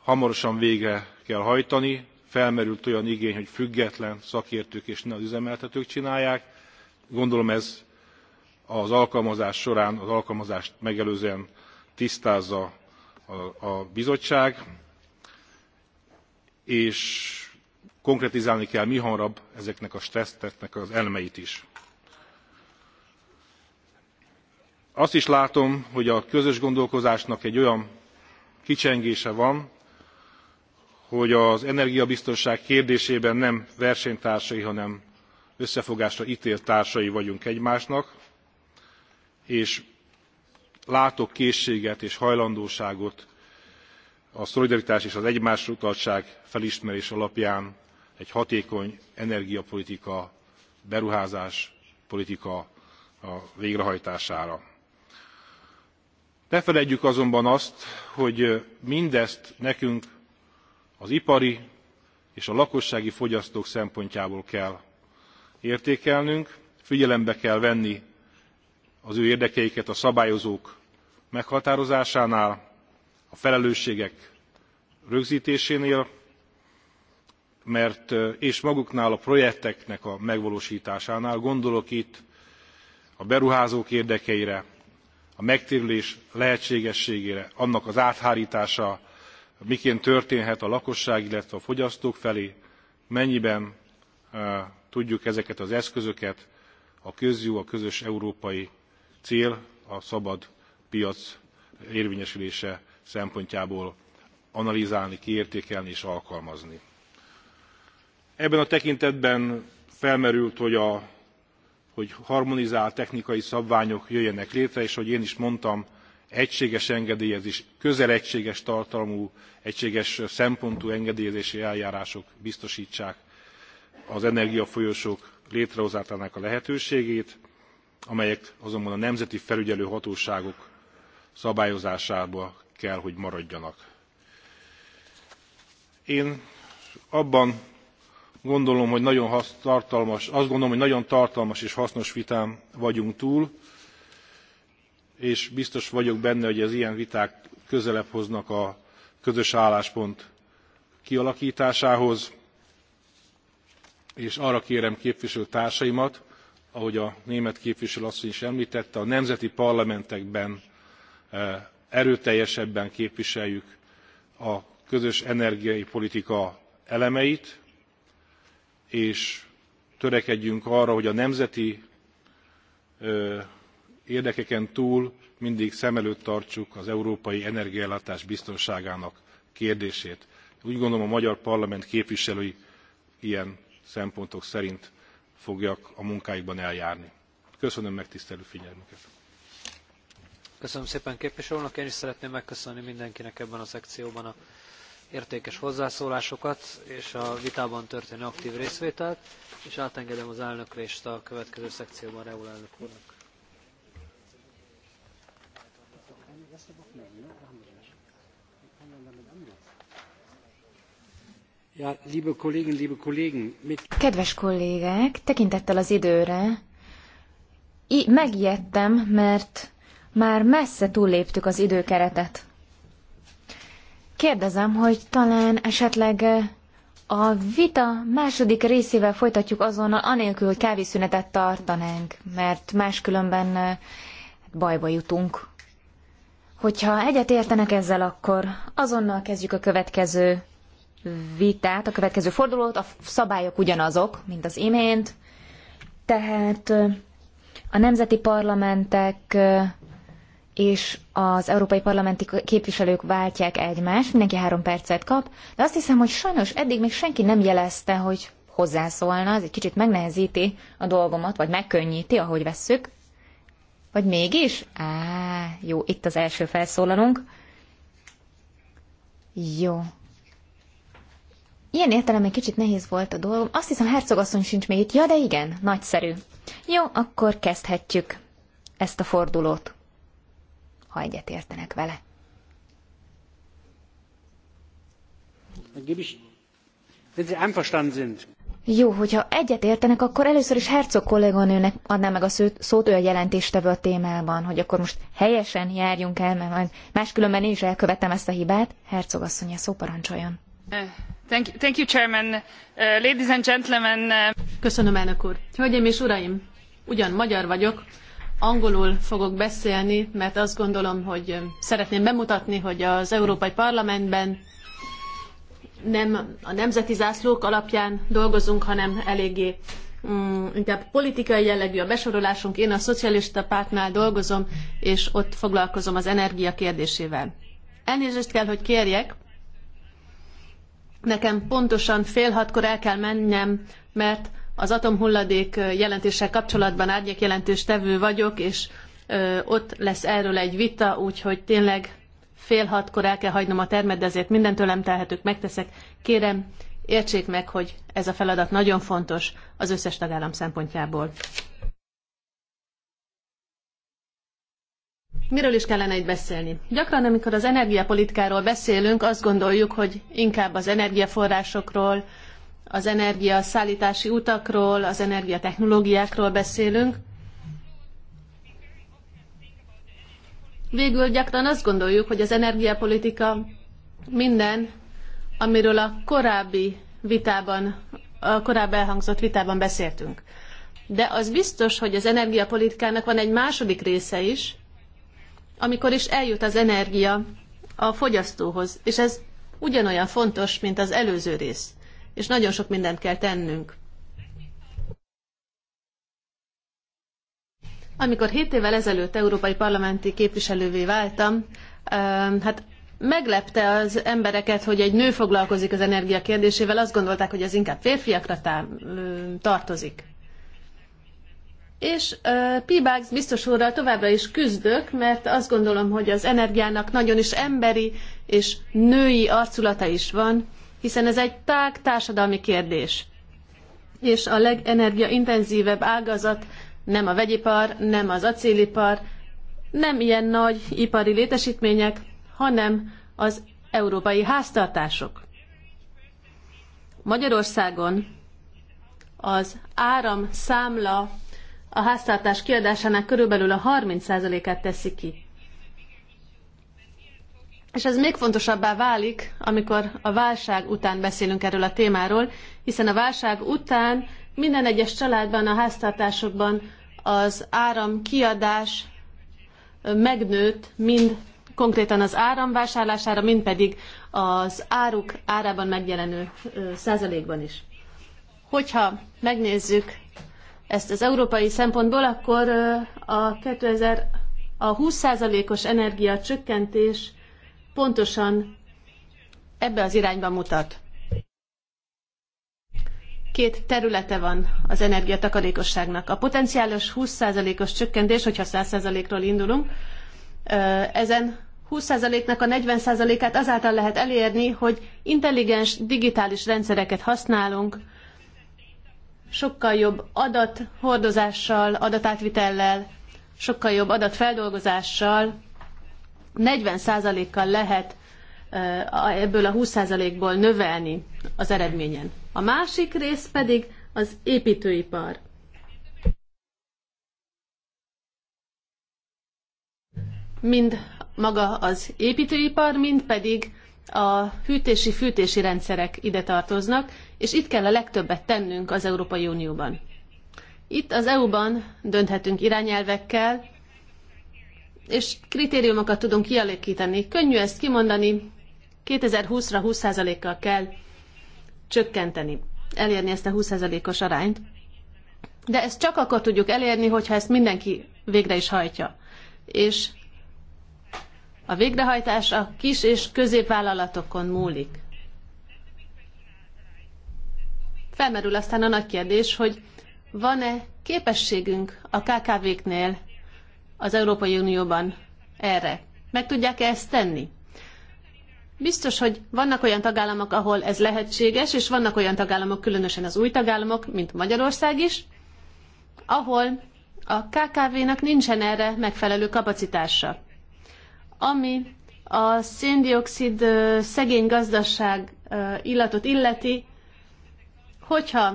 hamarosan végre kell hajtani felmerült olyan igény hogy független szakértők és ne az üzemeltetők csinálják gondolom ez az alkalmazás során az alkalmazást megelőzően tisztázza a bizottság és konkretizálni kell mihamarabb ezeknek a stressztesztnek az elemeit is. azt is látom hogy a közös gondolkozásnak egy olyan kicsengése van hogy az energiabiztonság kérdésében nem versenytársai hanem összefogásra télt társai vagyunk egymásnak és látok készséget és hajlandóságot a szolidaritás és az utaltság felismerése alapján egy hatékony energiapolitika beruházás politika a végrehajtására. ne feledjük azonban azt hogy mindezt nekünk az ipari és a lakossági fogyasztók szempontjából kell értékelnünk figyelembe kell venni az ő érdekeiket a szabályozók meghatározásánál a felelősségek rögzítésénél mert, és maguknál a projekteknek a megvalósításánál. Gondolok itt a beruházók érdekeire, a megtérülés lehetségességére, annak az áthárítása miként történhet a lakosság, illetve a fogyasztók felé, mennyiben tudjuk ezeket az eszközöket a közjó, a közös európai cél, a szabad piac érvényesülése szempontjából analizálni, kiértékelni és alkalmazni. Ebben a tekintetben felmerült, hogy, a, hogy harmonizált technikai szabványok jöjjenek létre, és hogy én is mondtam, egységes engedélyezés, közel egységes tartalmú, egységes szempontú engedélyezési eljárások biztosítsák az energiafolyosok létrehozásának a lehetőségét, amelyek azonban a nemzeti felügyelő hatóságok szabályozásába kell, hogy maradjanak. Én abban gondolom, hogy nagyon hasz, tartalmas, azt gondolom, hogy nagyon tartalmas és hasznos vitám vagyunk túl, és biztos vagyok benne, hogy az ilyen viták közelebb hoznak a közös álláspont kialakításához, és arra kérem képviselőtársaimat, ahogy a német képviselő asszony is említette, a nemzeti parlamentekben eh, erőteljesebben képviseljük a közös energiapolitika elemeit és törekedjünk arra hogy a nemzeti érdekeken túl mindig szem előtt tartsuk az európai energiaellátás biztonságának kérdését. úgy gondolom a magyar parlament képviselői ilyen szempontok szerint fogják a munkájukban eljárni. köszönöm megtisztelő figyelmüket. Köszönöm szépen képviselőnek, én is szeretném megköszönni mindenkinek ebben a szekcióban a értékes hozzászólásokat és a vitában történő aktív részvételt, és átengedem az elnöklést a következő szekcióban Reul elnök úrnak. Kedves kollégák, tekintettel az időre, megijedtem, mert már messze túlléptük az időkeretet. Kérdezem, hogy talán esetleg eh, a vita második részével folytatjuk azonnal, anélkül, hogy kávészünetet tartanánk, mert máskülönben eh, bajba jutunk. Hogyha egyet értenek ezzel, akkor azonnal kezdjük a következő vitát, a következő fordulót. A szabályok ugyanazok, mint az imént. Tehát eh, a nemzeti parlamentek és az európai parlamenti képviselők váltják egymást, mindenki három percet kap, de azt hiszem, hogy sajnos eddig még senki nem jelezte, hogy hozzászólna, ez egy kicsit megnehezíti a dolgomat, vagy megkönnyíti, ahogy vesszük. Vagy mégis? Á, jó, itt az első felszólalunk. Jó. Ilyen értelemben kicsit nehéz volt a dolgom. Azt hiszem, hercogasszony sincs még itt. Ja, de igen, nagyszerű. Jó, akkor kezdhetjük ezt a fordulót ha egyet értenek vele. Jó, hogyha egyet értenek, akkor először is Herzog kolléganőnek adnám meg a szót, ő a jelentéstevő a témában, hogy akkor most helyesen járjunk el, mert majd máskülönben én is elkövettem ezt a hibát. Herzog asszony, szó parancsoljon. Uh, thank you, thank you, Chairman. Uh, ladies and gentlemen. Uh... Köszönöm, elnök úr. Hölgyeim és uraim, ugyan magyar vagyok, angolul fogok beszélni, mert azt gondolom, hogy szeretném bemutatni, hogy az Európai Parlamentben nem a nemzeti zászlók alapján dolgozunk, hanem eléggé um, inkább politikai jellegű a besorolásunk. Én a szocialista pártnál dolgozom, és ott foglalkozom az energia kérdésével. Elnézést kell, hogy kérjek. Nekem pontosan fél hatkor el kell mennem, mert az atomhulladék jelentéssel kapcsolatban árnyék tevő vagyok, és ott lesz erről egy vita, úgyhogy tényleg fél hatkor el kell hagynom a termet, de ezért mindent tőlem telhetők megteszek. Kérem, értsék meg, hogy ez a feladat nagyon fontos az összes tagállam szempontjából. Miről is kellene itt beszélni? Gyakran, amikor az energiapolitikáról beszélünk, azt gondoljuk, hogy inkább az energiaforrásokról, az energia szállítási utakról, az energiatechnológiákról beszélünk. Végül gyakran azt gondoljuk, hogy az energiapolitika minden, amiről a korábbi vitában, a korábban elhangzott vitában beszéltünk. De az biztos, hogy az energiapolitikának van egy második része is, amikor is eljut az energia a fogyasztóhoz, és ez ugyanolyan fontos, mint az előző rész és nagyon sok mindent kell tennünk. Amikor 7 évvel ezelőtt európai parlamenti képviselővé váltam, ehm, hát meglepte az embereket, hogy egy nő foglalkozik az energia kérdésével, azt gondolták, hogy ez inkább férfiakra tartozik. És uh, Pibags biztos úrral továbbra is küzdök, mert azt gondolom, hogy az energiának nagyon is emberi és női arculata is van, hiszen ez egy tág társadalmi kérdés. És a legenergiaintenzívebb ágazat nem a vegyipar, nem az acélipar, nem ilyen nagy ipari létesítmények, hanem az európai háztartások. Magyarországon az áram számla a háztartás kiadásának körülbelül a 30%-át teszi ki. És ez még fontosabbá válik, amikor a válság után beszélünk erről a témáról, hiszen a válság után minden egyes családban, a háztartásokban az áramkiadás megnőtt, mind konkrétan az áram vásárlására, mind pedig az áruk árában megjelenő százalékban is. Hogyha megnézzük ezt az európai szempontból, akkor a 2000 a 20%-os energia csökkentés pontosan ebbe az irányba mutat. Két területe van az energiatakarékosságnak. A potenciális 20%-os csökkentés, hogyha 100%-ról indulunk, ezen 20%-nak a 40%-át azáltal lehet elérni, hogy intelligens digitális rendszereket használunk, sokkal jobb adathordozással, adatátvitellel, sokkal jobb adatfeldolgozással, 40%-kal lehet ebből a 20%-ból növelni az eredményen. A másik rész pedig az építőipar. Mind maga az építőipar, mind pedig a hűtési-fűtési rendszerek ide tartoznak, és itt kell a legtöbbet tennünk az Európai Unióban. Itt az EU-ban dönthetünk irányelvekkel, és kritériumokat tudunk kialakítani. Könnyű ezt kimondani, 2020-ra 20%-kal kell csökkenteni, elérni ezt a 20%-os arányt. De ezt csak akkor tudjuk elérni, hogyha ezt mindenki végre is hajtja. És a végrehajtás a kis és középvállalatokon múlik. Felmerül aztán a nagy kérdés, hogy van-e képességünk a KKV-knél az Európai Unióban erre? Meg tudják -e ezt tenni? Biztos, hogy vannak olyan tagállamok, ahol ez lehetséges, és vannak olyan tagállamok, különösen az új tagállamok, mint Magyarország is, ahol a KKV-nak nincsen erre megfelelő kapacitása. Ami a széndiokszid szegény gazdaság illatot illeti, hogyha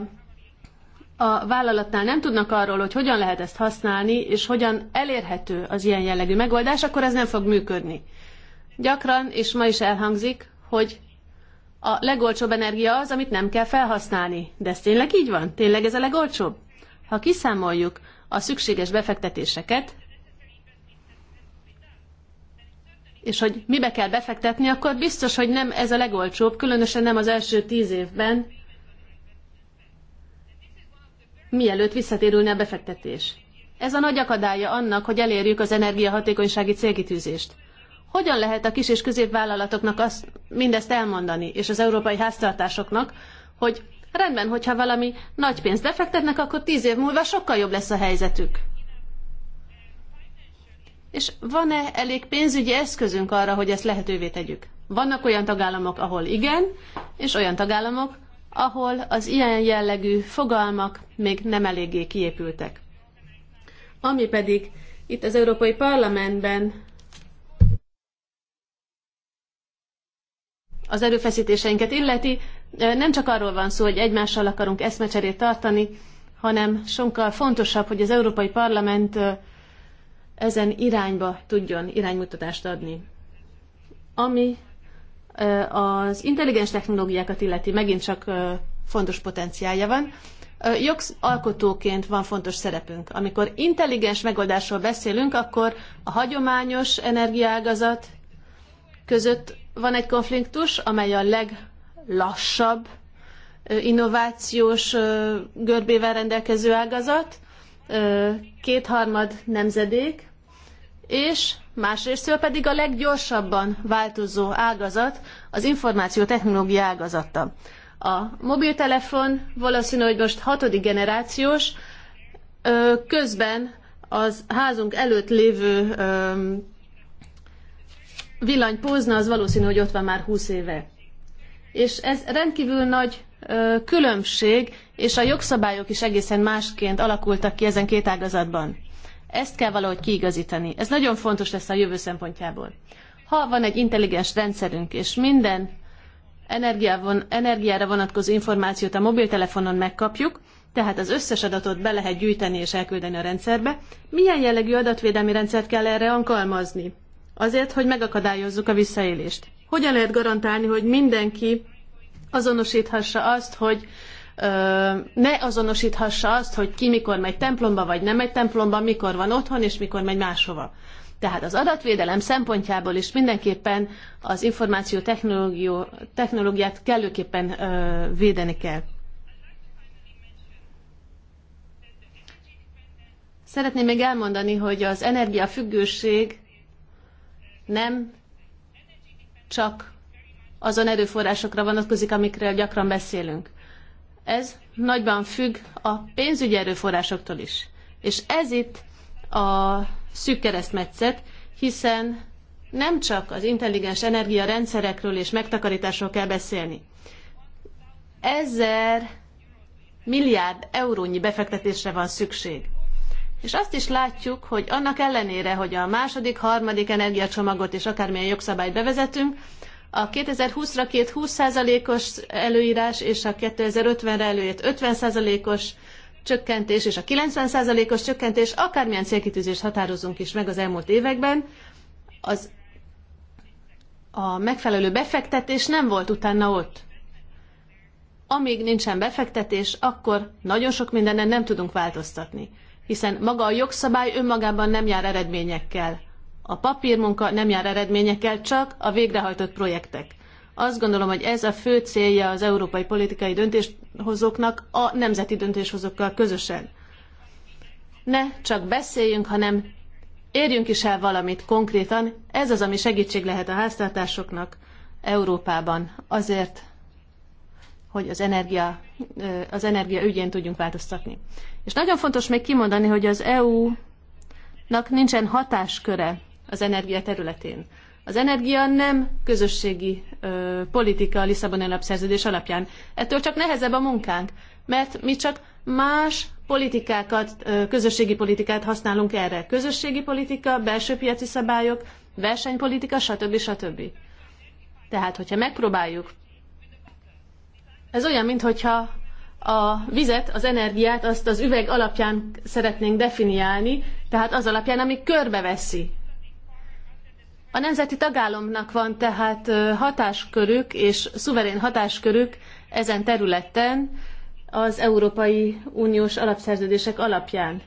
a vállalatnál nem tudnak arról, hogy hogyan lehet ezt használni, és hogyan elérhető az ilyen jellegű megoldás, akkor ez nem fog működni. Gyakran, és ma is elhangzik, hogy a legolcsóbb energia az, amit nem kell felhasználni. De ez tényleg így van? Tényleg ez a legolcsóbb? Ha kiszámoljuk a szükséges befektetéseket, és hogy mibe kell befektetni, akkor biztos, hogy nem ez a legolcsóbb, különösen nem az első tíz évben, mielőtt visszatérülne a befektetés. Ez a nagy akadálya annak, hogy elérjük az energiahatékonysági célkitűzést. Hogyan lehet a kis és középvállalatoknak azt, mindezt elmondani, és az európai háztartásoknak, hogy rendben, hogyha valami nagy pénzt befektetnek, akkor tíz év múlva sokkal jobb lesz a helyzetük. És van-e elég pénzügyi eszközünk arra, hogy ezt lehetővé tegyük? Vannak olyan tagállamok, ahol igen, és olyan tagállamok, ahol az ilyen jellegű fogalmak még nem eléggé kiépültek. Ami pedig itt az Európai Parlamentben az erőfeszítéseinket illeti, nem csak arról van szó, hogy egymással akarunk eszmecserét tartani, hanem sokkal fontosabb, hogy az Európai Parlament ezen irányba tudjon iránymutatást adni. Ami az intelligens technológiákat illeti megint csak fontos potenciálja van. Jogalkotóként van fontos szerepünk. Amikor intelligens megoldásról beszélünk, akkor a hagyományos energiaágazat között van egy konfliktus, amely a leglassabb innovációs görbével rendelkező ágazat, kétharmad nemzedék, és másrésztől pedig a leggyorsabban változó ágazat az információtechnológia ágazata. A mobiltelefon valószínű, hogy most hatodik generációs, közben az házunk előtt lévő villanypózna az valószínű, hogy ott van már 20 éve. És ez rendkívül nagy különbség, és a jogszabályok is egészen másként alakultak ki ezen két ágazatban. Ezt kell valahogy kiigazítani. Ez nagyon fontos lesz a jövő szempontjából. Ha van egy intelligens rendszerünk, és minden energiára vonatkozó információt a mobiltelefonon megkapjuk, tehát az összes adatot be lehet gyűjteni és elküldeni a rendszerbe. Milyen jellegű adatvédelmi rendszert kell erre alkalmazni? Azért, hogy megakadályozzuk a visszaélést. Hogyan lehet garantálni, hogy mindenki azonosíthassa azt, hogy ne azonosíthassa azt, hogy ki mikor megy templomba, vagy nem megy templomba, mikor van otthon, és mikor megy máshova. Tehát az adatvédelem szempontjából is mindenképpen az információ technológiát kellőképpen védeni kell. Szeretném még elmondani, hogy az energiafüggőség nem csak azon erőforrásokra vonatkozik, amikről gyakran beszélünk ez nagyban függ a pénzügyi erőforrásoktól is. És ez itt a szűk keresztmetszet, hiszen nem csak az intelligens energiarendszerekről és megtakarításról kell beszélni. Ezer milliárd eurónyi befektetésre van szükség. És azt is látjuk, hogy annak ellenére, hogy a második, harmadik energiacsomagot és akármilyen jogszabályt bevezetünk, a 2020-ra két 20%-os előírás és a 2050-re előírt 50%-os csökkentés és a 90%-os csökkentés, akármilyen célkitűzést határozunk is meg az elmúlt években, az a megfelelő befektetés nem volt utána ott. Amíg nincsen befektetés, akkor nagyon sok mindenen nem tudunk változtatni, hiszen maga a jogszabály önmagában nem jár eredményekkel. A papírmunka nem jár eredményekkel, csak a végrehajtott projektek. Azt gondolom, hogy ez a fő célja az európai politikai döntéshozóknak a nemzeti döntéshozókkal közösen. Ne csak beszéljünk, hanem érjünk is el valamit konkrétan. Ez az, ami segítség lehet a háztartásoknak Európában azért, hogy az energia, az energia ügyén tudjunk változtatni. És nagyon fontos még kimondani, hogy az EU-nak nincsen hatásköre az energia területén. Az energia nem közösségi ö, politika a Lisszaboni alapszerződés alapján. Ettől csak nehezebb a munkánk, mert mi csak más politikákat, ö, közösségi politikát használunk erre. Közösségi politika, belső piaci szabályok, versenypolitika, stb. stb. Tehát, hogyha megpróbáljuk, ez olyan, mintha a vizet, az energiát azt az üveg alapján szeretnénk definiálni, tehát az alapján, ami körbeveszi a nemzeti tagállamnak van tehát hatáskörük és szuverén hatáskörük ezen területen az Európai Uniós alapszerződések alapján.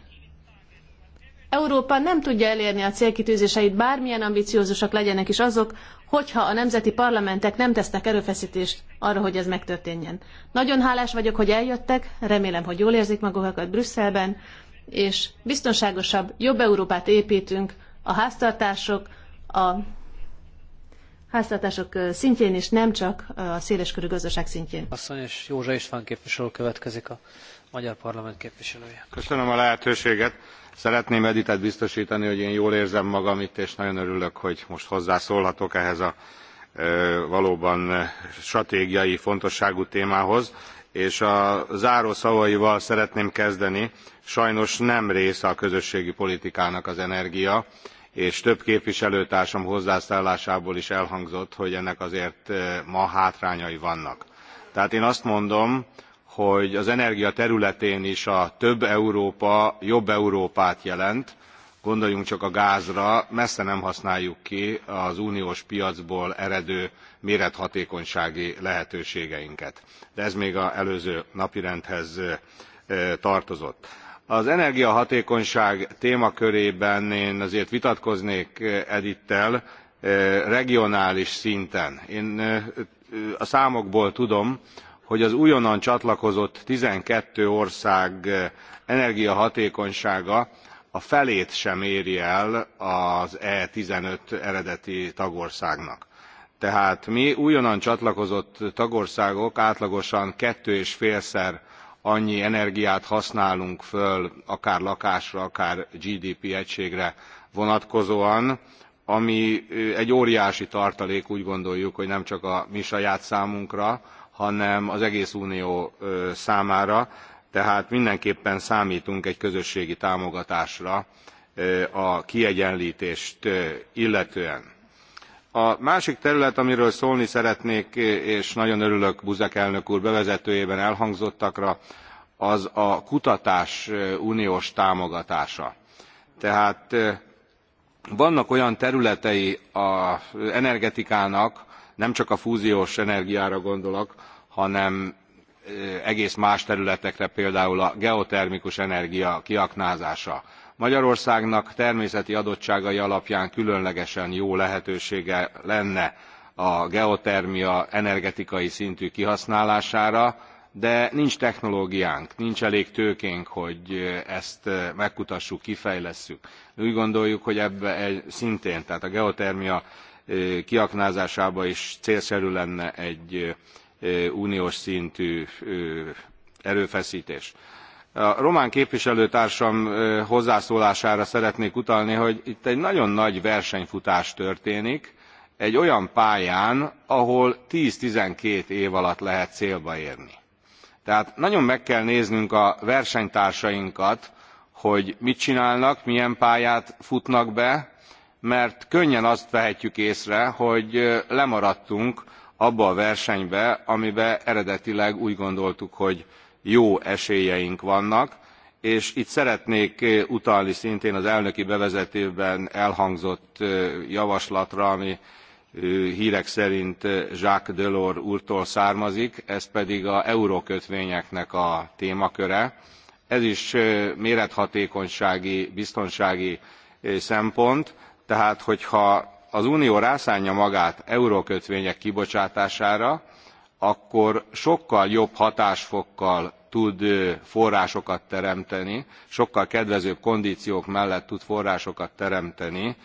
Európa nem tudja elérni a célkitűzéseit, bármilyen ambiciózusak legyenek is azok, hogyha a nemzeti parlamentek nem tesznek erőfeszítést arra, hogy ez megtörténjen. Nagyon hálás vagyok, hogy eljöttek, remélem, hogy jól érzik magukat Brüsszelben, és biztonságosabb, jobb Európát építünk a háztartások, a háztartások szintjén, és nem csak a széleskörű gazdaság szintjén. Asszony és Józsa István képviselő következik a Magyar Parlament képviselője. Köszönöm a lehetőséget. Szeretném Editet biztosítani, hogy én jól érzem magam itt, és nagyon örülök, hogy most hozzászólhatok ehhez a valóban stratégiai fontosságú témához és a záró szavaival szeretném kezdeni sajnos nem része a közösségi politikának az energia és több képviselőtársam hozzászólásából is elhangzott hogy ennek azért eh, ma hátrányai vannak. tehát én azt mondom hogy az energia területén is a több európa jobb európát jelent gondoljunk csak a gázra messze nem használjuk ki az uniós piacból eredő mérethatékonysági lehetőségeinket de ez még az előző napirendhez eh, tartozott az energiahatékonyság témakörében én azért vitatkoznék eh, edittel eh, regionális szinten. én eh, a számokból tudom hogy az újonnan csatlakozott twelve ország energiahatékonysága a felét sem éri el az e fifteen eredeti tagországnak tehát mi újonnan csatlakozott tagországok átlagosan two és fél-szer annyi energiát használunk föl akár lakásra akár gdp egységre vonatkozóan ami egy óriási tartalék úgy gondoljuk hogy nem csak a mi saját számunkra hanem az egész unió számára tehát mindenképpen számtunk egy közösségi támogatásra a kiegyenltést illetően a másik terület amiről szólni szeretnék és nagyon örülök buzek elnök úr bevezetőjében elhangzottakra, az a kutatás uniós támogatása. tehát vannak olyan területei az energetikának nemcsak a fúziós energiára gondolok hanem egész más területekre például a geotermikus energia kiaknázása magyarországnak természeti adottságai alapján különlegesen jó lehetősége lenne a geotermia energetikai szintű kihasználására de nincs technológiánk nincs elég tőkénk hogy ezt megkutassuk kifejlesszük. úgy gondoljuk hogy ebbe szintén tehát a geotermia kiaknázásába is célszerű lenne egy uniós szintű erőfesztés a román képviselőtársam hozzászólására szeretnék utalni hogy itt egy nagyon nagy versenyfutás történik egy olyan pályán ahol ten twelve év alatt lehet célba érni. tehát nagyon meg kell néznünk a versenytársainkat hogy mit csinálnak milyen pályát futnak be mert könnyen azt vehetjük észre hogy lemaradtunk abba a versenybe amibe eredetileg úgy gondoltuk hogy jó esélyeink vannak és itt szeretnék eh, utalni szintén az elnöki bevezetőben elhangzott eh, javaslatra ami hrek eh, szerint jacques delors úrtól származik ez pedig az eurókötvényeknek a témaköre. ez is mérethatékonysági biztonsági szempont tehát hogyha az unió rászánja magát eurókötvények kibocsátására akkor sokkal jobb hatásfokkal tud forrásokat teremteni sokkal kedvezőbb kondciók mellett tud forrásokat teremteni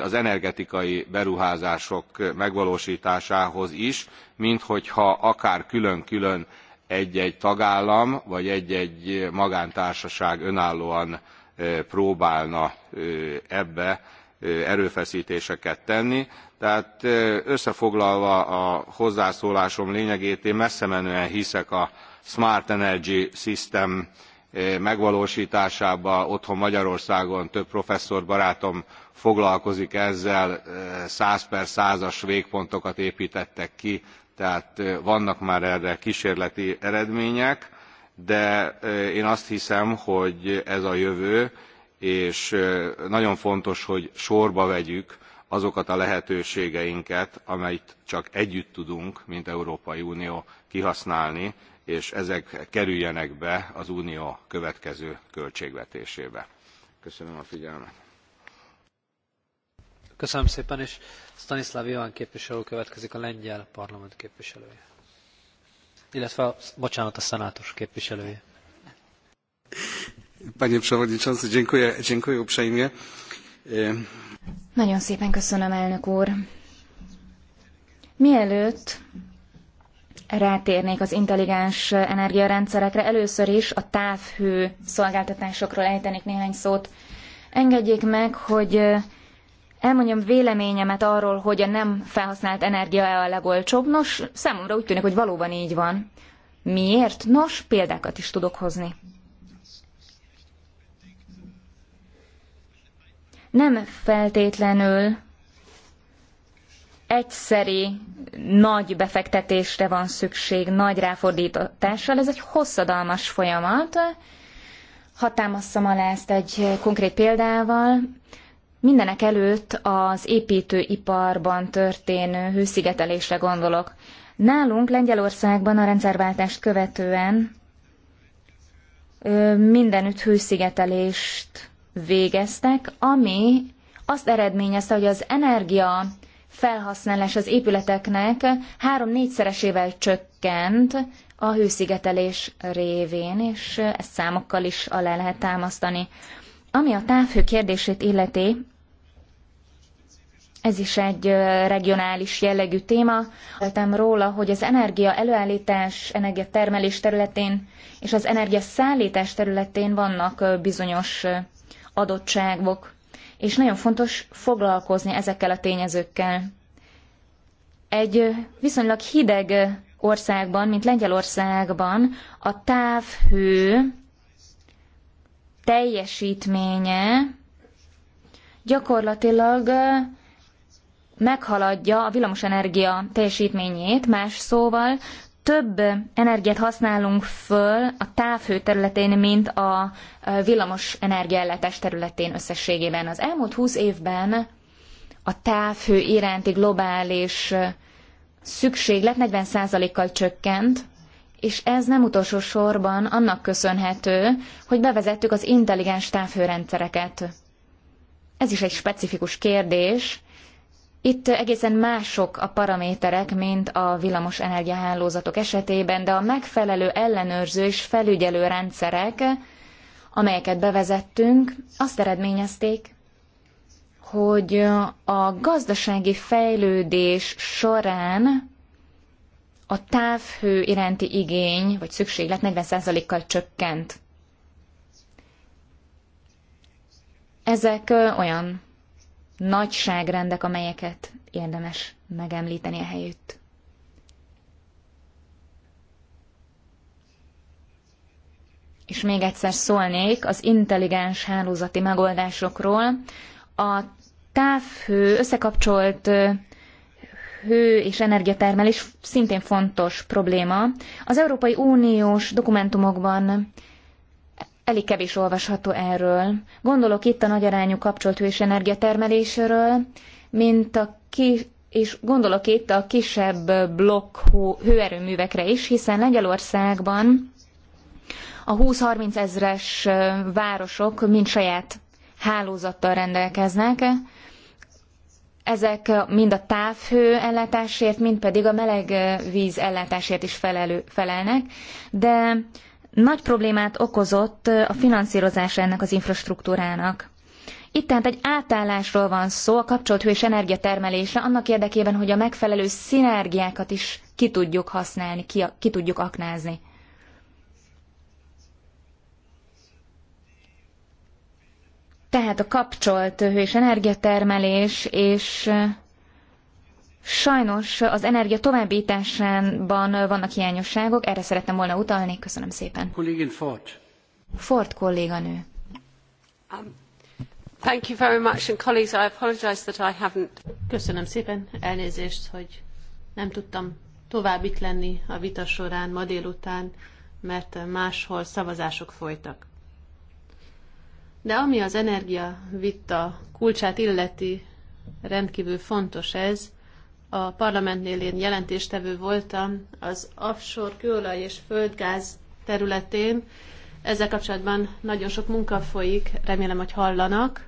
az energetikai beruházások megvalóstásához is minthogyha akár külön külön egy egy tagállam vagy egy egy magántársaság önállóan próbálna ebbe erőfeszítéseket tenni. Tehát összefoglalva a hozzászólásom lényegét, én messzemenően hiszek a Smart Energy System megvalósításába. Otthon Magyarországon több professzor barátom foglalkozik ezzel, 100 per 100-as végpontokat építettek ki, tehát vannak már erre kísérleti eredmények, de én azt hiszem, hogy ez a jövő, és nagyon fontos, hogy sorba vegyük azokat a lehetőségeinket, amelyet csak együtt tudunk, mint Európai Unió kihasználni, és ezek kerüljenek be az Unió következő költségvetésébe. Köszönöm a figyelmet. Köszönöm szépen, és Stanislav Iván képviselő következik a lengyel parlament képviselője. Illetve, bocsánat, a szenátus képviselője. Panie Przewodniczący, dziękuję, dziękuję uprzejmie. E, Nagyon szépen köszönöm, elnök úr. Mielőtt rátérnék az intelligens energiarendszerekre, először is a távhő szolgáltatásokról ejtenék néhány szót. Engedjék meg, hogy elmondjam véleményemet arról, hogy a nem felhasznált energia e a legolcsóbb. Nos, számomra úgy tűnik, hogy valóban így van. Miért? Nos, példákat is tudok hozni. nem feltétlenül egyszeri nagy befektetésre van szükség, nagy ráfordítással, ez egy hosszadalmas folyamat. Ha támasztom alá ezt egy konkrét példával, mindenek előtt az építőiparban történő hőszigetelésre gondolok. Nálunk Lengyelországban a rendszerváltást követően mindenütt hőszigetelést végeztek, ami azt eredményezte, hogy az energia felhasználás az épületeknek három-négyszeresével csökkent a hőszigetelés révén, és ezt számokkal is alá lehet támasztani. Ami a távhő kérdését illeti, ez is egy regionális jellegű téma. Eltem róla, hogy az energia előállítás, energiatermelés területén és az energia szállítás területén vannak bizonyos adottságok, és nagyon fontos foglalkozni ezekkel a tényezőkkel. Egy viszonylag hideg országban, mint Lengyelországban a távhő teljesítménye gyakorlatilag meghaladja a villamosenergia teljesítményét, más szóval több energiát használunk föl a távhő területén, mint a villamos energiaellátás területén összességében. Az elmúlt 20 évben a távhő iránti globális szükséglet 40%-kal csökkent, és ez nem utolsó sorban annak köszönhető, hogy bevezettük az intelligens távhőrendszereket. Ez is egy specifikus kérdés, itt egészen mások a paraméterek, mint a villamos energiahálózatok esetében, de a megfelelő ellenőrző és felügyelő rendszerek, amelyeket bevezettünk, azt eredményezték, hogy a gazdasági fejlődés során a távhő iránti igény vagy szükséglet 40%-kal csökkent. Ezek olyan nagyságrendek, amelyeket érdemes megemlíteni a helyütt. És még egyszer szólnék az intelligens hálózati megoldásokról. A távhő, összekapcsolt hő és energiatermelés szintén fontos probléma. Az Európai Uniós dokumentumokban Elég kevés olvasható erről. Gondolok itt a nagyarányú kapcsolt hős energiatermeléséről, mint a ki, és gondolok itt a kisebb blokk hőerőművekre is, hiszen Lengyelországban a 20-30 ezres városok mind saját hálózattal rendelkeznek. Ezek mind a távhő ellátásért, mind pedig a meleg víz ellátásért is felelő, felelnek, de nagy problémát okozott a finanszírozása ennek az infrastruktúrának. Itt tehát egy átállásról van szó a kapcsolt hő és energiatermelésre, annak érdekében, hogy a megfelelő szinergiákat is ki tudjuk használni, ki, ki tudjuk aknázni. Tehát a kapcsolt hő és energiatermelés és Sajnos az energia továbbításában vannak hiányosságok, erre szerettem volna utalni. Köszönöm szépen. Kollégin Ford. Ford kolléganő. Um, thank you very much, and colleagues, I apologize that I haven't... Köszönöm szépen, elnézést, hogy nem tudtam tovább itt lenni a vita során ma délután, mert máshol szavazások folytak. De ami az energia vita kulcsát illeti, rendkívül fontos ez, a parlamentnél én jelentéstevő voltam az offshore kőolaj és földgáz területén. Ezzel kapcsolatban nagyon sok munka folyik, remélem, hogy hallanak.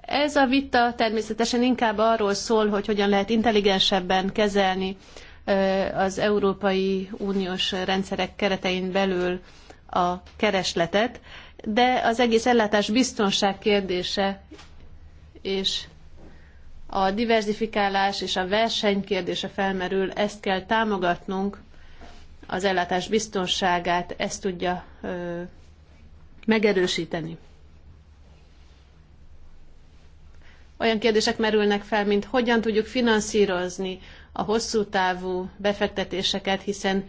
Ez a vita természetesen inkább arról szól, hogy hogyan lehet intelligensebben kezelni az Európai Uniós rendszerek keretein belül a keresletet, de az egész ellátás biztonság kérdése és a diversifikálás és a verseny kérdése felmerül, ezt kell támogatnunk, az ellátás biztonságát, ezt tudja ö, megerősíteni. Olyan kérdések merülnek fel, mint hogyan tudjuk finanszírozni a hosszú távú befektetéseket, hiszen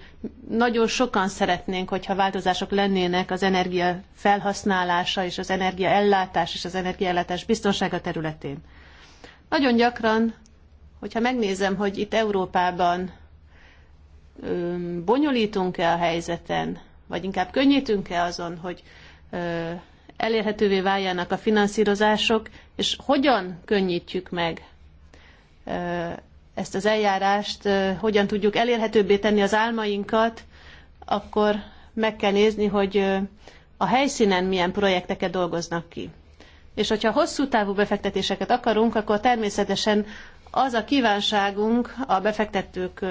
nagyon sokan szeretnénk, hogyha változások lennének az energia felhasználása és az energiaellátás és az energiaellátás biztonsága területén. Nagyon gyakran, hogyha megnézem, hogy itt Európában bonyolítunk-e a helyzeten, vagy inkább könnyítünk-e azon, hogy elérhetővé váljanak a finanszírozások, és hogyan könnyítjük meg ezt az eljárást hogyan tudjuk elérhetőbbé tenni az álmainkat, akkor meg kell nézni, hogy a helyszínen milyen projekteket dolgoznak ki. És hogyha hosszú távú befektetéseket akarunk, akkor természetesen az a kívánságunk a befektetők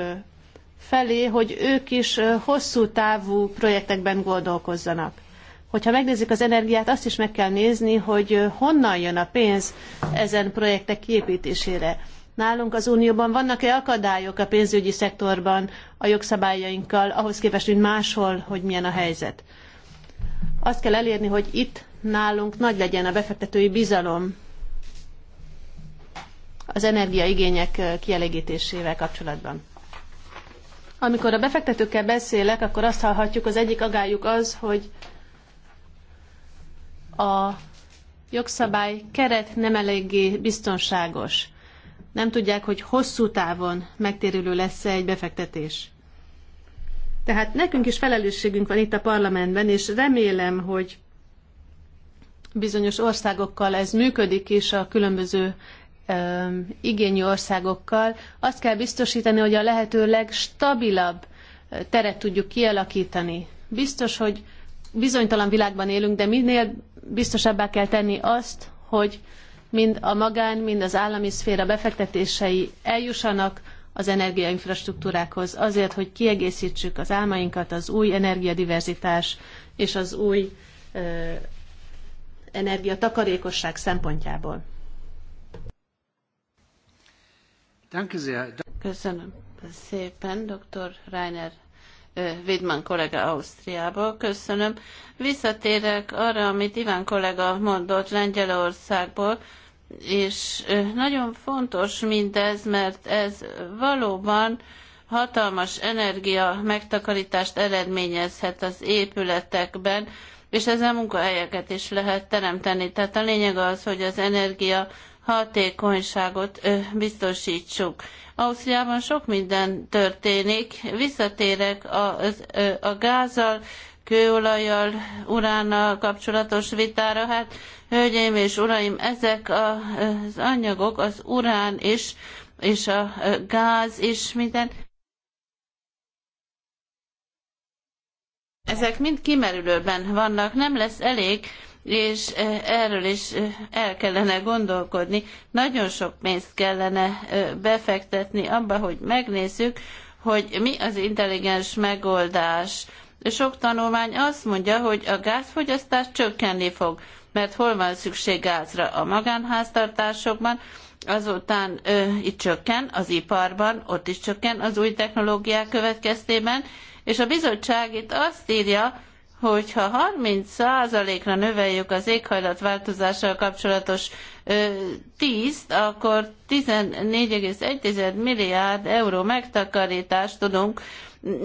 felé, hogy ők is hosszú távú projektekben gondolkozzanak. Hogyha megnézzük az energiát, azt is meg kell nézni, hogy honnan jön a pénz ezen projektek kiépítésére nálunk az Unióban vannak-e akadályok a pénzügyi szektorban a jogszabályainkkal, ahhoz képest, mint máshol, hogy milyen a helyzet. Azt kell elérni, hogy itt nálunk nagy legyen a befektetői bizalom az energiaigények kielégítésével kapcsolatban. Amikor a befektetőkkel beszélek, akkor azt hallhatjuk, az egyik agályuk az, hogy a jogszabály keret nem eléggé biztonságos nem tudják, hogy hosszú távon megtérülő lesz -e egy befektetés. Tehát nekünk is felelősségünk van itt a parlamentben, és remélem, hogy bizonyos országokkal ez működik is a különböző ö, igényű országokkal. Azt kell biztosítani, hogy a lehető legstabilabb teret tudjuk kialakítani. Biztos, hogy bizonytalan világban élünk, de minél biztosabbá kell tenni azt, hogy mind a magán, mind az állami szféra befektetései eljussanak az energiainfrastruktúrákhoz, azért, hogy kiegészítsük az álmainkat, az új energiadiverzitás és az új ö, energiatakarékosság szempontjából. Köszönöm szépen, dr. Reiner Widman kollega Ausztriából. Köszönöm. Visszatérek arra, amit Iván kollega mondott Lengyelországból. És nagyon fontos mindez, mert ez valóban hatalmas energia megtakarítást eredményezhet az épületekben, és ezzel munkahelyeket is lehet teremteni. Tehát a lényeg az, hogy az energia hatékonyságot biztosítsuk. Ausztriában sok minden történik. Visszatérek a, a gázzal kőolajjal, uránnal kapcsolatos vitára. Hát, hölgyeim és uraim, ezek az anyagok, az urán is, és a gáz is, minden. Ezek mind kimerülőben vannak, nem lesz elég, és e, erről is e, el kellene gondolkodni. Nagyon sok pénzt kellene e, befektetni abba, hogy megnézzük, hogy mi az intelligens megoldás sok tanulmány azt mondja, hogy a gázfogyasztás csökkenni fog, mert hol van szükség gázra a magánháztartásokban, azután ö, itt csökken az iparban, ott is csökken az új technológiák következtében, és a bizottság itt azt írja, hogy ha 30%-ra növeljük az éghajlatváltozással kapcsolatos ö, tízt, akkor 14,1 milliárd euró megtakarítást tudunk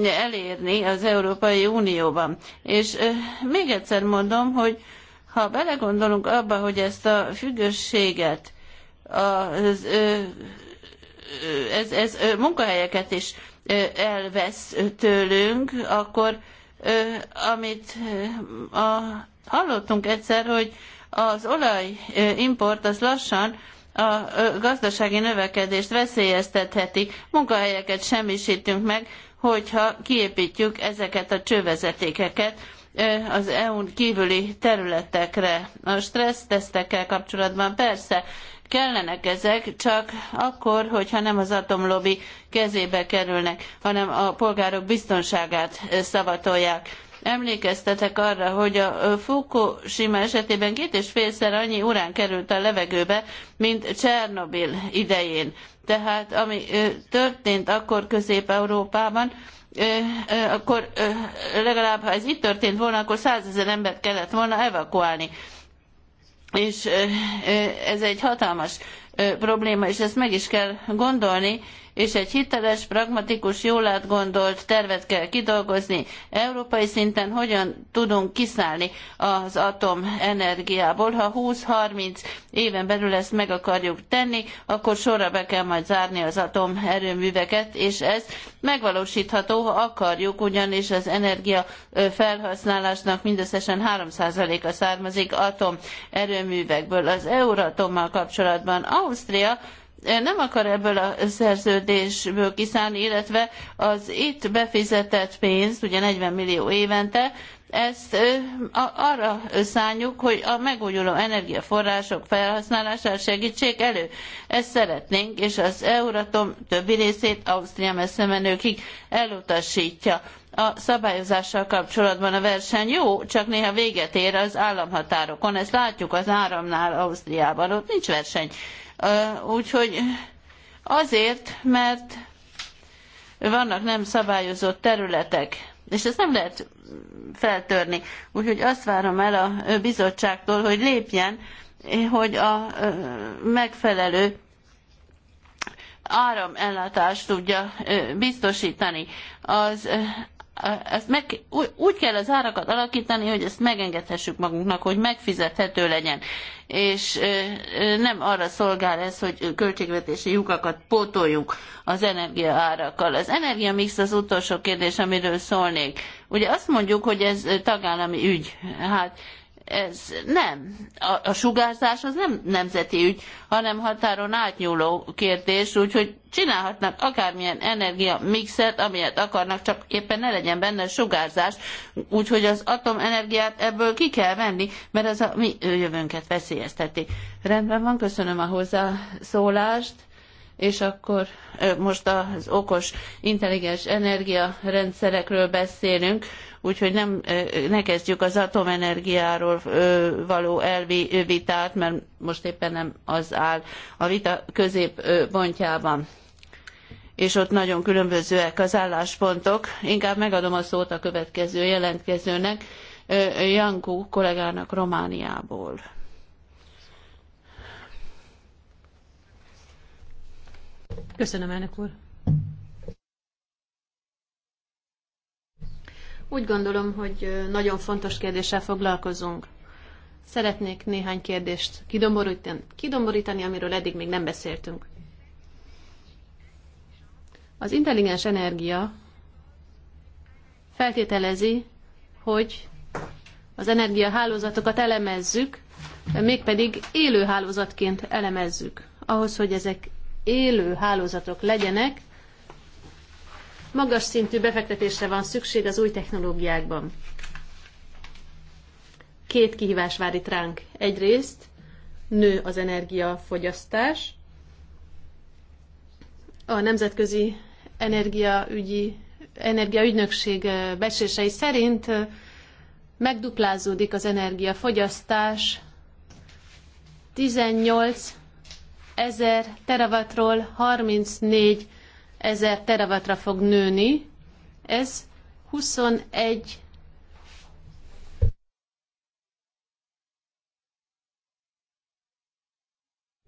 elérni az Európai Unióban. És még egyszer mondom, hogy ha belegondolunk abba, hogy ezt a függőséget az, ez, ez munkahelyeket is elvesz tőlünk, akkor amit a, hallottunk egyszer, hogy az olajimport az lassan a gazdasági növekedést veszélyeztetheti, munkahelyeket semmisítünk meg, hogyha kiépítjük ezeket a csővezetékeket az EU-n kívüli területekre. A stressztesztekkel kapcsolatban persze kellenek ezek, csak akkor, hogyha nem az atomlobby kezébe kerülnek, hanem a polgárok biztonságát szavatolják. Emlékeztetek arra, hogy a Fukushima esetében két és félszer annyi urán került a levegőbe, mint Csernobil idején. Tehát ami történt akkor Közép-Európában, akkor legalább ha ez itt történt volna, akkor százezer embert kellett volna evakuálni. És ez egy hatalmas probléma, és ezt meg is kell gondolni, és egy hiteles, pragmatikus, jól átgondolt tervet kell kidolgozni európai szinten, hogyan tudunk kiszállni az atomenergiából. Ha 20-30 éven belül ezt meg akarjuk tenni, akkor sorra be kell majd zárni az atomerőműveket, és ez megvalósítható, ha akarjuk, ugyanis az energia felhasználásnak mindösszesen 3%-a származik atomerőművekből. Az Euratommal kapcsolatban Ausztria nem akar ebből a szerződésből kiszállni, illetve az itt befizetett pénzt, ugye 40 millió évente, ezt arra szánjuk, hogy a megújuló energiaforrások felhasználását segítsék elő. Ezt szeretnénk, és az Euratom többi részét Ausztria messze menőkig elutasítja. A szabályozással kapcsolatban a verseny jó, csak néha véget ér az államhatárokon. Ezt látjuk az áramnál Ausztriában, ott nincs verseny Úgyhogy azért, mert vannak nem szabályozott területek, és ezt nem lehet feltörni. Úgyhogy azt várom el a bizottságtól, hogy lépjen, hogy a megfelelő áramellátást tudja biztosítani. Az ezt meg, úgy kell az árakat alakítani, hogy ezt megengedhessük magunknak, hogy megfizethető legyen. És nem arra szolgál ez, hogy költségvetési lyukakat pótoljuk az energiaárakkal. Az energiamix az utolsó kérdés, amiről szólnék. Ugye azt mondjuk, hogy ez tagállami ügy. Hát ez nem. A, a sugárzás az nem nemzeti ügy, hanem határon átnyúló kérdés, úgyhogy csinálhatnak akármilyen energia mixet, amilyet akarnak, csak éppen ne legyen benne sugárzás, úgyhogy az atomenergiát ebből ki kell venni, mert ez a mi jövőnket veszélyezteti. Rendben van, köszönöm a hozzászólást és akkor most az okos, intelligens energiarendszerekről beszélünk, úgyhogy nem, ne kezdjük az atomenergiáról való elvi vitát, mert most éppen nem az áll a vita középpontjában és ott nagyon különbözőek az álláspontok. Inkább megadom a szót a következő jelentkezőnek, Jankó kollégának Romániából. Köszönöm, elnök úr. Úgy gondolom, hogy nagyon fontos kérdéssel foglalkozunk. Szeretnék néhány kérdést kidomborítani, kidomborítani amiről eddig még nem beszéltünk. Az intelligens energia feltételezi, hogy az energiahálózatokat elemezzük, mégpedig élő hálózatként elemezzük. Ahhoz, hogy ezek élő hálózatok legyenek, Magas szintű befektetésre van szükség az új technológiákban. Két kihívás vár itt ránk. Egyrészt nő az energiafogyasztás. A Nemzetközi Energiaügyi Energiaügynökség eh, becsései szerint eh, megduplázódik az energiafogyasztás 18 ezer teravatról 34 ezer teravatra fog nőni. Ez 21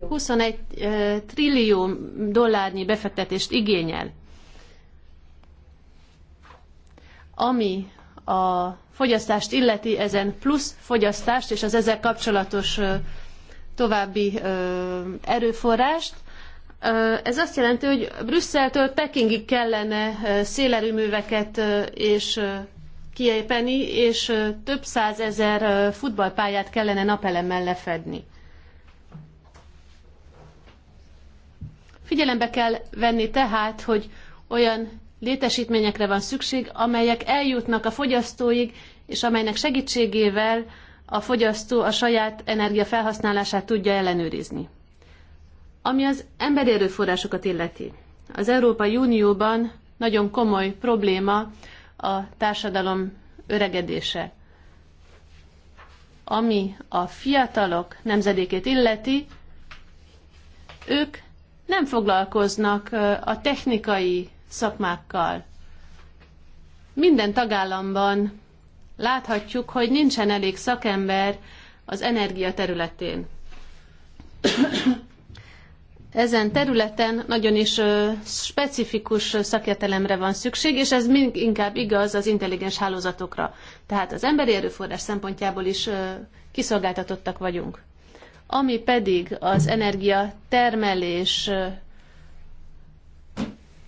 21 trillió dollárnyi befektetést igényel. Ami a fogyasztást illeti, ezen plusz fogyasztást és az ezzel kapcsolatos további erőforrást, ez azt jelenti, hogy Brüsszeltől Pekingig kellene szélerőműveket és kiépeni, és több százezer futballpályát kellene napelemmel lefedni. Figyelembe kell venni tehát, hogy olyan létesítményekre van szükség, amelyek eljutnak a fogyasztóig, és amelynek segítségével a fogyasztó a saját energiafelhasználását tudja ellenőrizni. Ami az emberi erőforrásokat illeti. Az Európai Unióban nagyon komoly probléma a társadalom öregedése. Ami a fiatalok nemzedékét illeti, ők nem foglalkoznak a technikai szakmákkal. Minden tagállamban láthatjuk, hogy nincsen elég szakember az energia területén ezen területen nagyon is specifikus szakértelemre van szükség, és ez még inkább igaz az intelligens hálózatokra. Tehát az emberi erőforrás szempontjából is kiszolgáltatottak vagyunk. Ami pedig az energia termelés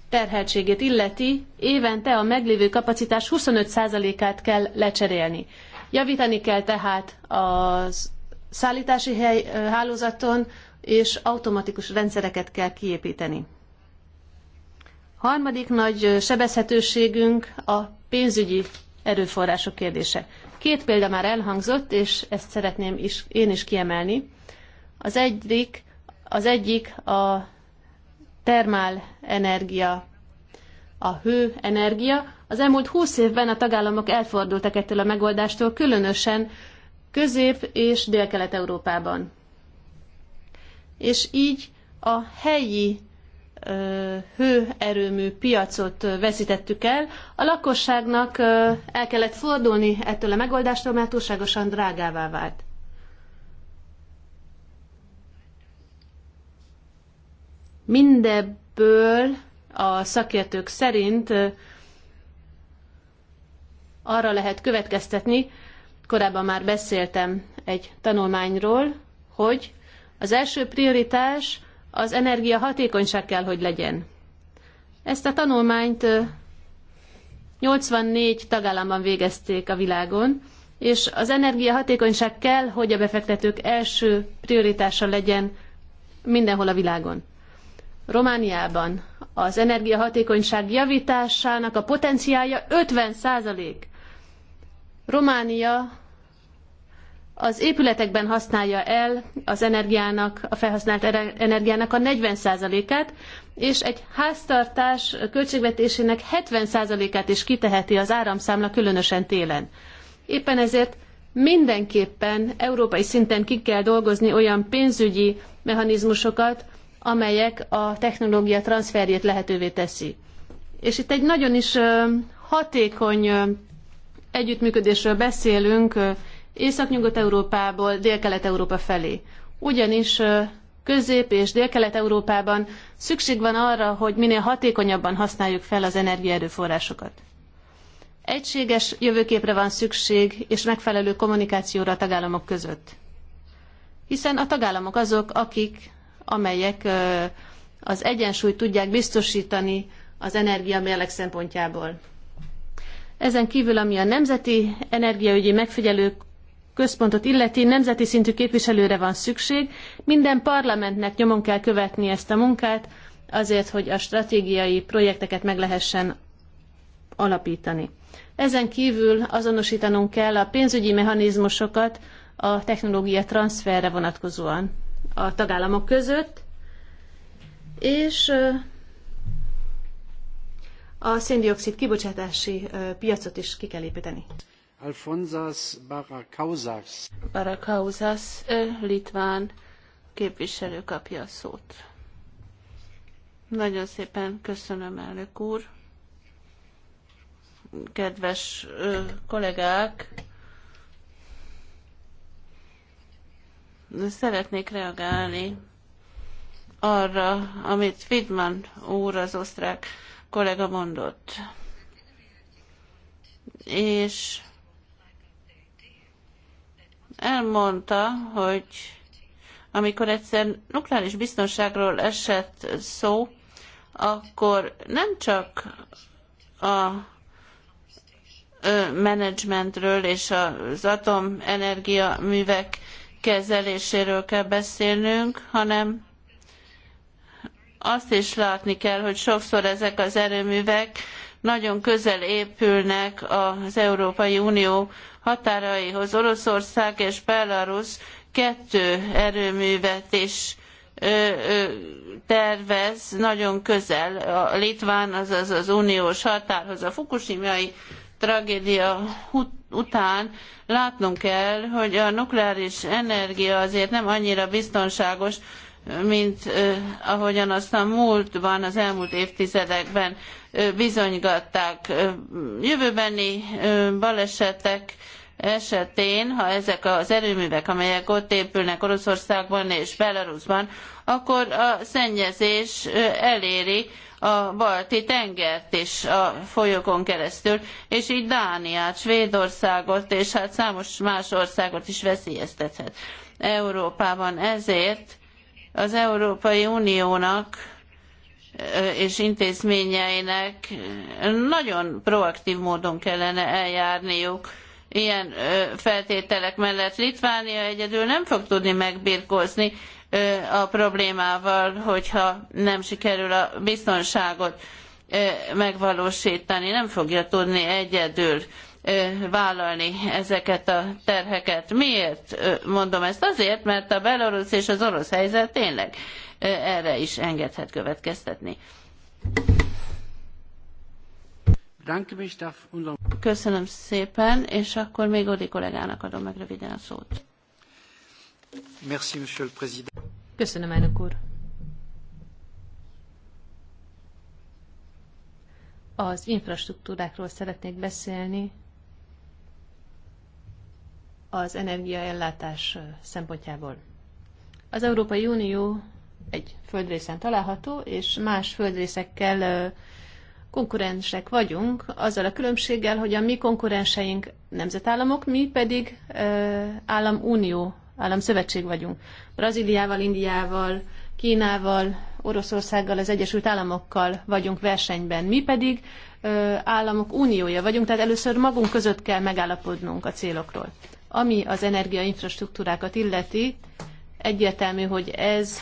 terheltségét illeti, évente a meglévő kapacitás 25%-át kell lecserélni. Javítani kell tehát az szállítási hely, hálózaton, és automatikus rendszereket kell kiépíteni. Harmadik nagy sebezhetőségünk a pénzügyi erőforrások kérdése. Két példa már elhangzott, és ezt szeretném is, én is kiemelni. Az egyik, az egyik a termálenergia, a hőenergia. Az elmúlt 20 évben a tagállamok elfordultak ettől a megoldástól, különösen Közép- és Dél-Kelet-Európában és így a helyi hőerőmű piacot veszítettük el. A lakosságnak el kellett fordulni ettől a megoldástól, mert túlságosan drágává vált. Mindebből a szakértők szerint arra lehet következtetni, korábban már beszéltem egy tanulmányról, hogy az első prioritás az energia hatékonyság kell, hogy legyen. Ezt a tanulmányt 84 tagállamban végezték a világon, és az energiahatékonyság kell, hogy a befektetők első prioritása legyen mindenhol a világon. Romániában az energiahatékonyság javításának a potenciálja 50 százalék. Románia az épületekben használja el az energiának, a felhasznált energiának a 40%-át, és egy háztartás költségvetésének 70%-át is kiteheti az áramszámla különösen télen. Éppen ezért mindenképpen európai szinten ki kell dolgozni olyan pénzügyi mechanizmusokat, amelyek a technológia transferjét lehetővé teszi. És itt egy nagyon is hatékony együttműködésről beszélünk Észak-Nyugat-Európából Dél-Kelet-Európa felé. Ugyanis Közép- és Dél-Kelet-Európában szükség van arra, hogy minél hatékonyabban használjuk fel az energiaerőforrásokat. Egységes jövőképre van szükség, és megfelelő kommunikációra a tagállamok között. Hiszen a tagállamok azok, akik, amelyek az egyensúlyt tudják biztosítani az energiamérleg szempontjából. Ezen kívül, ami a nemzeti energiaügyi megfigyelő központot illeti nemzeti szintű képviselőre van szükség. Minden parlamentnek nyomon kell követni ezt a munkát, azért, hogy a stratégiai projekteket meg lehessen alapítani. Ezen kívül azonosítanunk kell a pénzügyi mechanizmusokat a technológia transferre vonatkozóan a tagállamok között, és a széndiokszid kibocsátási piacot is ki kell építeni. Alfonza's Barakausas. Barakausas, litván képviselő kapja a szót. Nagyon szépen köszönöm, elnök úr. Kedves ö, kollégák, szeretnék reagálni arra, amit Fidman úr, az osztrák kollega mondott. És elmondta, hogy amikor egyszer nukleáris biztonságról esett szó, akkor nem csak a menedzsmentről és az atomenergia művek kezeléséről kell beszélnünk, hanem azt is látni kell, hogy sokszor ezek az erőművek nagyon közel épülnek az Európai Unió határaihoz. Oroszország és Belarus kettő erőművet is tervez nagyon közel a Litván, azaz az uniós határhoz. A fukushimai tragédia után látnunk kell, hogy a nukleáris energia azért nem annyira biztonságos, mint ahogyan azt a múltban, az elmúlt évtizedekben bizonygatták. Jövőbeni balesetek esetén, ha ezek az erőművek, amelyek ott épülnek Oroszországban és Belarusban, akkor a szennyezés eléri a balti tengert is a folyókon keresztül, és így Dániát, Svédországot és hát számos más országot is veszélyeztethet Európában. Ezért az Európai Uniónak és intézményeinek nagyon proaktív módon kellene eljárniuk ilyen feltételek mellett. Litvánia egyedül nem fog tudni megbirkózni a problémával, hogyha nem sikerül a biztonságot megvalósítani. Nem fogja tudni egyedül vállalni ezeket a terheket. Miért mondom ezt? Azért, mert a belorusz és az orosz helyzet tényleg erre is engedhet következtetni. Köszönöm szépen, és akkor még Odi kollégának adom meg röviden a szót. Köszönöm, elnök úr. Az infrastruktúrákról szeretnék beszélni, az energiaellátás szempontjából. Az Európai Unió egy földrészen található, és más földrészekkel konkurensek vagyunk, azzal a különbséggel, hogy a mi konkurenseink nemzetállamok, mi pedig államunió, államszövetség vagyunk. Brazíliával, Indiával, Kínával, Oroszországgal, az Egyesült Államokkal vagyunk versenyben. Mi pedig államok uniója vagyunk, tehát először magunk között kell megállapodnunk a célokról. Ami az energiainfrastruktúrákat illeti, egyértelmű, hogy ez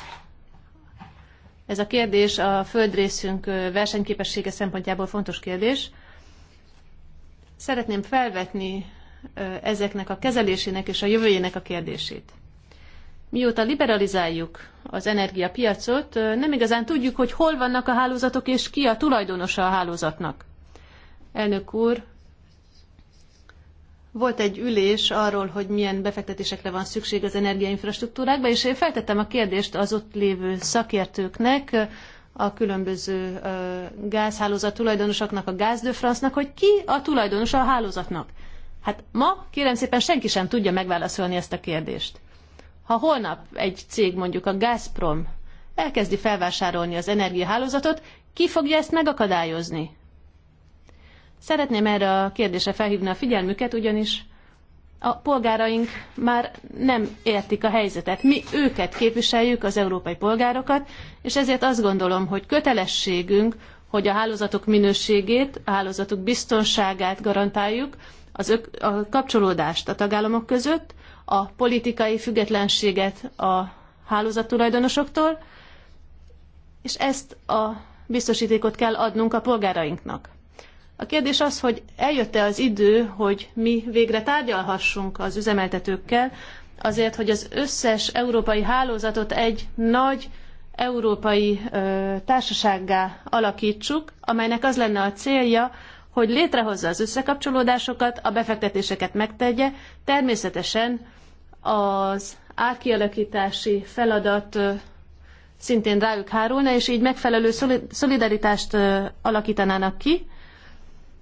ez a kérdés a földrészünk versenyképessége szempontjából fontos kérdés. Szeretném felvetni ezeknek a kezelésének és a jövőjének a kérdését. Mióta liberalizáljuk az energiapiacot, nem igazán tudjuk, hogy hol vannak a hálózatok és ki a tulajdonosa a hálózatnak. Elnök úr, volt egy ülés arról, hogy milyen befektetésekre van szükség az energiainfrastruktúrákba, és én feltettem a kérdést az ott lévő szakértőknek, a különböző gázhálózat tulajdonosoknak, a Gaz de France-nak, hogy ki a tulajdonosa a hálózatnak. Hát ma, kérem szépen, senki sem tudja megválaszolni ezt a kérdést. Ha holnap egy cég, mondjuk a Gazprom, elkezdi felvásárolni az energiahálózatot, ki fogja ezt megakadályozni? Szeretném erre a kérdésre felhívni a figyelmüket, ugyanis a polgáraink már nem értik a helyzetet. Mi őket képviseljük, az európai polgárokat, és ezért azt gondolom, hogy kötelességünk, hogy a hálózatok minőségét, a hálózatok biztonságát garantáljuk, az ök, a kapcsolódást a tagállamok között, a politikai függetlenséget a hálózattulajdonosoktól, és ezt a biztosítékot kell adnunk a polgárainknak. A kérdés az, hogy eljött-e az idő, hogy mi végre tárgyalhassunk az üzemeltetőkkel, azért, hogy az összes európai hálózatot egy nagy európai ö, társasággá alakítsuk, amelynek az lenne a célja, hogy létrehozza az összekapcsolódásokat, a befektetéseket megtegye, természetesen az árkialakítási feladat ö, szintén rájuk hárulna, és így megfelelő szolidaritást ö, alakítanának ki,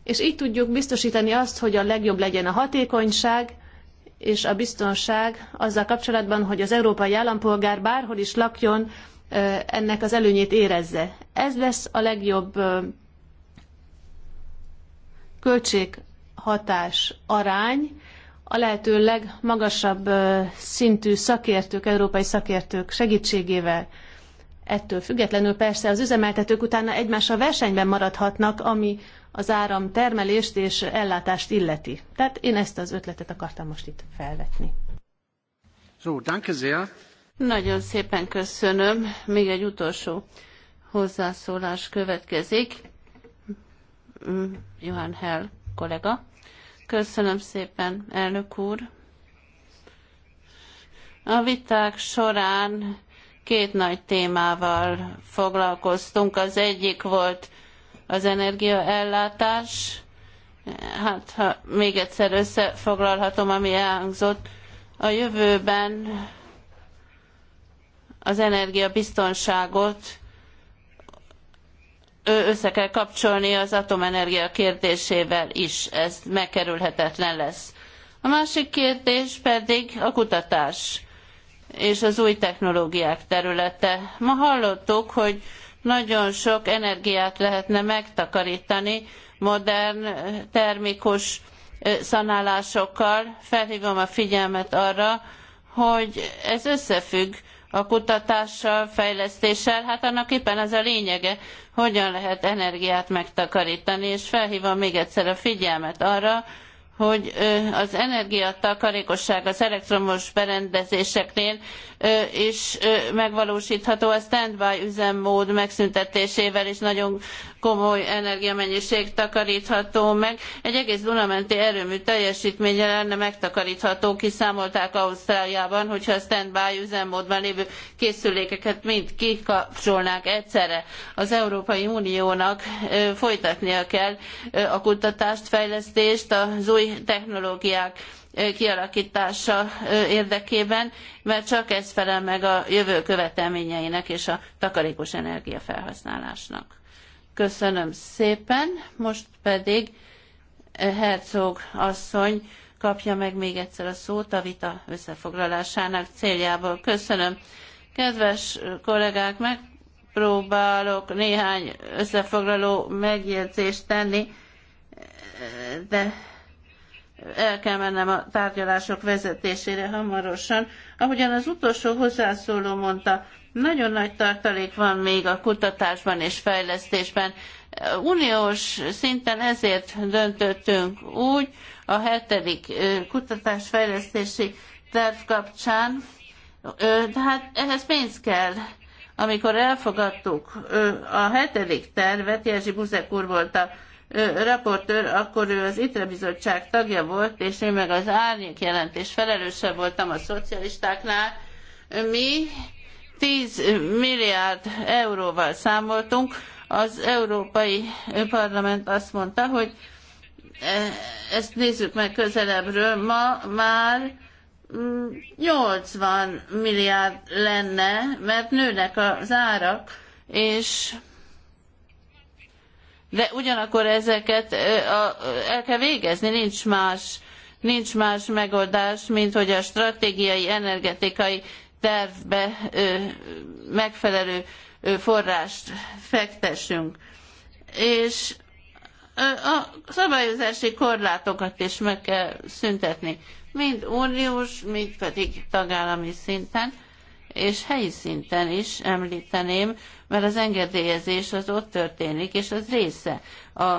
és így tudjuk biztosítani azt, hogy a legjobb legyen a hatékonyság és a biztonság azzal kapcsolatban, hogy az európai állampolgár bárhol is lakjon, ennek az előnyét érezze. Ez lesz a legjobb költséghatás arány, a lehető legmagasabb szintű szakértők, európai szakértők segítségével. Ettől függetlenül persze az üzemeltetők utána egymással versenyben maradhatnak, ami az áram termelést és ellátást illeti. Tehát én ezt az ötletet akartam most itt felvetni. So, danke sehr. Nagyon szépen köszönöm. Még egy utolsó hozzászólás következik. Mm, Johan Hell kollega. Köszönöm szépen, elnök úr. A viták során két nagy témával foglalkoztunk. Az egyik volt az energiaellátás. Hát, ha még egyszer összefoglalhatom, ami elhangzott, a jövőben az energiabiztonságot össze kell kapcsolni az atomenergia kérdésével is, ez megkerülhetetlen lesz. A másik kérdés pedig a kutatás és az új technológiák területe. Ma hallottuk, hogy nagyon sok energiát lehetne megtakarítani modern termikus szanálásokkal. Felhívom a figyelmet arra, hogy ez összefügg a kutatással, fejlesztéssel, hát annak éppen ez a lényege, hogyan lehet energiát megtakarítani, és felhívom még egyszer a figyelmet arra, hogy az energiatakarékosság az elektromos berendezéseknél is megvalósítható a standby üzemmód megszüntetésével is nagyon komoly energiamennyiség takarítható meg. Egy egész Dunamenti erőmű teljesítménye lenne megtakarítható, kiszámolták Ausztráliában, hogyha a stand-by üzemmódban lévő készülékeket mind kikapcsolnák egyszerre. Az Európai Uniónak folytatnia kell a kutatást, fejlesztést, az új technológiák kialakítása érdekében, mert csak ez felel meg a jövő követelményeinek és a takarékos energiafelhasználásnak. Köszönöm szépen, most pedig eh, Herzog asszony kapja meg még egyszer a szót a vita összefoglalásának céljából. Köszönöm. Kedves kollégák, megpróbálok néhány összefoglaló megjegyzést tenni, eh, de el kell mennem a tárgyalások vezetésére hamarosan. Ahogyan az utolsó hozzászóló mondta, nagyon nagy tartalék van még a kutatásban és fejlesztésben. Uniós szinten ezért döntöttünk úgy a hetedik kutatásfejlesztési terv kapcsán, tehát ehhez pénz kell. Amikor elfogadtuk a hetedik tervet, Jerzy Buzek úr volt a raportőr, akkor ő az ITRE bizottság tagja volt, és én meg az árnyék jelentés felelőse voltam a szocialistáknál. Mi 10 milliárd euróval számoltunk, az Európai Parlament azt mondta, hogy e, ezt nézzük meg közelebbről, ma már 80 mm, milliárd lenne, mert nőnek az árak, és de ugyanakkor ezeket el kell végezni, nincs más, nincs más megoldás, mint hogy a stratégiai, energetikai tervbe megfelelő forrást fektessünk. És a szabályozási korlátokat is meg kell szüntetni, mind uniós, mind pedig tagállami szinten, és helyi szinten is említeném mert az engedélyezés az ott történik, és az része a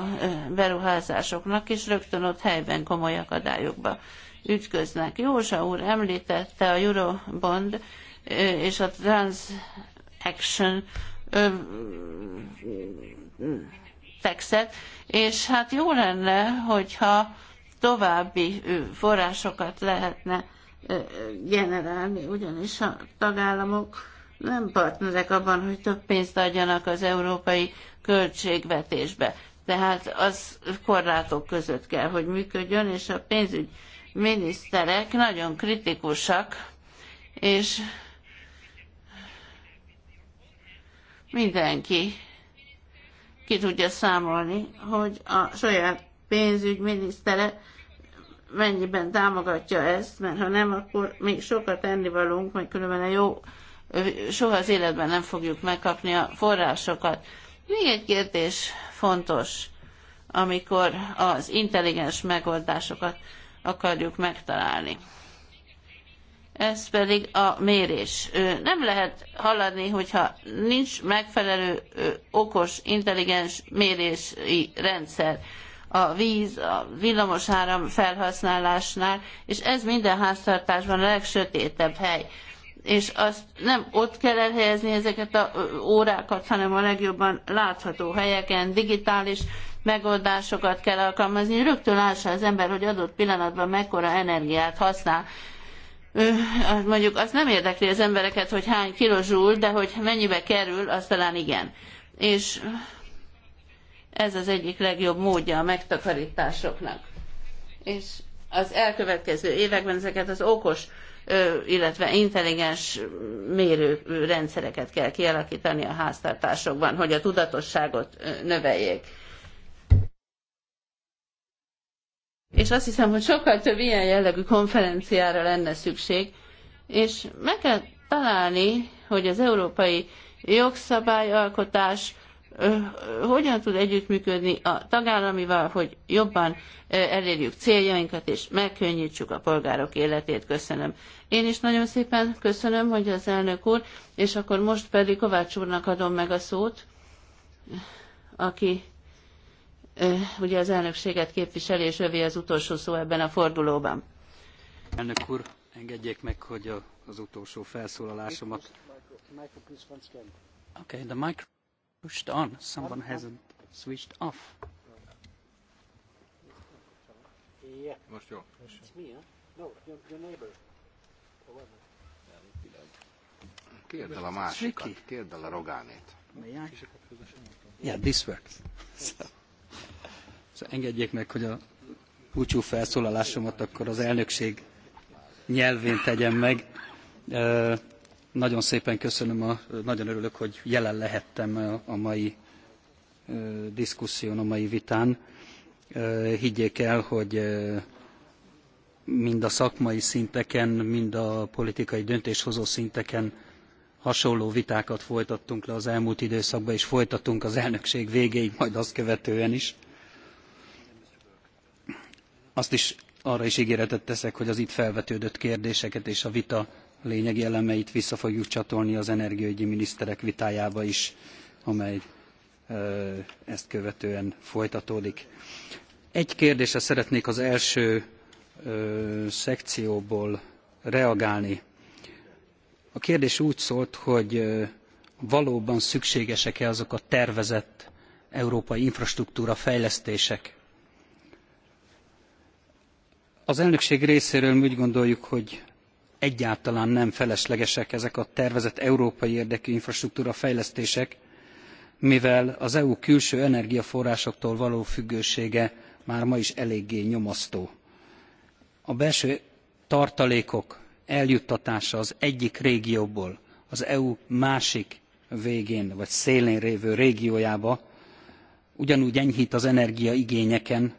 beruházásoknak, és rögtön ott helyben komoly akadályokba ütköznek. Józsa úr említette a Eurobond és a Transaction textet, és hát jó lenne, hogyha további forrásokat lehetne generálni, ugyanis a tagállamok nem partnerek abban, hogy több pénzt adjanak az európai költségvetésbe. Tehát az korlátok között kell, hogy működjön, és a pénzügy miniszterek nagyon kritikusak, és mindenki ki tudja számolni, hogy a saját pénzügyminisztere mennyiben támogatja ezt, mert ha nem, akkor még sokat ennivalunk, mert különben a jó soha az életben nem fogjuk megkapni a forrásokat. Még egy kérdés fontos, amikor az intelligens megoldásokat akarjuk megtalálni. Ez pedig a mérés. Nem lehet haladni, hogyha nincs megfelelő okos, intelligens mérési rendszer a víz, a villamosáram felhasználásnál, és ez minden háztartásban a legsötétebb hely és azt nem ott kell elhelyezni ezeket a órákat, hanem a legjobban látható helyeken, digitális megoldásokat kell alkalmazni. Rögtön lássa az ember, hogy adott pillanatban mekkora energiát használ. Mondjuk azt nem érdekli az embereket, hogy hány kilozsúl, de hogy mennyibe kerül, az talán igen. És ez az egyik legjobb módja a megtakarításoknak. És az elkövetkező években ezeket az okos illetve intelligens mérőrendszereket kell kialakítani a háztartásokban, hogy a tudatosságot növeljék. És azt hiszem, hogy sokkal több ilyen jellegű konferenciára lenne szükség, és meg kell találni, hogy az európai jogszabályalkotás hogyan tud együttműködni a tagállamival, hogy jobban elérjük céljainkat, és megkönnyítsük a polgárok életét. Köszönöm én is nagyon szépen köszönöm, hogy az elnök úr, és akkor most pedig Kovács úrnak adom meg a szót, aki ugye az elnökséget képviseli, és övé az utolsó szó ebben a fordulóban. Elnök úr, engedjék meg, hogy a, az utolsó felszólalásomat... Okay, the micro pushed on. Someone hasn't switched off. Most jó. It's me, huh? No, your, your neighbor. Kérd el a másikat, kérd el a Rogánét. Yeah, this works. Szóval engedjék meg, hogy a búcsú felszólalásomat akkor az elnökség nyelvén tegyem meg. nagyon szépen köszönöm, a, nagyon örülök, hogy jelen lehettem a, mai e, diszkuszión, a mai vitán. higgyék el, hogy mind a szakmai szinteken, mind a politikai döntéshozó szinteken hasonló vitákat folytattunk le az elmúlt időszakban, és folytatunk az elnökség végéig, majd azt követően is. Azt is arra is ígéretet teszek, hogy az itt felvetődött kérdéseket és a vita lényegi elemeit vissza fogjuk csatolni az energiaügyi miniszterek vitájába is, amely ezt követően folytatódik. Egy kérdésre szeretnék az első szekcióból reagálni. A kérdés úgy szólt, hogy valóban szükségesek-e azok a tervezett európai infrastruktúra fejlesztések. Az elnökség részéről mi úgy gondoljuk, hogy egyáltalán nem feleslegesek ezek a tervezett európai érdekű infrastruktúra fejlesztések, mivel az EU külső energiaforrásoktól való függősége már ma is eléggé nyomasztó a belső tartalékok eljuttatása az egyik régióból az eu másik végén vagy szélén lévő régiójába ugyanúgy enyht az energiaigényeken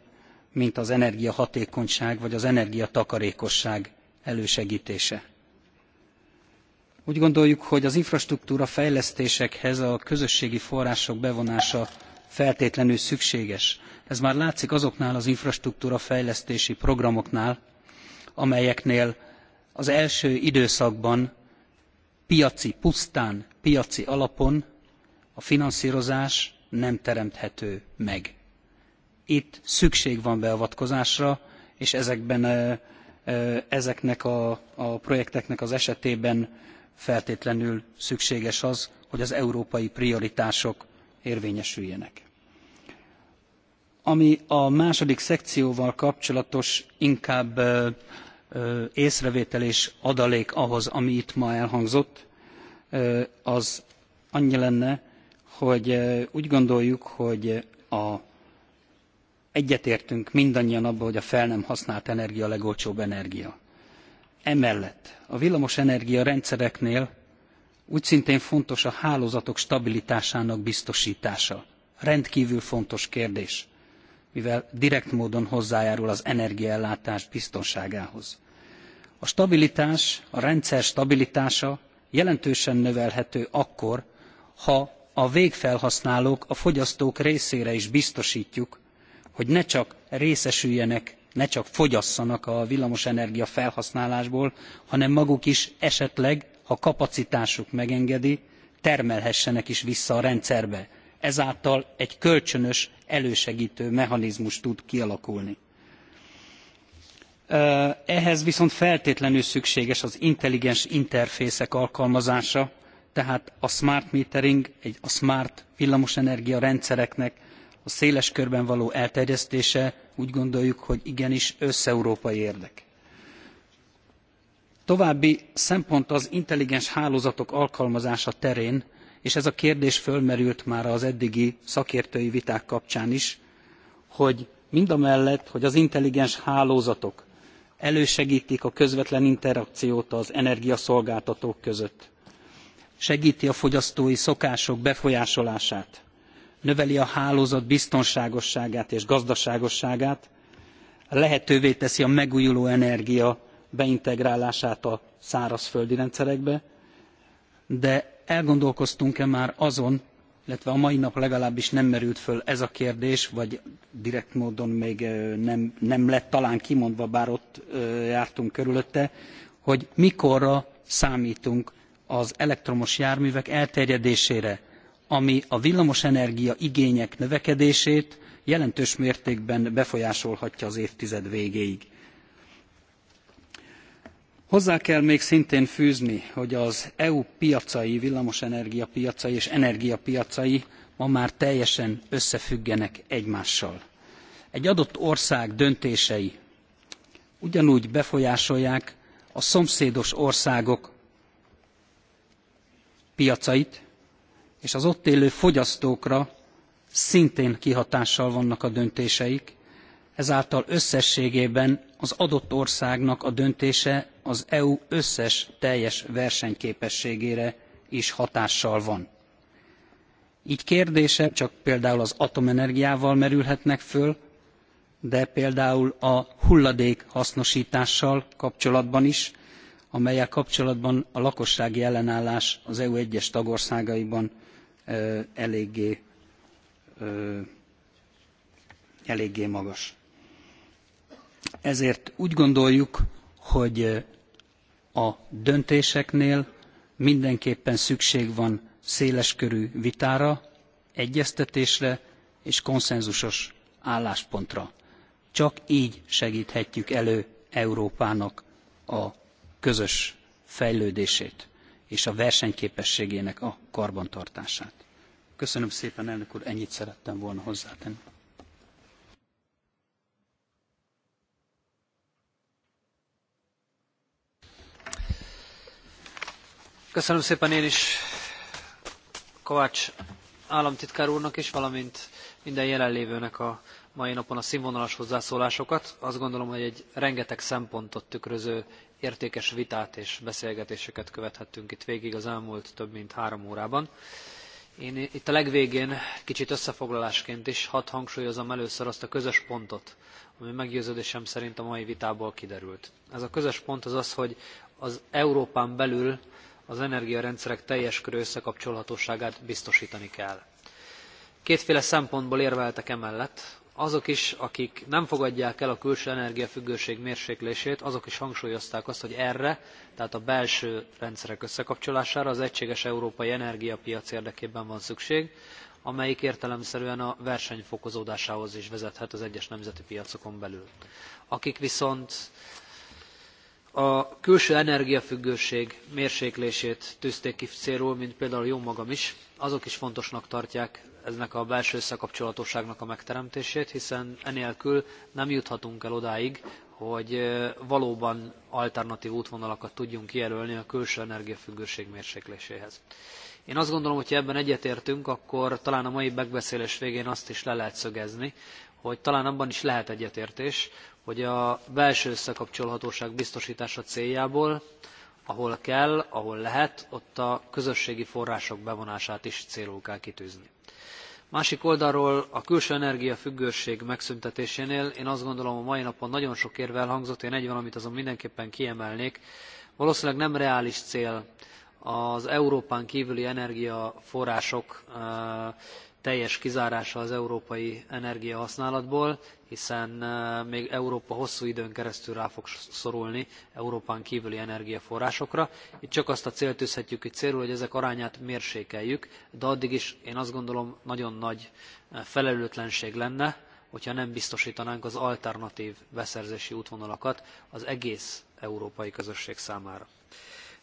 mint az energiahatékonyság vagy az energiatakarékosság elősegtése. úgy gondoljuk hogy az infrastruktúra fejlesztésekhez a közösségi források bevonása feltétlenül szükséges. ez már látszik azoknál az infrastruktúra fejlesztési programoknál amelyeknél az első időszakban piaci pusztán piaci alapon a finanszrozás nem teremthető meg. itt szükség van beavatkozásra és ezekben, ezeknek a, a projekteknek az esetében feltétlenül szükséges az hogy az európai prioritások érvényesüljenek. ami a második szekcióval kapcsolatos inkább észrevétel és adalék ahhoz, ami itt ma elhangzott, az annyi lenne, hogy úgy gondoljuk, hogy a, egyetértünk mindannyian abban, hogy a fel nem használt energia a legolcsóbb energia. Emellett a villamos energia rendszereknél úgy szintén fontos a hálózatok stabilitásának biztosítása. Rendkívül fontos kérdés mivel direkt módon hozzájárul az energiaellátás biztonságához. A stabilitás, a rendszer stabilitása jelentősen növelhető akkor, ha a végfelhasználók, a fogyasztók részére is biztosítjuk, hogy ne csak részesüljenek, ne csak fogyasszanak a villamosenergia felhasználásból, hanem maguk is esetleg, ha kapacitásuk megengedi, termelhessenek is vissza a rendszerbe ezáltal egy kölcsönös elősegtő mechanizmus tud kialakulni. ehhez viszont feltétlenül szükséges az intelligens interfészek alkalmazása tehát a smart metering a smart villamosenergia rendszereknek a széles körben való elterjesztése úgy gondoljuk hogy igenis összeurópai érdek. további szempont az intelligens hálózatok alkalmazása terén és ez a kérdés fölmerült már az eddigi szakértői viták kapcsán is hogy mindamellett hogy az intelligens hálózatok elősegtik a közvetlen interakciót az energiaszolgáltatók között segti a fogyasztói szokások befolyásolását növeli a hálózat biztonságosságát és gazdaságosságát lehetővé teszi a megújuló energia beintegrálását a szárazföldi rendszerekbe de elgondolkoztunk e már azon illetve a mai nap legalábbis nem merült föl ez a kérdés vagy direkt módon még nem, nem lett talán kimondva bár ott jártunk körülötte hogy mikorra számtunk az elektromos járművek elterjedésére ami a villamosenergia igények növekedését jelentős mértékben befolyásolhatja az évtized végéig hozzá kell még szintén fűzni hogy az eu piacai villamosenergia piacai és energiapiacai ma már teljesen összefüggenek egymással. egy adott ország döntései ugyanúgy befolyásolják a szomszédos országok piacait és az ott élő fogyasztókra szintén kihatással vannak a döntéseik ezáltal összességében az adott országnak a döntése az eu összes teljes versenyképességére is hatással van. gy kérdések csak például az atomenergiával merülhetnek föl de például a hulladékhasznostással kapcsolatban is amellyel kapcsolatban a lakossági ellenállás az eu egyes tagországaiban ö, eléggé, ö, eléggé magas. ezért úgy gondoljuk hogy a döntéseknél mindenképpen szükség van széleskörű vitára, egyeztetésre és konszenzusos álláspontra. Csak így segíthetjük elő Európának a közös fejlődését és a versenyképességének a karbantartását. Köszönöm szépen, elnök úr, ennyit szerettem volna hozzátenni. Köszönöm szépen én is Kovács államtitkár úrnak is, valamint minden jelenlévőnek a mai napon a színvonalas hozzászólásokat. Azt gondolom, hogy egy rengeteg szempontot tükröző értékes vitát és beszélgetéseket követhettünk itt végig az elmúlt több mint három órában. Én itt a legvégén kicsit összefoglalásként is hadd hangsúlyozom először azt a közös pontot, ami meggyőződésem szerint a mai vitából kiderült. Ez a közös pont az az, hogy az Európán belül az energiarendszerek teljes körű összekapcsolhatóságát biztosítani kell. Kétféle szempontból érveltek emellett. Azok is, akik nem fogadják el a külső energiafüggőség mérséklését, azok is hangsúlyozták azt, hogy erre, tehát a belső rendszerek összekapcsolására az egységes európai energiapiac érdekében van szükség, amelyik értelemszerűen a verseny fokozódásához is vezethet az egyes nemzeti piacokon belül. Akik viszont a külső energiafüggőség mérséklését tűzték ki célul, mint például jó magam is. Azok is fontosnak tartják ennek a belső összekapcsolatosságnak a megteremtését, hiszen enélkül nem juthatunk el odáig, hogy valóban alternatív útvonalakat tudjunk kijelölni a külső energiafüggőség mérsékléséhez. Én azt gondolom, hogy ha ebben egyetértünk, akkor talán a mai megbeszélés végén azt is le lehet szögezni, hogy talán abban is lehet egyetértés, hogy a belső összekapcsolhatóság biztostása céljából ahol kell ahol lehet ott a közösségi források bevonását is célul kell kitűzni. másik oldalról a külső energiafüggőség megszüntetésénél én azt gondolom a mai napon nagyon sok érv elhangzott én egy van amit azon mindenképpen kiemelnék valószínűleg nem reális cél az európán kvüli energiaforrások eh, teljes kizárása az európai energiahasználatból, hiszen még Európa hosszú időn keresztül rá fog szorulni Európán kívüli energiaforrásokra. Itt csak azt a célt tűzhetjük ki célul, hogy ezek arányát mérsékeljük, de addig is én azt gondolom nagyon nagy felelőtlenség lenne, hogyha nem biztosítanánk az alternatív beszerzési útvonalakat az egész európai közösség számára.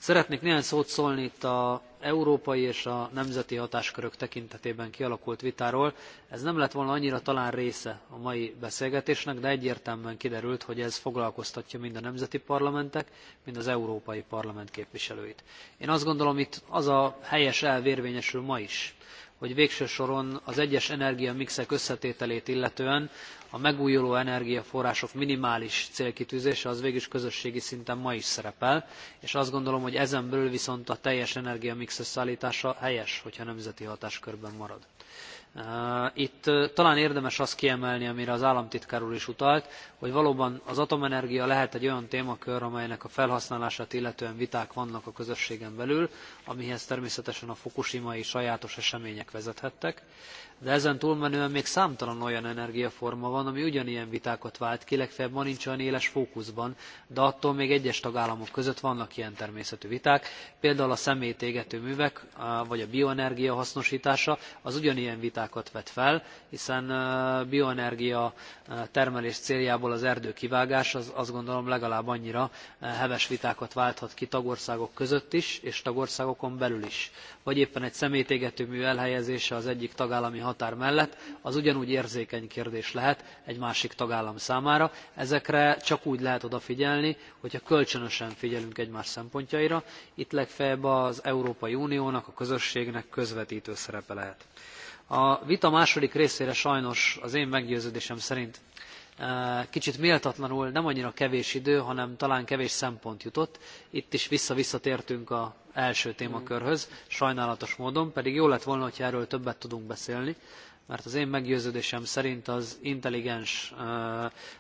Szeretnék néhány szót szólni itt a európai és a nemzeti hatáskörök tekintetében kialakult vitáról. Ez nem lett volna annyira talán része a mai beszélgetésnek, de egyértelműen kiderült, hogy ez foglalkoztatja mind a nemzeti parlamentek, mind az európai parlament képviselőit. Én azt gondolom, itt az a helyes elv érvényesül ma is, hogy végső soron az egyes energiamixek összetételét illetően a megújuló energiaforrások minimális célkitűzése az végül is közösségi szinten ma is szerepel, és azt gondolom, hogy ezen belül viszont a teljes energiamix összeállítása helyes, hogyha nemzeti hatáskörben marad. Uh, itt uh, talán érdemes azt kiemelni, amire az államtitkár úr is utalt, hogy valóban az atomenergia lehet egy olyan témakör, amelynek a felhasználását illetően viták vannak a közösségen belül, amihez természetesen a fukushimai sajátos események vezethettek de ezen túlmenően még számtalan olyan energiaforma van, ami ugyanilyen vitákat vált ki, legfeljebb ma nincs olyan éles fókuszban, de attól még egyes tagállamok között vannak ilyen természetű viták, például a szemétégető művek, vagy a bioenergia hasznosítása, az ugyanilyen vitákat vet fel, hiszen bioenergia termelés céljából az erdő kivágás, az azt gondolom legalább annyira heves vitákat válthat ki tagországok között is, és tagországokon belül is. Vagy éppen egy szemétégető mű elhelyezése az egyik tagállami határ mellett az ugyanúgy érzékeny kérdés lehet egy másik tagállam számára. Ezekre csak úgy lehet odafigyelni, hogyha kölcsönösen figyelünk egymás szempontjaira. Itt legfeljebb az Európai Uniónak, a közösségnek közvetítő szerepe lehet. A vita második részére sajnos az én meggyőződésem szerint kicsit méltatlanul nem annyira kevés idő, hanem talán kevés szempont jutott. Itt is vissza-visszatértünk az első témakörhöz, sajnálatos módon, pedig jó lett volna, hogyha erről többet tudunk beszélni, mert az én meggyőződésem szerint az intelligens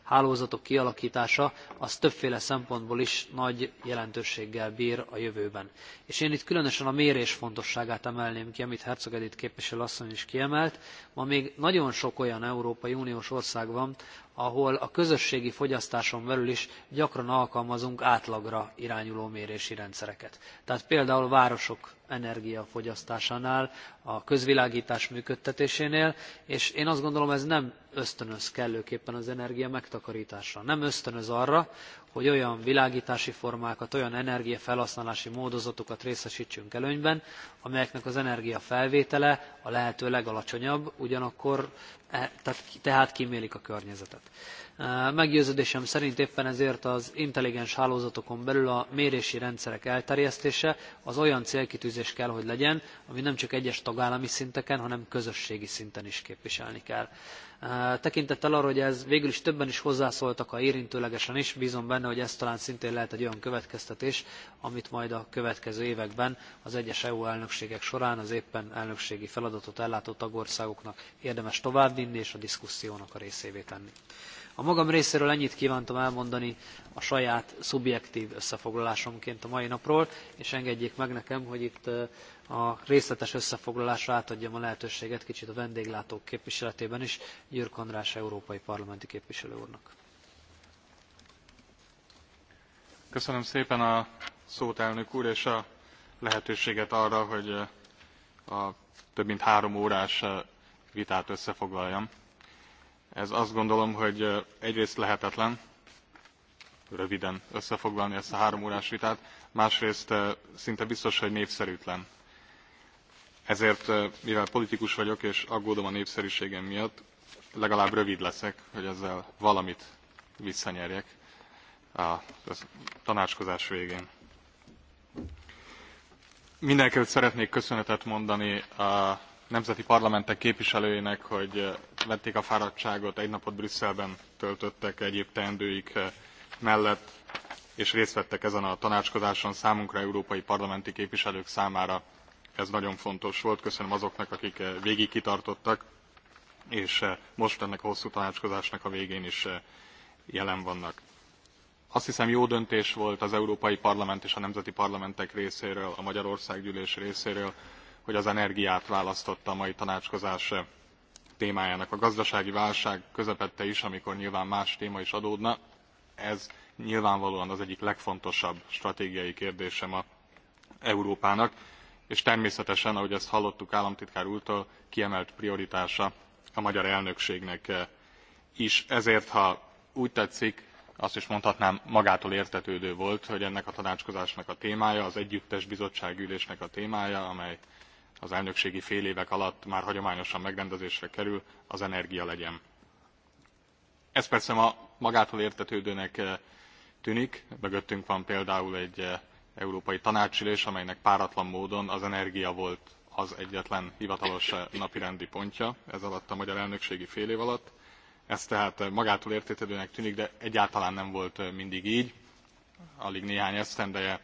hálózatok kialakítása az többféle szempontból is nagy jelentőséggel bír a jövőben. És én itt különösen a mérés fontosságát emelném ki, amit Herzog Edith képviselő asszony is kiemelt. Ma még nagyon sok olyan Európai Uniós ország van, ahol a közösségi fogyasztáson belül is gyakran alkalmazunk átlagra irányuló mérési rendszereket. Tehát például városok energiafogyasztásánál, a közvilágítás működtetésénél, és én azt gondolom ez nem ösztönöz kellőképpen az energia megtakarításra. Nem ösztönöz arra, hogy olyan világítási formákat, olyan energiafelhasználási módozatokat részesítsünk előnyben, amelyeknek az energia felvétele a lehető legalacsonyabb, ugyanakkor e, tehát kimélik a környezetet. E, meggyőződésem szerint éppen ezért az intelligens hálózatokon belül a mérési rendszerek elterjesztése az olyan célkitűzés kell, hogy legyen, ami nem csak egyes tagállami szinteken, hanem közösségi szinten is képviselni kell tekintettel arra hogy ez végül is többen is hozzászóltak ha érintőlegesen is bzom benne hogy ez talán szintén lehet egy olyan következtetés amit majd a következő években az egyes eu elnökségek során az éppen elnökségi feladatot ellátó tagországoknak érdemes továbbvinni és a diszkusziónak a részévé tenni. a magam részéről ennyit kvántam elmondani a saját szubjektv összefoglalásomként a mai napról és engedjék meg nekem hogy itt a részletes összefoglalásra átadjam a lehetőséget kicsit a vendéglátók képviseletében is Gyürk András európai parlamenti képviselő úrnak. Köszönöm szépen a szót, elnök úr, és a lehetőséget arra, hogy a több mint három órás vitát összefoglaljam. Ez azt gondolom, hogy egyrészt lehetetlen, röviden összefoglalni ezt a három órás vitát, másrészt szinte biztos, hogy népszerűtlen ezért, mivel politikus vagyok és aggódom a népszerűségem miatt, legalább rövid leszek, hogy ezzel valamit visszanyerjek a tanácskozás végén. Mindenkelőtt szeretnék köszönetet mondani a nemzeti parlamentek képviselőinek, hogy vették a fáradtságot, egy napot Brüsszelben töltöttek egyéb teendőik mellett, és részt vettek ezen a tanácskozáson számunkra, európai parlamenti képviselők számára ez nagyon fontos volt. Köszönöm azoknak, akik eh, végig kitartottak, és eh, most ennek a hosszú tanácskozásnak a végén is eh, jelen vannak. Azt hiszem jó döntés volt az Európai Parlament és a nemzeti parlamentek részéről, a Magyarország gyűlés részéről, hogy az energiát választotta a mai tanácskozás témájának. A gazdasági válság közepette is, amikor nyilván más téma is adódna, ez nyilvánvalóan az egyik legfontosabb stratégiai kérdése ma Európának és természetesen, ahogy ezt hallottuk államtitkár úrtól, kiemelt prioritása a magyar elnökségnek eh, is. Ezért, ha úgy tetszik, azt is mondhatnám, magától értetődő volt, hogy ennek a tanácskozásnak a témája, az együttes bizottságülésnek a témája, amely az elnökségi fél évek alatt már hagyományosan megrendezésre kerül, az energia legyen. Ez persze ma magától értetődőnek eh, tűnik, mögöttünk van például egy eh, Európai Tanácsülés, amelynek páratlan módon az energia volt az egyetlen hivatalos napirendi pontja, ez alatt a magyar elnökségi fél év alatt. Ez tehát magától értetődőnek tűnik, de egyáltalán nem volt mindig így. Alig néhány esztendeje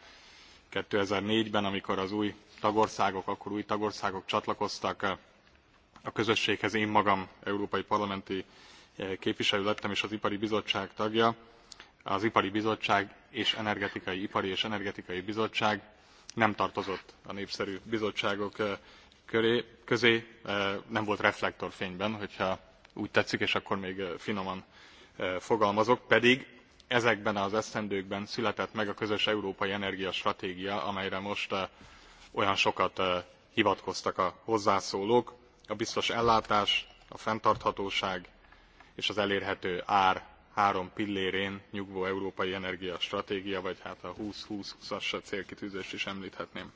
2004-ben, amikor az új tagországok, akkor új tagországok csatlakoztak a közösséghez, én magam európai parlamenti képviselő lettem és az ipari bizottság tagja az Ipari Bizottság és Energetikai Ipari és Energetikai Bizottság nem tartozott a népszerű bizottságok köré, közé, nem volt reflektorfényben, hogyha úgy tetszik, és akkor még finoman fogalmazok, pedig ezekben az esztendőkben született meg a közös európai energiastratégia, amelyre most olyan sokat hivatkoztak a hozzászólók. A biztos ellátás, a fenntarthatóság és az elérhető ár három pillérén nyugvó európai energiastratégia, vagy hát a 20 20 as célkitűzést is említhetném.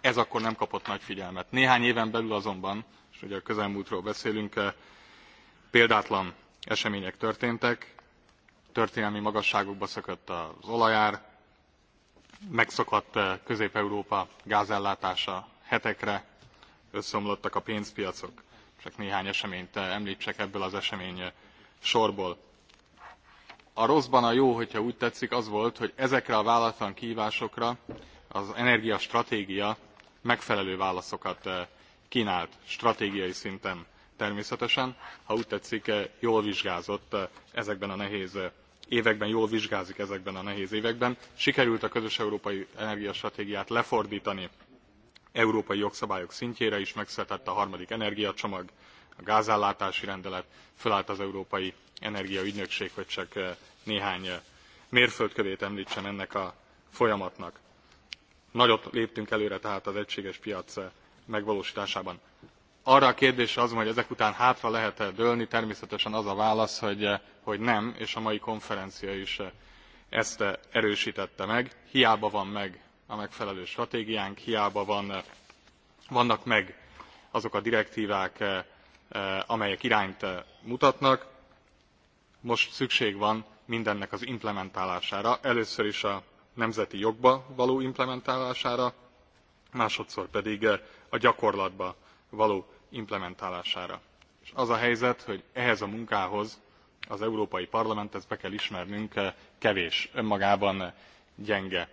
Ez akkor nem kapott nagy figyelmet. Néhány éven belül azonban, és ugye a közelmúltról beszélünk, eh, példátlan események történtek, történelmi magasságokba szökött az olajár, megszakadt eh, Közép-Európa gázellátása hetekre, összeomlottak a pénzpiacok. Csak néhány eseményt eh, említsek ebből az esemény sorból a rosszban a jó hogyha úgy tetszik az volt hogy ezekre a váratlan kihvásokra az energiastratégia megfelelő válaszokat eh, knált stratégiai szinten természetesen ha úgy tetszik eh, jól vizsgázott eh, ezekben a nehéz években jól vizsgázik ezekben a nehéz években sikerült a közös európai energiastratégiát lefordtani európai jogszabályok szintjére is megszületett a harmadik energiacsomag a gázellátási rendelet fölállt az európai energiaügynökség hogy csak néhány mérföldkövét emltsem ennek a folyamatnak. nagyot léptünk előre tehát az egységes piac megvalóstásában. arra a kérdésre azonban hogy ezek után hátra lehet e dőlni természetesen az a válasz hogy, hogy nem és a mai konferencia is ezt erőstette meg. hiába van meg a megfelelő stratégiánk hiába van, vannak meg azok a direktvák amelyek irányt mutatnak most szükség van mindennek az implementálására először is a nemzeti jogba való implementálására másodszor pedig eh, a gyakorlatba való implementálására. És az a helyzet, hogy ehhez a munkához az Európai Parlament, ezt be kell ismernünk, eh, kevés, önmagában eh, gyenge.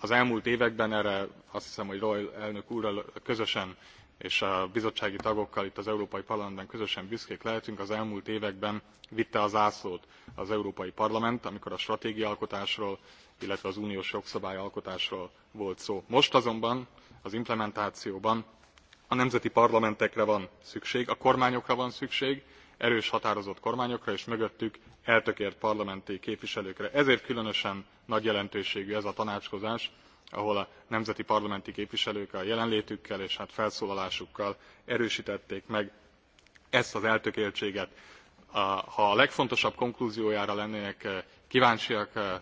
Az elmúlt években erre azt hiszem, hogy Royal elnök úrral közösen és a bizottsági tagokkal itt az európai parlamentben közösen büszkék lehetünk az elmúlt években vitte a zászlót az európai parlament amikor a stratégiaalkotásról illetve az uniós jogszabályalkotásról volt szó. most azonban az implementációban a nemzeti parlamentekre van szükség a kormányokra van szükség erős határozott kormányokra és mögöttük eltökélt parlamenti képviselőkre. ezért különösen nagy jelentőségű ez a tanácskozás ahol a nemzeti parlamenti képviselők a jelenlétükkel és hát felszólalásukkal erőstették meg ezt az eltökéltséget. ha a legfontosabb konklúziójára lennének eh, kváncsiak eh, eh,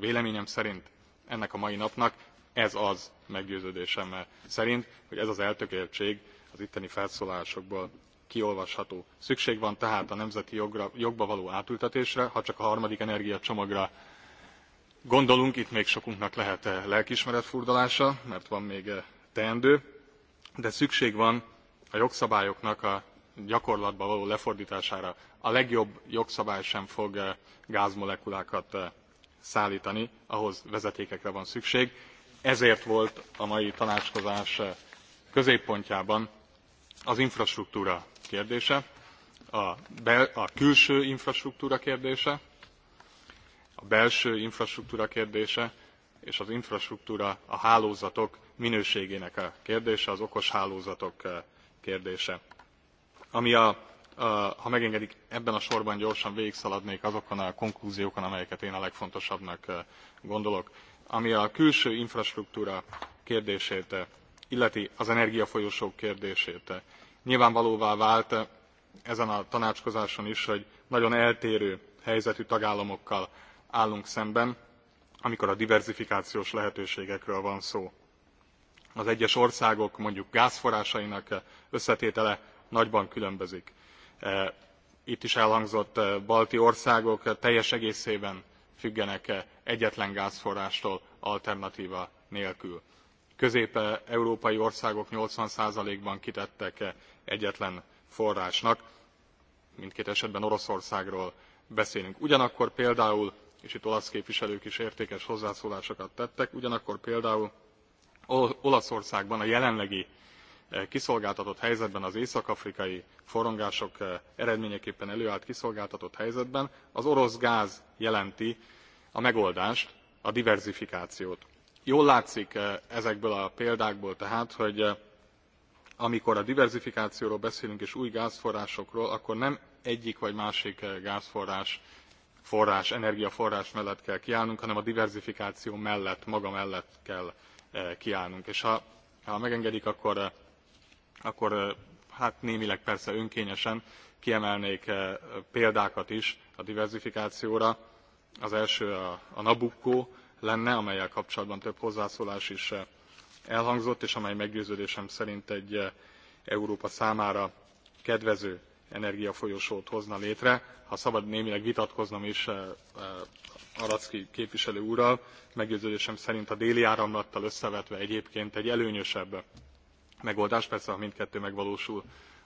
véleményem szerint ennek a mai napnak ez az meggyőződésem szerint hogy ez az eltökéltség az itteni felszólalásokból kiolvasható. szükség van tehát a nemzeti jogba való átültetésre ha csak a harmadik energiacsomagra Gondolunk itt még sokunknak lehet -e furdalása, mert van még eh, teendő, de szükség van a jogszabályoknak a gyakorlatba való lefordítására. A legjobb jogszabály sem fog eh, gázmolekulákat szállítani, ahhoz vezetékekre van szükség. Ezért volt a mai tanácskozás középpontjában az infrastruktúra kérdése, a, bel, a külső infrastruktúra kérdése, a belső infrastruktúra kérdése és az infrastruktúra, a hálózatok minőségének a kérdése, az okos hálózatok eh, kérdése. Ami a, a ha megengedik, ebben a sorban gyorsan végigszaladnék azokon a konklúziókon, amelyeket én a legfontosabbnak eh, gondolok. Ami a külső infrastruktúra kérdését eh, illeti, az energiafolyosók kérdését. Nyilvánvalóvá vált ezen a tanácskozáson is, hogy nagyon eltérő helyzetű tagállamokkal állunk szemben amikor a diverzifikációs lehetőségekről van szó. az egyes országok mondjuk gázforrásainak összetétele nagyban különbözik. E, itt is elhangzott e, balti országok teljes egészében függenek egyetlen gázforrástól alternatva nélkül. közép európai országok eighty ban kitettek e, egyetlen forrásnak mindkét esetben oroszországról beszélünk. ugyanakkor például és itt olasz képviselők is értékes hozzászólásokat tettek ugyanakkor például olaszországban a jelenlegi eh, kiszolgáltatott helyzetben az észak afrikai forrongások eh, eredményeképpen előállt kiszolgáltatott helyzetben az orosz gáz jelenti a megoldást a diverzifikációt. jól látszik eh, ezekből a példákból tehát hogy amikor a diverzifikációról beszélünk és új gázforrásokról akkor nem egyik vagy másik gázforrás forrás, energiaforrás mellett kell kiállnunk, hanem a diversifikáció mellett, maga mellett kell eh, kiállnunk. És ha, ha megengedik, akkor, eh, akkor eh, hát némileg persze önkényesen kiemelnék példákat is a diversifikációra. Az első a, a Nabucco lenne, amelyel kapcsolatban több hozzászólás is elhangzott, és amely meggyőződésem szerint egy Európa számára kedvező energiafolyosót hozna létre, ha szabad némileg vitatkoznom is eh, eh, Aracki képviselő úrral, meggyőződésem szerint a déli áramlattal összevetve egyébként egy előnyösebb megoldás, persze ha mindkettő megvalósul,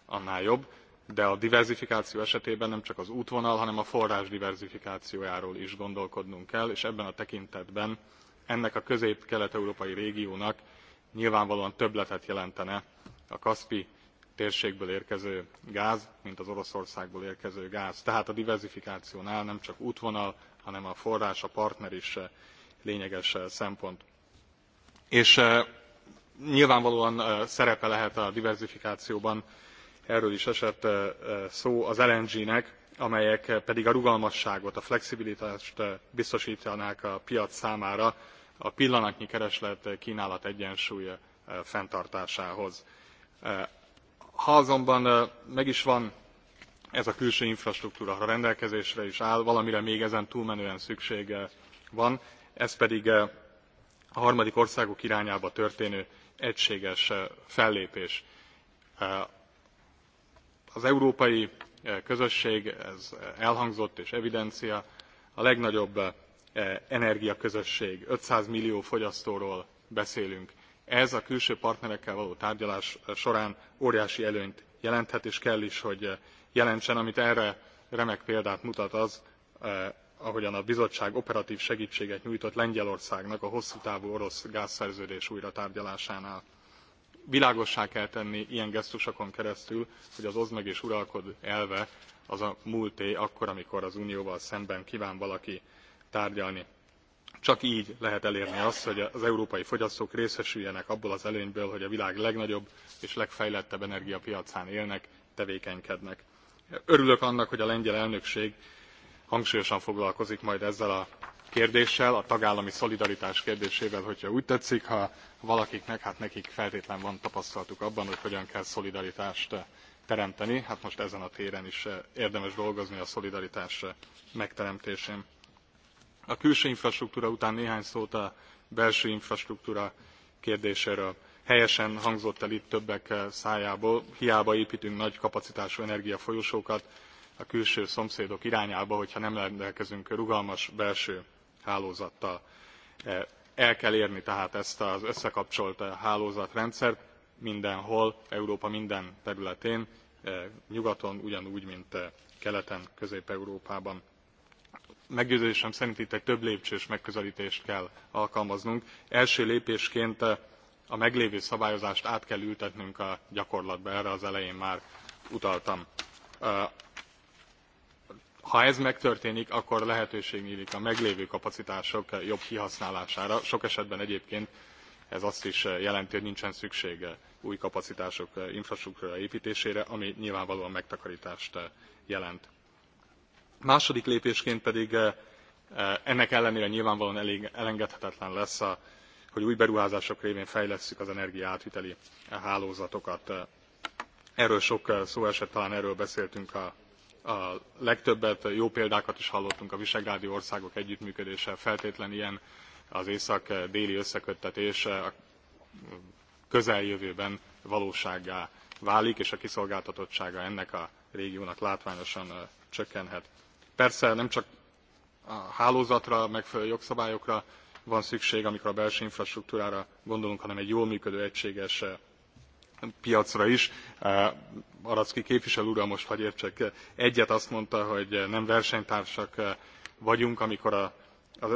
annál jobb, de a diverzifikáció esetében nem csak az útvonal, hanem a forrás diverzifikációjáról is gondolkodnunk kell, és ebben a tekintetben ennek a közép-kelet-európai régiónak nyilvánvalóan többletet jelentene a Kaspi térségből érkező gáz, mint az Oroszországból érkező gáz. Tehát a diverzifikációnál nem csak útvonal, hanem a forrás, a partner is eh, lényeges eh, szempont. És eh, nyilvánvalóan szerepe lehet a diverzifikációban erről is esett szó az lng nek amelyek pedig a rugalmasságot a flexibilitást biztostanák a piac számára a pillanatnyi kereslet kínálat egyensúly fenntartásához ha azonban meg is van ez a külső infrastruktúra ha rendelkezésre is áll valamire még ezen túlmenően szükség van ez pedig a harmadik országok irányába történő egységes fellépés. az európai közösség ez elhangzott és evidencia a legnagyobb energiaközösség five hundred millió fogyasztóról beszélünk ez a külső partnerekkel való tárgyalás során óriási előnyt jelenthet és kell is hogy jelentsen amit erre remek példát mutat az eh, ahogyan a bizottság operatv segtséget nyújtott lengyelországnak a hosszú távú orosz gázszerződés újratárgyalásánál. világossá kell tenni ilyen gesztusokon keresztül hogy az oszd meg és uralkodj elve az a múlté akkor amikor az unióval szemben kván valaki tárgyalni csak gy lehet elérni azt hogy az európai fogyasztók részesüljenek abból az előnyből hogy a világ legnagyobb és legfejlettebb energiapiacán élnek tevékenykednek. örülök annak hogy a lengyel elnökség hangsúlyosan foglalkozik majd ezzel a kérdéssel a tagállami szolidaritás kérdésével hogyha úgy tetszik ha valakiknek hát nekik feltétlen van tapasztalatuk abban hogy hogyan kell szolidaritást teremteni hát most ezen a téren is érdemes dolgozni a szolidaritás megteremtésén a külső infrastruktúra után néhány szót a belső infrastruktúra kérdéséről. helyesen hangzott el itt többek szájából hiába éptünk nagy kapacitású energiafolyosókat a külső szomszédok irányába hogyha nem rendelkezünk rugalmas belső hálózattal. E, el kell érni tehát ezt az összekapcsolt hálózatrendszert mindenhol európa minden területén e, nyugaton ugyanúgy mint e, keleten közép európában meggyőződésem szerint itt egy több lépcsős megközeltést kell alkalmaznunk. első lépésként eh, a meglévő szabályozást át kell ültetnünk a gyakorlatba erre az elején már utaltam. Eh, ha ez megtörténik akkor lehetőség nylik a meglévő kapacitások jobb kihasználására sok esetben egyébként ez azt is eh, jelenti hogy nincsen szükség új kapacitások infrastruktúra éptésére ami nyilvánvalóan megtakartást jelent második lépésként pedig eh, eh, ennek ellenére nyilvánvalóan elég elengedhetetlen lesz hogy új beruházások révén fejlesszük az energiaátviteli hálózatokat. Eh, erről sok szó esett talán erről beszéltünk a a legtöbbet jó példákat is hallottunk a visegrádi országok együttműködése feltétlen ilyen az észak déli összeköttetés a közeljövőben valósággá válik és a kiszolgáltatottsága ennek a régiónak látványosan csökkenhet persze nem csak a hálózatra megfelelő jogszabályokra van szükség amikor a belső infrastruktúrára gondolunk hanem egy jól működő egységes eh, piacra is. Eh, aracki képviselő úrral most hadd értsek eh, egyet azt mondta hogy nem versenytársak vagyunk amikor a,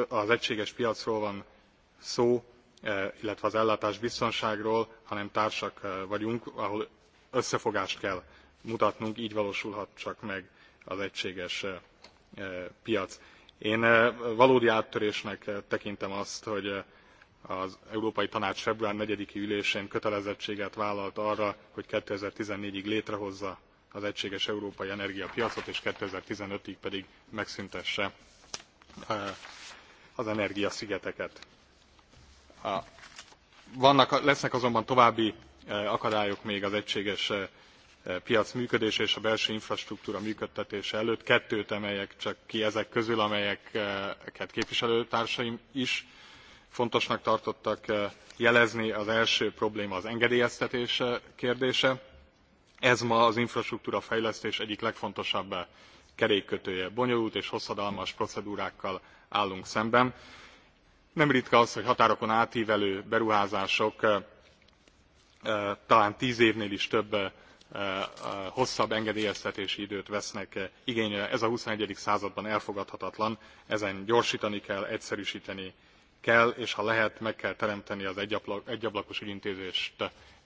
az egységes piacról van szó illetve az ellátás biztonságról hanem társak vagyunk ahol összefogást kell mutatnunk gy valósulhat csak meg az egységes piac. Én valódi áttörésnek tekintem azt, hogy az Európai Tanács február 4-i ülésén kötelezettséget vállalt arra, hogy 2014-ig létrehozza az egységes európai energiapiacot, és 2015-ig pedig megszüntesse az energiaszigeteket. Vannak, lesznek azonban további akadályok még az egységes piac működése és a belső infrastruktúra működtetése előtt kettőt emeljek csak ki ezek közül amelyeket képviselőtársaim is fontosnak tartottak eh, jelezni az első probléma az engedélyeztetés kérdése ez ma az infrastruktúra fejlesztés egyik legfontosabb kerékkötője. bonyolult és hosszadalmas procedúrákkal állunk szemben. nem ritka az hogy határokon átvelő beruházások eh, eh, talán tz évnél is több hosszabb engedélyeztetési időt vesznek igénybe. ez a xxi. században elfogadhatatlan ezen gyorstani kell egyszerűsteni kell és ha lehet meg kell teremteni az egyablakos ügyintézést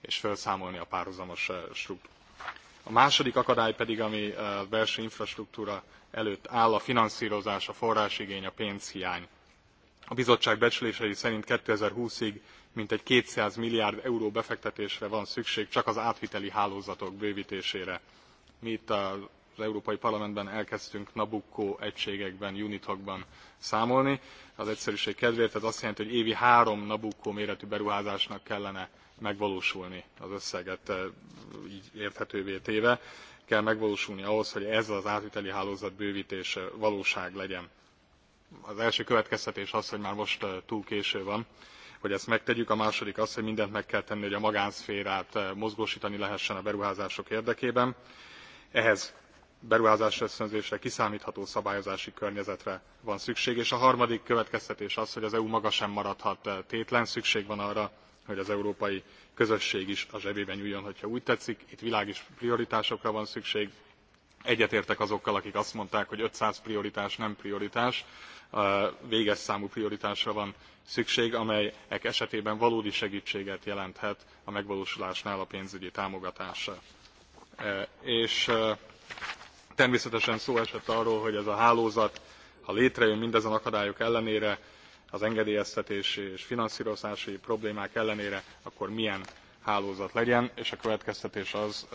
és felszámolni a párhuzamos struktúrát. a második akadály pedig ami a belső infrastruktúra előtt áll a finanszrozás a forrásigény a pénzhiány. a bizottság becslései szerint two thousand and twenty ig mintegy 200 milliárd euró befektetésre van szükség csak az átviteli hálózatok bővítésére. Mi itt az Európai Parlamentben elkezdtünk Nabucco egységekben, unitokban számolni. Az egyszerűség kedvéért ez azt jelenti, hogy évi három Nabucco méretű beruházásnak kellene megvalósulni az összeget eh, így érthetővé téve kell megvalósulni ahhoz, hogy ez az átviteli hálózat bővítés valóság legyen. Az első következtetés az, hogy már most eh, túl késő van hogy ezt megtegyük a második az hogy mindent meg kell tenni hogy a magánszférát eh, mozgóstani lehessen a beruházások érdekében ehhez beruházás ösztönzésre kiszámtható szabályozási környezetre van szükség és a harmadik következtetés az hogy az eu maga sem maradhat eh, tétlen szükség van arra hogy az európai közösség is a zsebébe nyúljon hogyha úgy tetszik itt világos prioritásokra van szükség egyetértek azokkal, akik azt mondták, hogy 500 prioritás nem prioritás, véges számú prioritásra van szükség, amelyek esetében valódi segítséget jelenthet a megvalósulásnál a pénzügyi támogatás. E, és e, természetesen szó esett arról, hogy ez a hálózat, ha létrejön mindezen akadályok ellenére, az engedélyeztetési és finanszírozási problémák ellenére, akkor milyen hálózat legyen, és a következtetés az,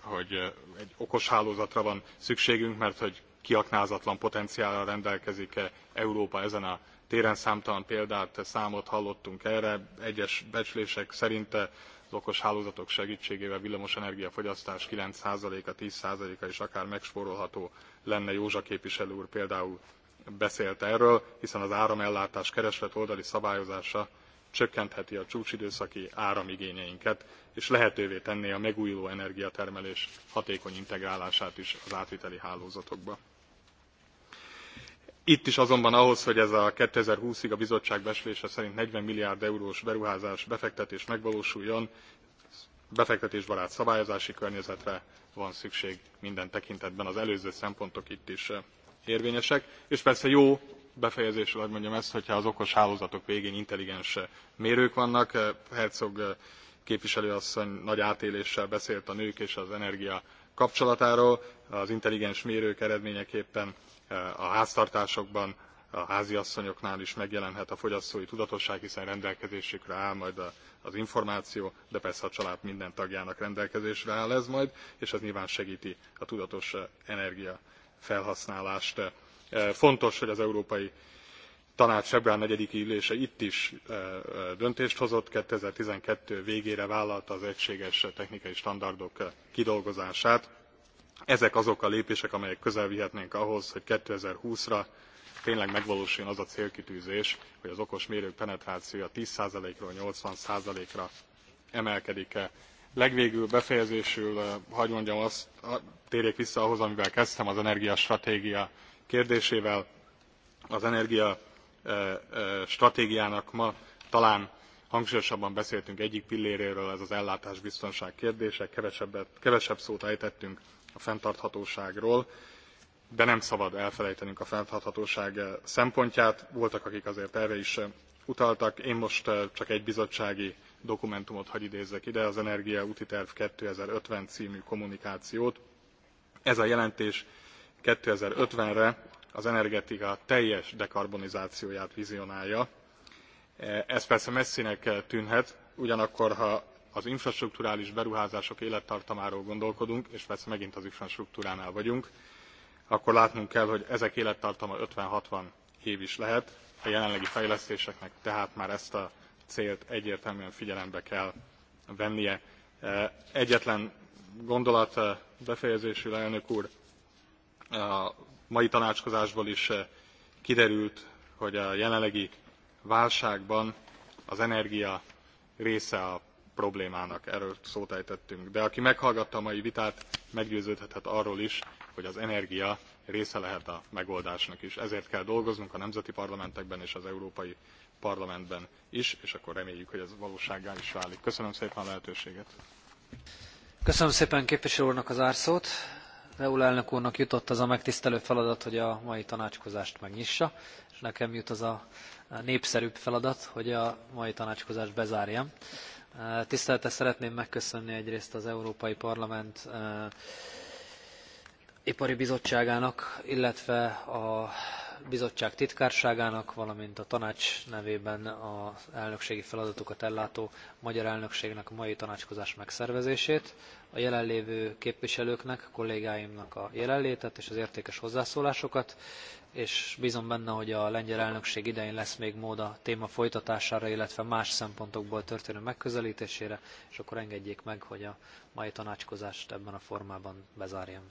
hogy egy okos hálózatra van szükségünk, mert hogy kiaknázatlan potenciállal rendelkezik -e Európa ezen a téren számtalan példát, számot hallottunk erre, egyes becslések szerint az okos hálózatok segítségével villamosenergia fogyasztás 9%-a, 10%-a is akár megspórolható lenne. Józsa képviselő úr például beszélt erről, hiszen az áramellátás kereslet oldali szabályozása csökkentheti a csúcsidőszaki áramigényeinket, és lehetővé tenné a megújuló energiatermelés hatékony integrálását is az átviteli hálózatokba. Itt is azonban ahhoz, hogy ez a 2020-ig a bizottság beslése szerint 40 milliárd eurós beruházás befektetés megvalósuljon, befektetésbarát szabályozási környezetre van szükség minden tekintetben. Az előző szempontok itt is eh, érvényesek, és persze jó befejezésül, hogy mondjam ezt, hogyha az okos hálózatok végén intelligens mérők vannak. Herzog képviselőasszony nagy átéléssel beszélt a nők és az energia kapcsolatáról. Az intelligens mérők eredményeképpen eh, a háztartásokban, a háziasszonyoknál is megjelenhet a fogyasztói tudatosság, hiszen rendelkezésükre áll majd az információ, de persze a család minden tagjának rendelkezésre áll ez majd, és ez nyilván segíti a tudatos eh, energia felhasználást Eh, fontos hogy az európai tanács február four i ülése itt is eh, eh, döntést hozott two thousand and twelve végére vállalta az egységes technikai standardok kidolgozását. ezek azok a lépések amelyek közel vihetnénk ahhoz hogy two thousand and twenty ra tényleg megvalósuljon az a célkitűzés hogy az okos mérők penetrációja ten ról eighty ra emelkedik. legvégül befejezésül hadd mondjam azt térjek vissza ahhoz amivel kezdtem az energiastratégia kérdésével. Az energia e, e, stratégiának ma talán hangsúlyosabban beszéltünk egyik pilléréről, ez az ellátásbiztonság kérdése, kevesebb, kevesebb szót ejtettünk a fenntarthatóságról, de nem szabad elfelejtenünk a fenntarthatóság e, szempontját. Voltak, akik azért erre is utaltak. Én most csak egy bizottsági dokumentumot hagy idézzek ide, az Energia Úti Terv 2050 című kommunikációt. Ez a jelentés two thousand and fifty re az energetika teljes dekarbonizációját vizionálja. E, ez persze messzinek tűnhet ugyanakkor ha az infrastrukturális beruházások élettartamáról gondolkodunk és persze megint az infrastruktúránál vagyunk akkor látnunk kell hogy ezek élettartama fifty sixty év is lehet a jelenlegi fejlesztéseknek tehát már ezt a célt egyértelműen figyelembe kell vennie. E, egyetlen gondolat e, befejezésül elnök úr a mai tanácskozásból is eh, kiderült hogy a jelenlegi válságban az energia része a problémának erről szót ejtettünk de aki meghallgatta a mai vitát meggyőződhetett arról is hogy az energia része lehet a megoldásnak is ezért kell dolgoznunk a nemzeti parlamentekben és az európai parlamentben is és akkor reméljük hogy ez valósággá is válik. köszönöm szépen a lehetőséget! köszönöm szépen képviselő úrnak az árszót. Reul elnök úrnak jutott az a megtisztelő feladat, hogy a mai tanácskozást megnyissa, és nekem jut az a népszerűbb feladat, hogy a mai tanácskozást bezárjam. Tisztelettel szeretném megköszönni egyrészt az Európai Parlament Ipari Bizottságának, illetve a bizottság titkárságának, valamint a tanács nevében az elnökségi feladatokat ellátó magyar elnökségnek a mai tanácskozás megszervezését, a jelenlévő képviselőknek, kollégáimnak a jelenlétet és az értékes hozzászólásokat, és bízom benne, hogy a lengyel elnökség idején lesz még mód a téma folytatására, illetve más szempontokból történő megközelítésére, és akkor engedjék meg, hogy a mai tanácskozást ebben a formában bezárjam.